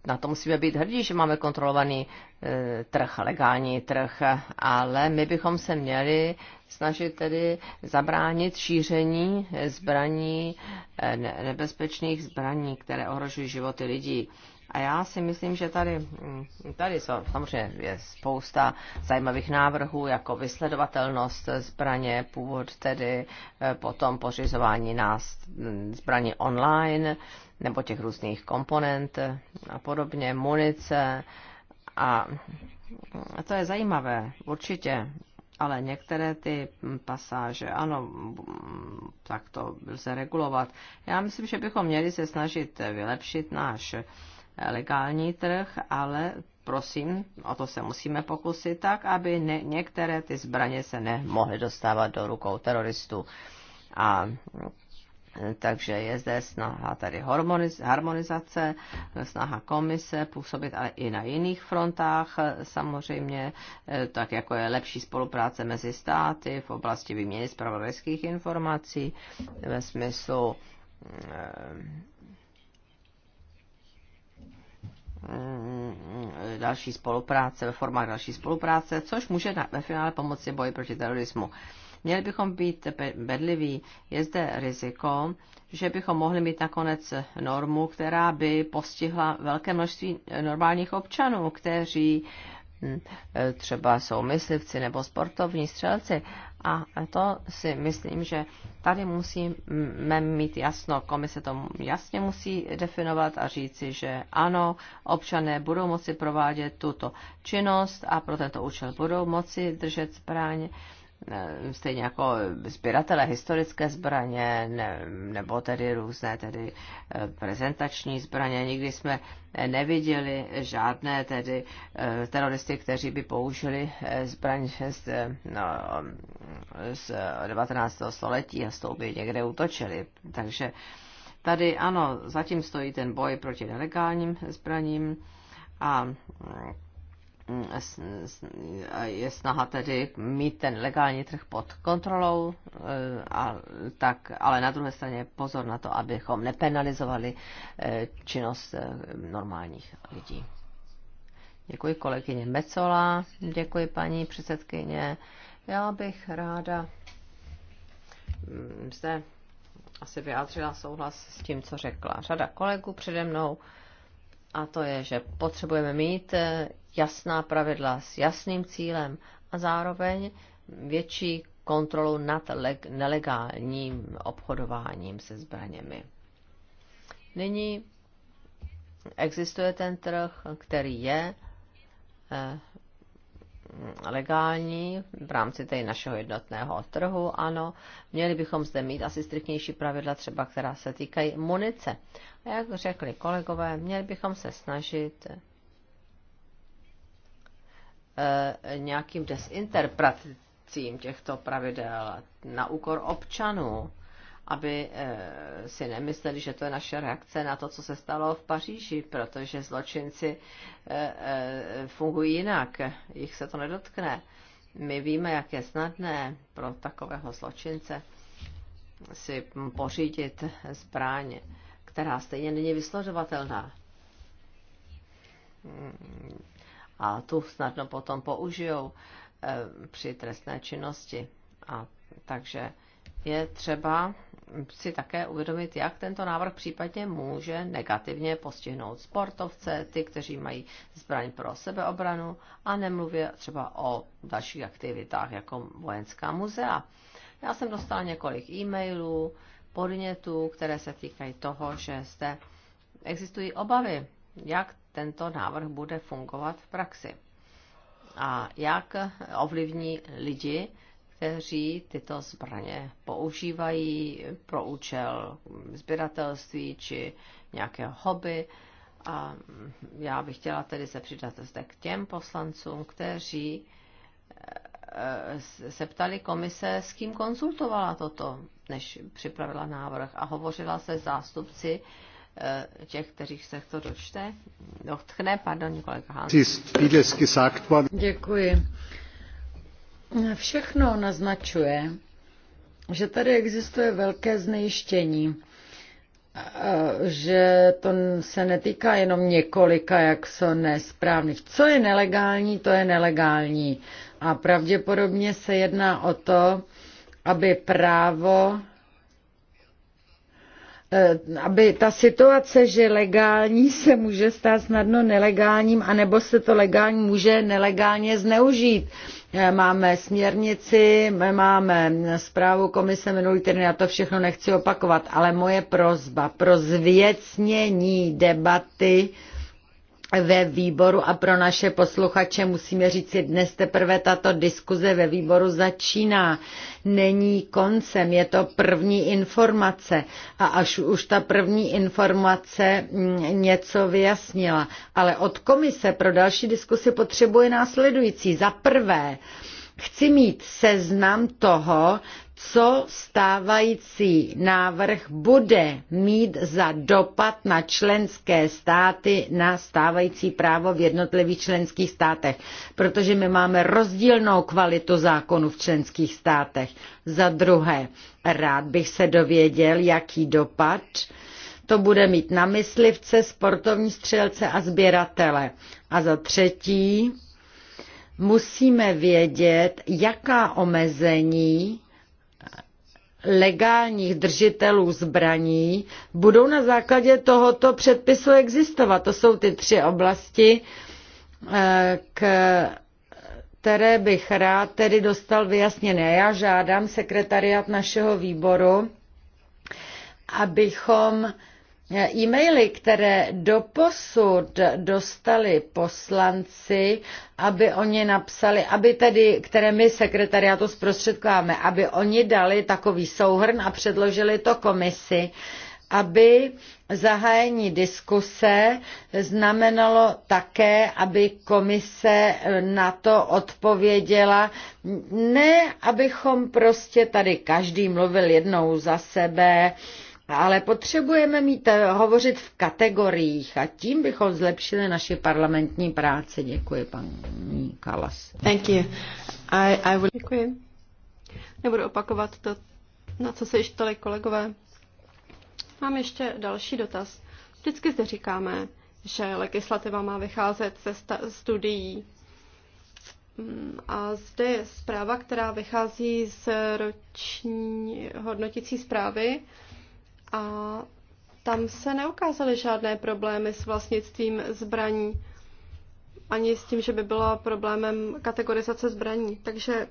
na to musíme být hrdí, že máme kontrolovaný eh, trh, legální trh, ale my bychom se měli snažit tedy zabránit šíření zbraní, eh, nebezpečných zbraní, které ohrožují životy lidí. A já si myslím, že tady, hm, tady jsou, samozřejmě je spousta zajímavých návrhů, jako vysledovatelnost zbraně, původ tedy, potom pořizování nás hm, zbraní online, nebo těch různých komponent a podobně, munice. A to je zajímavé, určitě. Ale některé ty pasáže, ano, tak to lze regulovat. Já myslím, že bychom měli se snažit vylepšit náš legální trh, ale prosím, o to se musíme pokusit tak, aby ne, některé ty zbraně se nemohly dostávat do rukou teroristů. A takže je zde snaha tady harmonizace, snaha komise působit ale i na jiných frontách samozřejmě, eh, tak jako je lepší spolupráce mezi státy v oblasti výměny zpravodajských informací ve smyslu eh, další spolupráce, ve formách další spolupráce, což může ve finále pomoci boji proti terorismu. Měli bychom být bedliví. Je zde riziko, že bychom mohli mít nakonec normu, která by postihla velké množství normálních občanů, kteří hm, třeba jsou myslivci nebo sportovní střelci. A to si myslím, že tady musíme mít jasno, komise to jasně musí definovat a říci, že ano, občané budou moci provádět tuto činnost a pro tento účel budou moci držet zbraně. Eh, stejně jako sběratele historické zbraně ne, nebo tedy různé tedy eh, prezentační zbraně. Nikdy jsme neviděli žádné tedy eh, teroristy, kteří by použili zbraň z, no, z 19. století a s tou by někde utočili. Takže tady ano, zatím stojí ten boj proti nelegálním zbraním a Mm, je snaha tedy mít ten legální trh pod kontrolou, eh, a tak, ale na druhé straně pozor na to, abychom nepenalizovali eh, činnost eh, normálních lidí. Děkuji kolegyně Mecola, děkuji paní předsedkyně. Já bych ráda mm, zde asi vyjádřila souhlas s tím, co řekla řada kolegů přede mnou, a to je, že potřebujeme mít jasná pravidla s jasným cílem a zároveň větší kontrolu nad nelegálním obchodováním se zbraněmi. Nyní existuje ten trh, který je eh, legální v rámci tady našeho jednotného trhu, ano. Měli bychom zde mít asi striktnější pravidla, třeba která se týkají munice. A jak řekli kolegové, měli bychom se snažit Eh, nějakým desinterpretacím těchto pravidel na úkor občanů, aby eh, si nemysleli, že to je naše reakce na to, co se stalo v Paříži, protože zločinci eh, fungují jinak, jich se to nedotkne. My víme, jak je snadné pro takového zločince si pořídit zbraň, která stejně není vysledovatelná a tu snadno potom použijou eh, při trestné činnosti. A takže je třeba si také uvědomit, jak tento návrh případně může negativně postihnout sportovce, ty, kteří mají zbraň pro sebeobranu a nemluvě třeba o dalších aktivitách jako vojenská muzea. Já jsem dostal několik e-mailů, podnětů, které se týkají toho, že zde existují obavy, jak tento návrh bude fungovat v praxi a jak ovlivní lidi, kteří tyto zbraně používají pro účel sběratelství či nějakého hobby. A já bych chtěla tedy se přidat zde k těm poslancům, kteří eh, se ptali komise, s kým konzultovala toto, než připravila návrh a hovořila se zástupci Eh, těch, kteří se to dočte, dotkne, pardon, kolega Hans. Děkuji. Všechno naznačuje, že tady existuje velké znejištění, eh, že to se netýká jenom několika, jak jsou nesprávných. Co je nelegální, to je nelegální. A pravděpodobně se jedná o to, aby právo Eh, aby ta situace, že legální se může stát snadno nelegálním, anebo se to legální může nelegálně zneužít. Eh, máme směrnici, máme zprávu komise minulý týden, já to všechno nechci opakovat, ale moje prozba pro zvěcnění debaty ve výboru a pro naše posluchače musíme že dnes teprve tato diskuze ve výboru začíná. Není koncem, je to první informace a až už ta první informace mm, něco vyjasnila. Ale od komise pro další diskusi potřebuje následující. Za prvé, Chci mít seznam toho, co stávající návrh bude mít za dopad na členské státy, na stávající právo v jednotlivých členských státech, protože my máme rozdílnou kvalitu zákonu v členských státech. Za druhé, rád bych se dověděl, jaký dopad to bude mít na myslivce, sportovní střelce a sběratele. A za třetí, musíme vědět, jaká omezení legálních držitelů zbraní budou na základě tohoto předpisu existovat. To jsou ty tři oblasti, eh, k které bych rád tedy dostal vyjasněné. Já žádám sekretariat našeho výboru, abychom e-maily, které doposud dostali poslanci, aby oni napsali, aby tedy, které my sekretariátu zprostředkováme, aby oni dali takový souhrn a předložili to komisi, aby zahájení diskuse znamenalo také, aby komise na to odpověděla. Ne, abychom prostě tady každý mluvil jednou za sebe, ale potřebujeme mít, eh, hovořit v kategoriích a tím bychom zlepšili naši parlamentní práci. Děkuji, paní Kalas. Thank you. I, I will... Děkuji. Nebudu opakovat to, na co se již ptali kolegové. Mám ještě další dotaz. Vždycky zde říkáme, že legislativa má vycházet ze studií. Hmm, a zde je zpráva, která vychází z roční hodnotící zprávy a tam se neukázaly žádné problémy s vlastnictvím zbraní, ani s tím, že by byla problémem kategorizace zbraní. Takže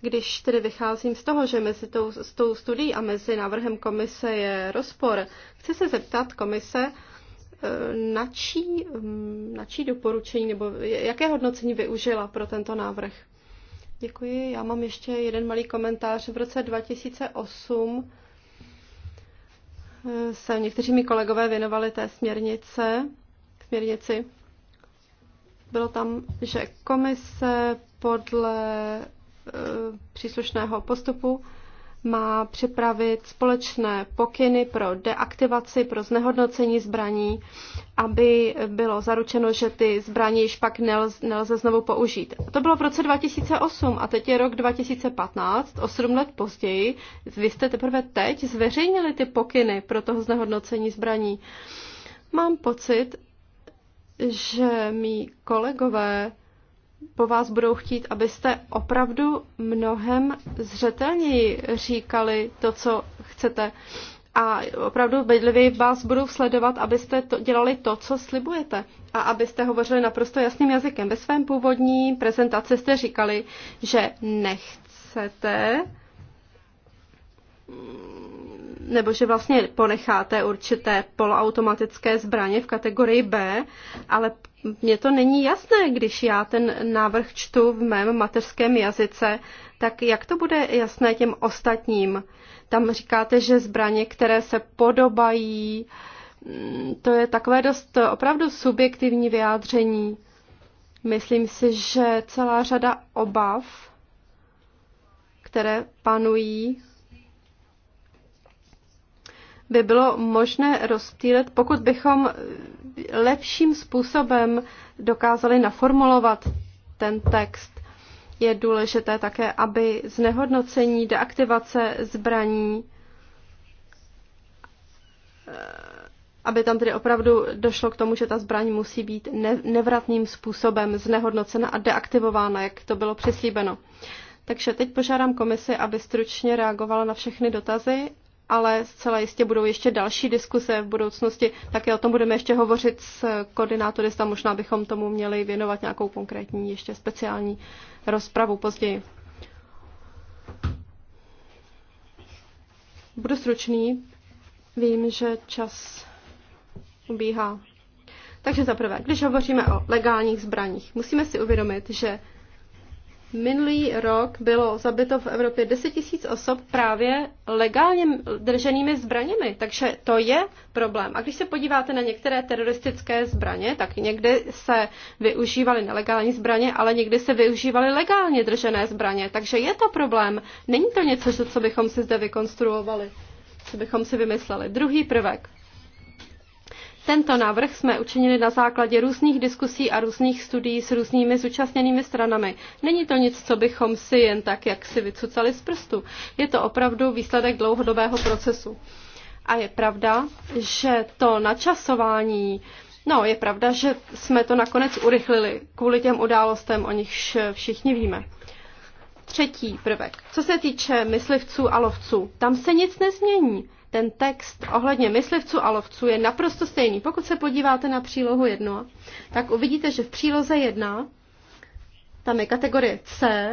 když tedy vycházím z toho, že mezi tou, s tou studií a mezi návrhem komise je rozpor, chci se zeptat komise, eh, na čí, hm, na čí doporučení nebo jaké hodnocení využila pro tento návrh? Děkuji. Já mám ještě jeden malý komentář. V roce 2008 se někteří mi kolegové věnovali té směrnice, směrnici. Bylo tam, že komise podle eh, příslušného postupu má připravit společné pokyny pro deaktivaci, pro znehodnocení zbraní, aby bylo zaručeno, že ty zbraně již pak nelze, nelze znovu použít. To bylo v roce 2008 a teď je rok 2015, 8 let později. Vy jste teprve teď zveřejnili ty pokyny pro toho znehodnocení zbraní. Mám pocit, že mý kolegové po vás budou chtít, abyste opravdu mnohem zřetelněji říkali to, co chcete. A opravdu bedlivě vás budou sledovat, abyste to, dělali to, co slibujete. A abyste hovořili naprosto jasným jazykem. Ve svém původní prezentaci jste říkali, že nechcete nebo že vlastně ponecháte určité poloautomatické zbraně v kategorii B, ale mně to není jasné, když já ten návrh čtu v mém mateřském jazyce, tak jak to bude jasné těm ostatním? Tam říkáte, že zbraně, které se podobají, mm, to je takové dost opravdu subjektivní vyjádření. Myslím si, že celá řada obav, které panují, by bylo možné rozptýlet, pokud bychom lepším způsobem dokázali naformulovat ten text. Je důležité také, aby znehodnocení, deaktivace zbraní, aby tam tedy opravdu došlo k tomu, že ta zbraň musí být nevratným způsobem znehodnocena a deaktivována, jak to bylo přislíbeno. Takže teď požádám komisi, aby stručně reagovala na všechny dotazy ale zcela jistě budou ještě další diskuse v budoucnosti. Také o tom budeme ještě hovořit s koordinátory, tam možná bychom tomu měli věnovat nějakou konkrétní, ještě speciální rozpravu později. Budu stručný. Vím, že čas ubíhá. Takže zaprvé, když hovoříme o legálních zbraních, musíme si uvědomit, že Minulý rok bylo zabito v Evropě 10 tisíc osob právě legálně drženými zbraněmi, takže to je problém. A když se podíváte na některé teroristické zbraně, tak někdy se využívaly nelegální zbraně, ale někdy se využívaly legálně držené zbraně, takže je to problém. Není to něco, co bychom si zde vykonstruovali, co bychom si vymysleli. Druhý prvek. Tento návrh jsme učinili na základě různých diskusí a různých studií s různými zúčastněnými stranami. Není to nic, co bychom si jen tak, jak si vycucali z prstu. Je to opravdu výsledek dlouhodobého procesu. A je pravda, že to načasování, no je pravda, že jsme to nakonec urychlili kvůli těm událostem, o nichž všichni víme. Třetí prvek. Co se týče myslivců a lovců, tam se nic nezmění ten text ohledně myslivců a lovců je naprosto stejný. Pokud se podíváte na přílohu 1, tak uvidíte, že v příloze 1, tam je kategorie C,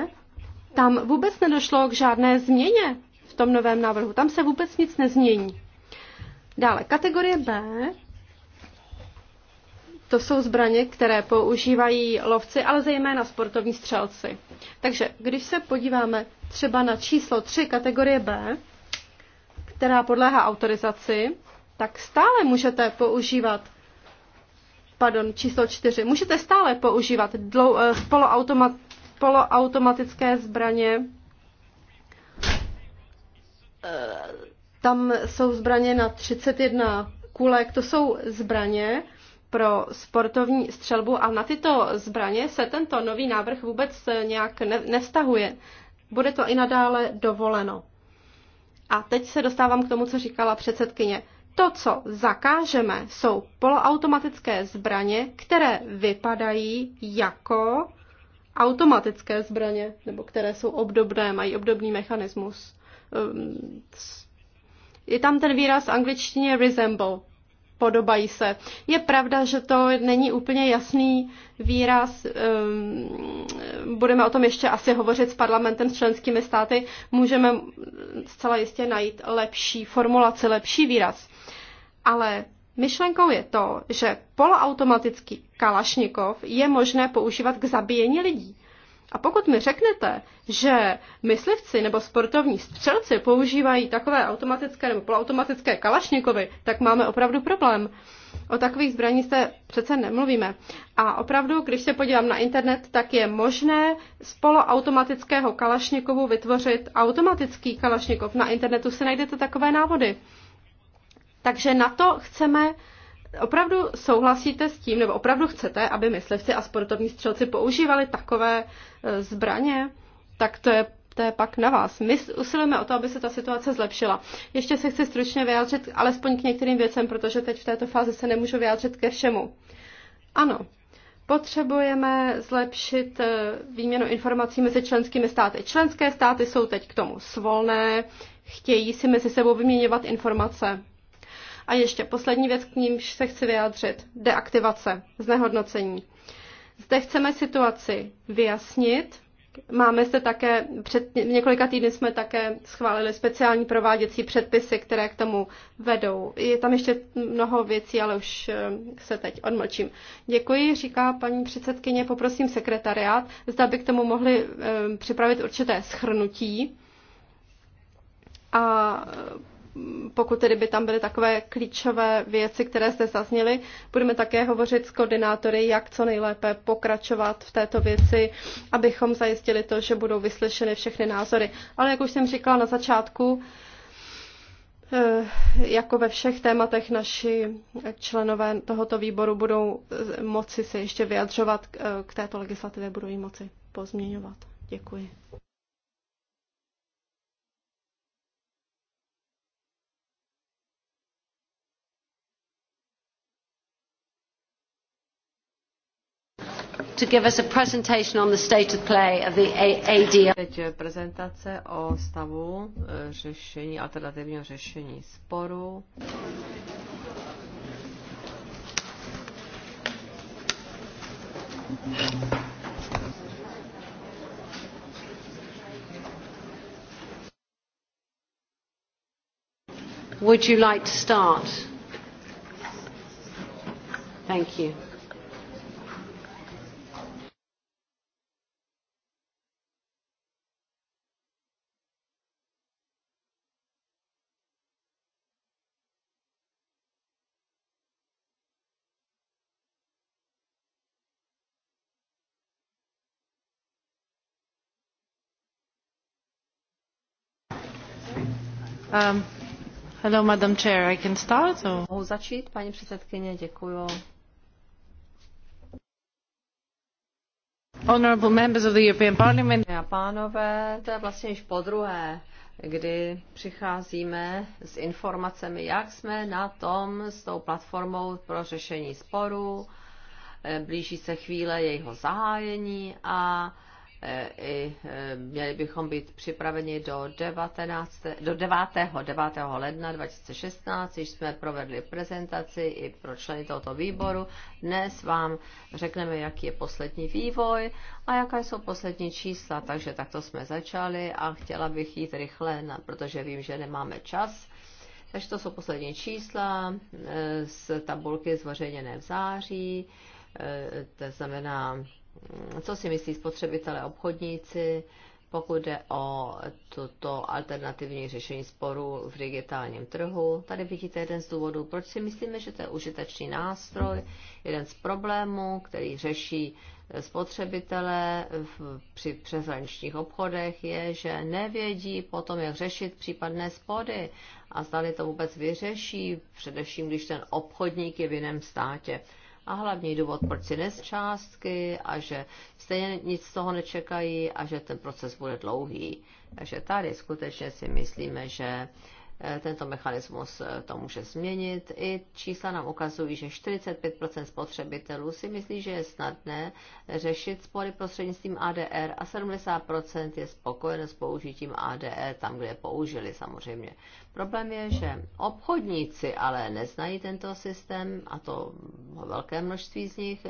tam vůbec nedošlo k žádné změně v tom novém návrhu. Tam se vůbec nic nezmění. Dále, kategorie B, to jsou zbraně, které používají lovci, ale zejména sportovní střelci. Takže když se podíváme třeba na číslo 3 kategorie B, která podléhá autorizaci, tak stále můžete používat pardon, číslo čtyři. Můžete stále používat dlou, eh, poloautomat, poloautomatické zbraně. Eh, tam jsou zbraně na 31 kulek. To jsou zbraně pro sportovní střelbu a na tyto zbraně se tento nový návrh vůbec eh, nějak nevztahuje. Bude to i nadále dovoleno. A teď se dostávám k tomu, co říkala předsedkyně. To, co zakážeme, jsou poloautomatické zbraně, které vypadají jako automatické zbraně, nebo které jsou obdobné, mají obdobný mechanismus. Ehm, je tam ten výraz angličtině resemble, podobají se. Je pravda, že to není úplně jasný výraz, ehm, budeme o tom ještě asi hovořit s parlamentem, s členskými státy, můžeme zcela jistě najít lepší formulaci, lepší výraz. Ale myšlenkou je to, že poloautomatický kalašnikov je možné používat k zabíjení lidí. A pokud mi řeknete, že myslivci nebo sportovní střelci používají takové automatické nebo poloautomatické kalašnikovy, tak máme opravdu problém. O takových zbraních se přece nemluvíme. A opravdu, když se podívám na internet, tak je možné z poloautomatického kalašnikovu vytvořit automatický kalašnikov. Na internetu si najdete takové návody. Takže na to chceme opravdu souhlasíte s tím, nebo opravdu chcete, aby myslivci a sportovní střelci používali takové e, zbraně, tak to je to je pak na vás. My usilujeme o to, aby se ta situace zlepšila. Ještě se chci stručně vyjádřit alespoň k některým věcem, protože teď v této fázi se nemůžu vyjádřit ke všemu. Ano, potřebujeme zlepšit e, výměnu informací mezi členskými státy. Členské státy jsou teď k tomu svolné, chtějí si mezi sebou vyměňovat informace. A ještě poslední věc, k nímž se chci vyjádřit. Deaktivace, znehodnocení. Zde chceme situaci vyjasnit. Máme zde také, před několika týdny jsme také schválili speciální prováděcí předpisy, které k tomu vedou. Je tam ještě mnoho věcí, ale už eh, se teď odmlčím. Děkuji, říká paní předsedkyně, poprosím sekretariát, zda by k tomu mohli eh, připravit určité schrnutí. A pokud tedy by tam byly takové klíčové věci, které jste zazněly, budeme také hovořit s koordinátory, jak co nejlépe pokračovat v této věci, abychom zajistili to, že budou vyslyšeny všechny názory. Ale jak už jsem říkala na začátku, eh, jako ve všech tématech naši členové tohoto výboru budou eh, moci se ještě vyjadřovat eh, k této legislativě, budou ji moci pozměňovat. Děkuji. to give us a presentation on the state of play of the ADR. Teď prezentace o stavu e, řešení, alternativního řešení sporu. Would you like to start? Thank you. Um, hello, Madam Chair, I can start? Mohu začít, paní předsedkyně, děkuju. Honorable members of the European Parliament. A pánové, to je vlastně již po druhé, kdy přicházíme s informacemi, jak jsme na tom s tou platformou pro řešení sporů. Blíží se chvíle jejího zahájení a Eh, i eh, měli bychom být připraveni do, 19, do 9. 9. ledna 2016, když jsme provedli prezentaci i pro členy tohoto výboru. Dnes vám řekneme, jaký je poslední vývoj a jaká jsou poslední čísla. Takže takto jsme začali a chtěla bych jít rychle, protože vím, že nemáme čas. Takže to jsou poslední čísla eh, z tabulky zveřejněné v září. To znamená Mm, co si myslí spotřebitelé obchodníci, pokud jde o toto alternativní řešení sporu v digitálním trhu. Tady vidíte jeden z důvodů, proč si myslíme, že to je užitečný nástroj, jeden z problémů, který řeší spotřebitelé při přeshraničních obchodech, je, že nevědí potom, jak řešit případné spory a zdali to vůbec vyřeší, především když ten obchodník je v jiném státě a hlavní důvod, proč si nes částky a že stejně nic z toho nečekají a že ten proces bude dlouhý. Takže tady skutečně si myslíme, že eh, tento mechanismus eh, to může změnit. I čísla nám ukazují, že 45 spotřebitelů si myslí, že je snadné řešit spory prostřednictvím ADR a 70 je spokojeno s použitím ADR e tam, kde je použili samozřejmě. Problém je, že obchodníci ale neznají tento systém, a to velké množství z nich.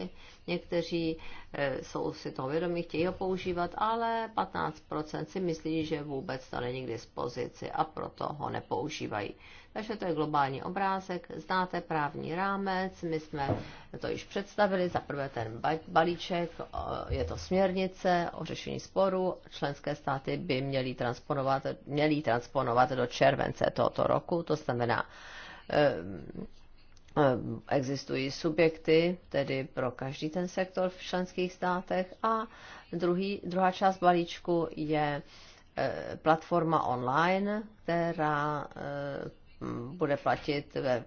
Někteří eh, jsou si toho vědomí, chtějí ho používat, ale 15% si myslí, že vůbec to není k dispozici a proto ho nepoužívají. Takže to je globální obrázek, znáte právní rámec, my jsme to již představili, za prvé ten balíček, je to směrnice o řešení sporu, členské státy by měly transponovat, měly transponovat do července tohoto roku, to znamená, ehm, ehm, existují subjekty, tedy pro každý ten sektor v členských státech a druhý, druhá část balíčku je e, platforma online, která e, bude platit ve,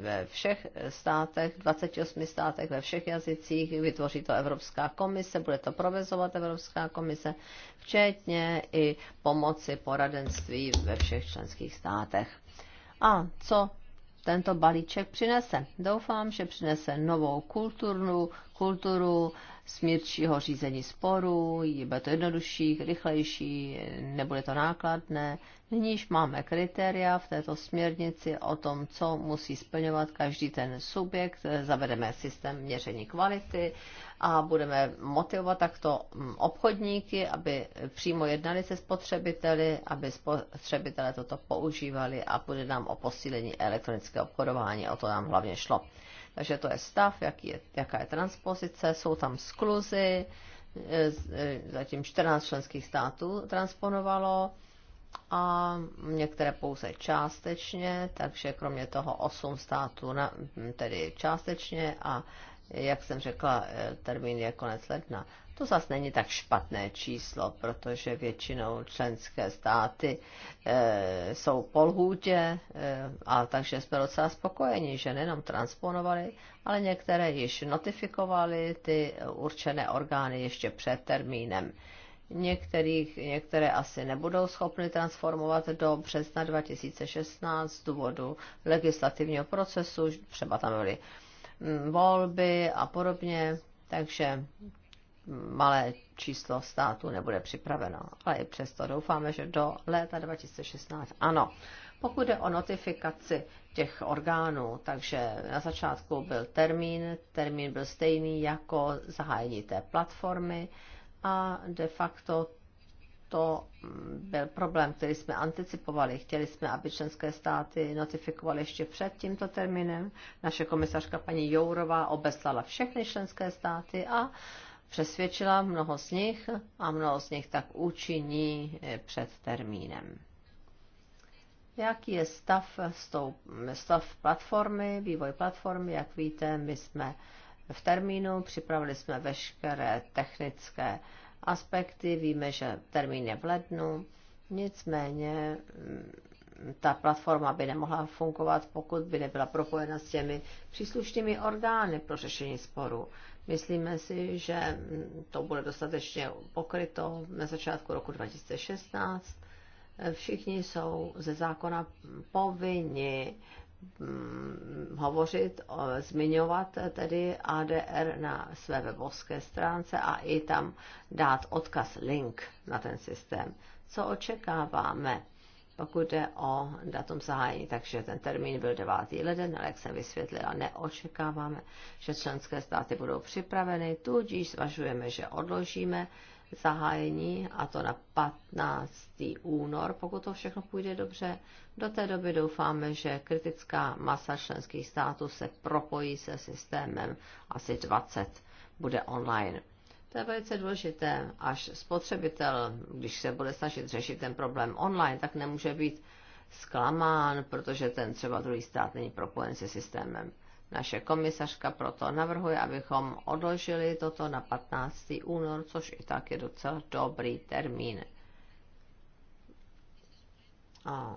ve všech státech, 28 státech, ve všech jazycích, vytvoří to Evropská komise, bude to provozovat Evropská komise, včetně i pomoci poradenství ve všech členských státech. A co tento balíček přinese? Doufám, že přinese novou kulturnu, kulturu, kulturu smírčího řízení sporů, bude to jednodušší, rychlejší, nebude to nákladné. Nyní již máme kritéria v této směrnici o tom, co musí splňovat každý ten subjekt. Zavedeme systém měření kvality a budeme motivovat takto mm, obchodníky, aby přímo jednali se spotřebiteli, aby spotřebitelé toto používali a bude nám o posílení elektronického obchodování. O to nám hlavně šlo. Takže to je stav, jaký je, jaká je transpozice, jsou tam skluzy, e, e, zatím 14 členských států transponovalo a některé pouze částečně, takže kromě toho 8 států na, tedy částečně a jak jsem řekla, eh, termín je konec ledna. To zase není tak špatné číslo, protože většinou členské státy e, jsou po lhůtě, e, a takže jsme docela spokojeni, že nejenom transponovali, ale některé již notifikovali ty určené orgány ještě před termínem. Některých, některé asi nebudou schopny transformovat do března 2016 z důvodu legislativního procesu, třeba tam byly Mm, volby a podobně, takže malé číslo státu nebude připraveno. Ale i přesto doufáme, že do léta 2016 ano. Pokud jde o notifikaci těch orgánů, takže na začátku byl termín, termín byl stejný jako zahájení té platformy a de facto to mm, byl problém, který jsme anticipovali. Chtěli jsme, aby členské státy notifikovaly ještě před tímto termínem. Naše komisařka paní Jourová obeslala všechny členské státy a přesvědčila mnoho z nich a mnoho z nich tak učiní eh, před termínem. Jaký je stav, stav platformy, vývoj platformy? Jak víte, my jsme v termínu připravili jsme veškeré technické aspekty. Víme, že termín je v lednu, nicméně mm, ta platforma by nemohla fungovat, pokud by nebyla propojena s těmi příslušnými orgány pro řešení sporu. Myslíme si, že mm, to bude dostatečně pokryto na začátku roku 2016. Všichni jsou ze zákona povinni Mm, hovořit, zmiňovat tedy ADR na své webovské stránce a i tam dát odkaz link na ten systém. Co očekáváme, pokud jde o datum zahájení, takže ten termín byl 9. leden, ale jak jsem vysvětlila, neočekáváme, že členské státy budou připraveny, tudíž zvažujeme, že odložíme zahájení, a to na 15. únor, pokud to všechno půjde dobře. Do té doby doufáme, že kritická masa členských států se propojí se systémem asi 20 bude online. To je velice důležité, až spotřebitel, když se bude snažit řešit ten problém online, tak nemůže být zklamán, protože ten třeba druhý stát není propojen se systémem. Naše komisařka proto navrhuje, abychom odložili toto na 15. únor, což i tak je docela dobrý termín. A,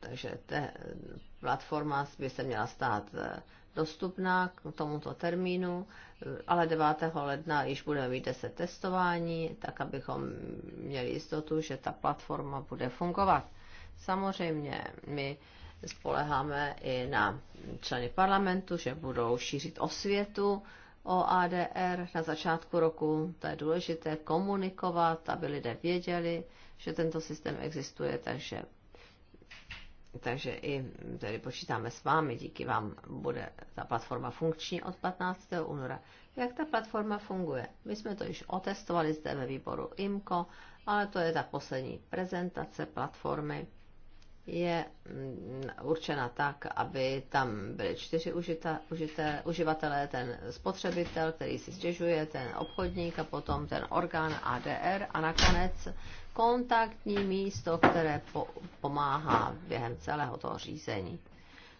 takže te, platforma by se měla stát e, dostupná k tomuto termínu, e, ale 9. ledna již budeme mít 10 testování, tak abychom měli jistotu, že ta platforma bude fungovat. Samozřejmě my spoleháme i na členy parlamentu, že budou šířit osvětu o ADR na začátku roku. To je důležité komunikovat, aby lidé věděli, že tento systém existuje, takže takže i tedy počítáme s vámi, díky vám bude ta platforma funkční od 15. února. Jak ta platforma funguje? My jsme to již otestovali zde ve výboru IMCO, ale to je ta poslední prezentace platformy je mm, určena tak, aby tam byly čtyři užita, užité, uživatelé, ten spotřebitel, který si stěžuje, ten obchodník a potom ten orgán ADR a nakonec kontaktní místo, které po, pomáhá během celého toho řízení.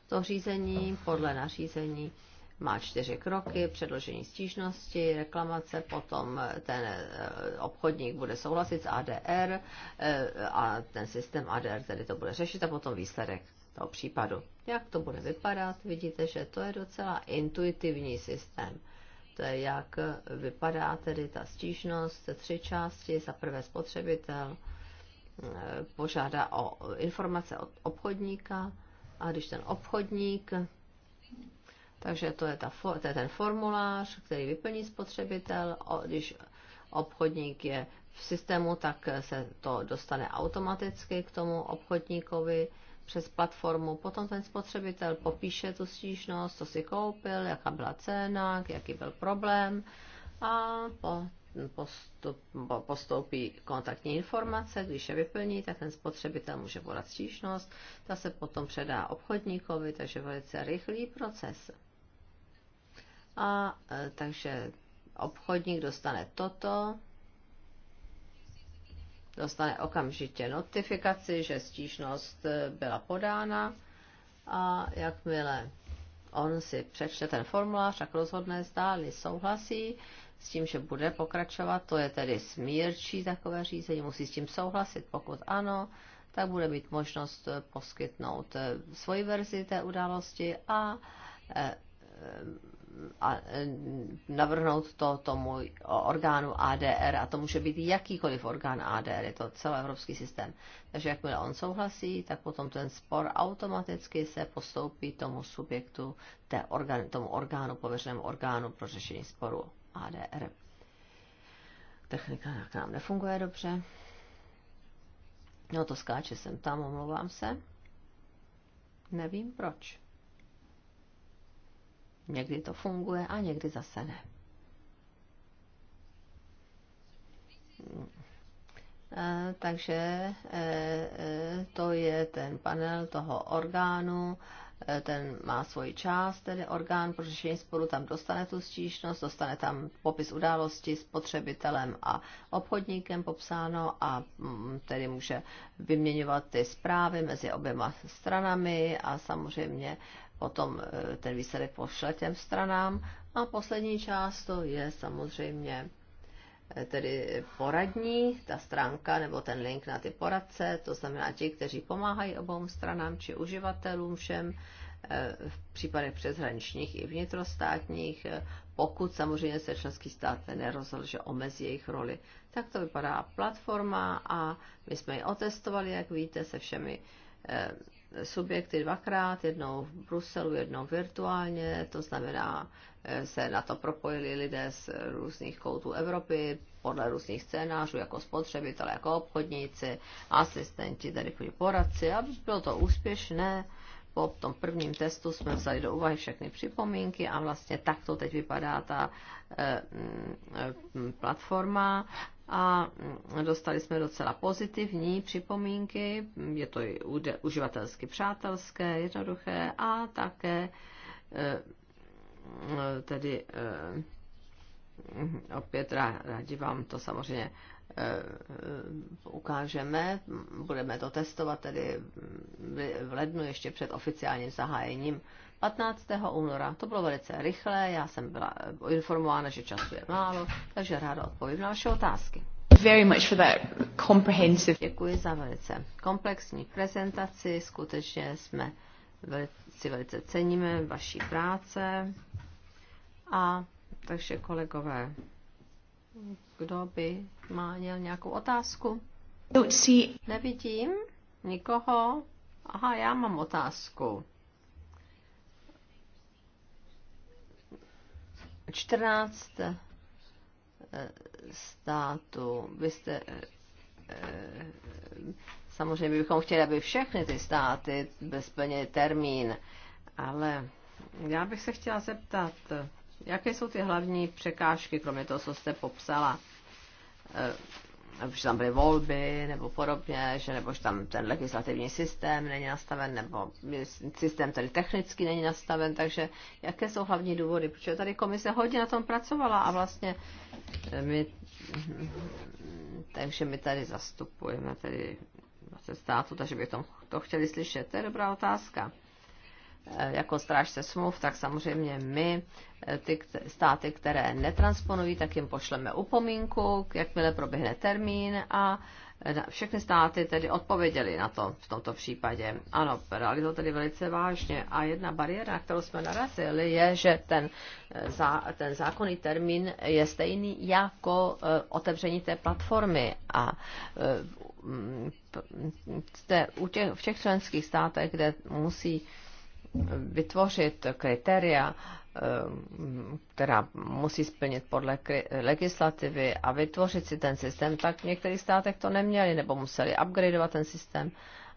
To řízení podle nařízení má čtyři kroky, předložení stížnosti, reklamace, potom ten eh, obchodník bude souhlasit s ADR eh, a ten systém ADR tedy to bude řešit a potom výsledek toho případu. Jak to bude vypadat? Vidíte, že to je docela intuitivní systém. To je, jak vypadá tedy ta stížnost, tři části, za prvé spotřebitel, eh, požádá o informace od obchodníka a když ten obchodník takže to je, ta, to je ten formulář, který vyplní spotřebitel. Když obchodník je v systému, tak se to dostane automaticky k tomu obchodníkovi přes platformu. Potom ten spotřebitel popíše tu stížnost, co si koupil, jaká byla cena, jaký byl problém a po, postup, postoupí kontaktní informace. Když je vyplní, tak ten spotřebitel může podat stížnost. Ta se potom předá obchodníkovi, takže velice rychlý proces. A e, takže obchodník dostane toto, dostane okamžitě notifikaci, že stížnost e, byla podána a jakmile on si přečte ten formulář, tak rozhodne zdáli souhlasí s tím, že bude pokračovat, to je tedy smírčí takové řízení, musí s tím souhlasit, pokud ano, tak bude mít možnost e, poskytnout svoji verzi té události a a e, navrhnout to tomu orgánu ADR a to může být jakýkoliv orgán ADR, je to celoevropský systém. Takže jakmile on souhlasí, tak potom ten spor automaticky se postoupí tomu subjektu, té orgán, tomu orgánu, pověřenému orgánu pro řešení sporu ADR. Technika k nám nefunguje dobře. No to skáče sem tam, omlouvám se. Nevím proč. Někdy to funguje a někdy zase ne. E, takže e, e, to je ten panel toho orgánu, ten má svoji část, tedy orgán pro řešení sporu tam dostane tu stížnost, dostane tam popis události s potřebitelem a obchodníkem popsáno a mm, tedy může vyměňovat ty zprávy mezi oběma stranami a samozřejmě potom e, ten výsledek pošle těm stranám. A poslední část to je samozřejmě e, tedy poradní, ta stránka nebo ten link na ty poradce, to znamená ti, kteří pomáhají obou stranám či uživatelům všem e, v případech přeshraničních i vnitrostátních, pokud samozřejmě se členský stát nerozhodl, že omezí jejich roli. Tak to vypadá platforma a my jsme ji otestovali, jak víte, se všemi subjekty dvakrát, jednou v Bruselu, jednou virtuálně, to znamená, eh, se na to propojili lidé z různých koutů Evropy, podle různých scénářů, jako spotřebitelé, jako obchodníci, asistenti, tedy poradci, a bylo to úspěšné. Po tom prvním testu jsme vzali do úvahy všechny připomínky a vlastně takto teď vypadá ta eh, mm, eh, platforma a dostali jsme docela pozitivní připomínky, je to i uživatelsky přátelské, jednoduché a také eh, tedy eh, opět rádi vám to samozřejmě eh, ukážeme, budeme to testovat tedy v lednu ještě před oficiálním zahájením 15. února. To bylo velice rychlé, já jsem byla eh, informována, že času je málo, takže ráda odpovím na vaše otázky. Very much for that comprehensive... Děkuji za velice komplexní prezentaci, skutečně jsme si velice ceníme vaší práce. A takže kolegové, kdo by má měl nějakou otázku? Nevidím nikoho. Aha, já mám otázku. 14 eh, států. Vy jste, eh, eh, samozřejmě bychom chtěli, aby všechny ty státy bezplnili termín, ale já bych se chtěla zeptat, jaké jsou ty hlavní překážky, kromě toho, co jste popsala? že tam byly volby nebo podobně, že nebo že tam ten legislativní systém není nastaven, nebo systém tady technicky není nastaven, takže jaké jsou hlavní důvody, protože tady komise hodně na tom pracovala a vlastně eh, my, hm, takže my tady zastupujeme tady 20 států, takže bychom to chtěli slyšet. To je dobrá otázka. Eh, jako strážce smluv, tak samozřejmě my eh, ty státy, které netransponují, tak jim pošleme upomínku, jakmile proběhne termín a eh, všechny státy tedy odpověděly na to v tomto případě. Ano, brali to tedy velice vážně. A jedna bariéra, na kterou jsme narazili, je, že ten, zá, ten zákonný termín je stejný jako otevření té platformy. A v těch, v těch členských státech, kde musí vytvořit kritéria, eh, která musí splnit podle legislativy a vytvořit si ten systém, tak v některých státech to neměli nebo museli upgradeovat ten systém.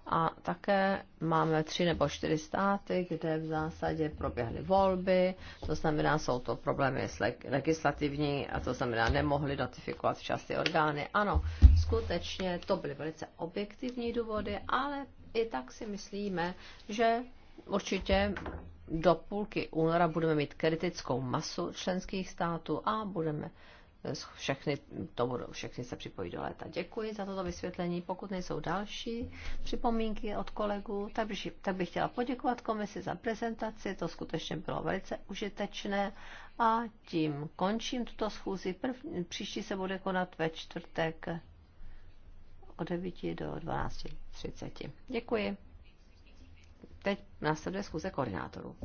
A také máme tři nebo čtyři státy, kde v zásadě proběhly volby, to znamená, jsou to problémy legislativní a to znamená, nemohli notifikovat včas ty orgány. Ano, skutečně to byly velice objektivní důvody, ale i tak si myslíme, že Určitě do půlky února budeme mít kritickou masu členských států a budeme eh, všechny, to budou, všechny se připojí do léta. Děkuji za toto vysvětlení. Pokud nejsou další připomínky od kolegů, tak bych, tak bych chtěla poděkovat komisi za prezentaci, to skutečně bylo velice užitečné a tím končím tuto schůzi. Prv, příští se bude konat ve čtvrtek od 9 do 12.30. Děkuji. Teď následuje schůze koordinátorů.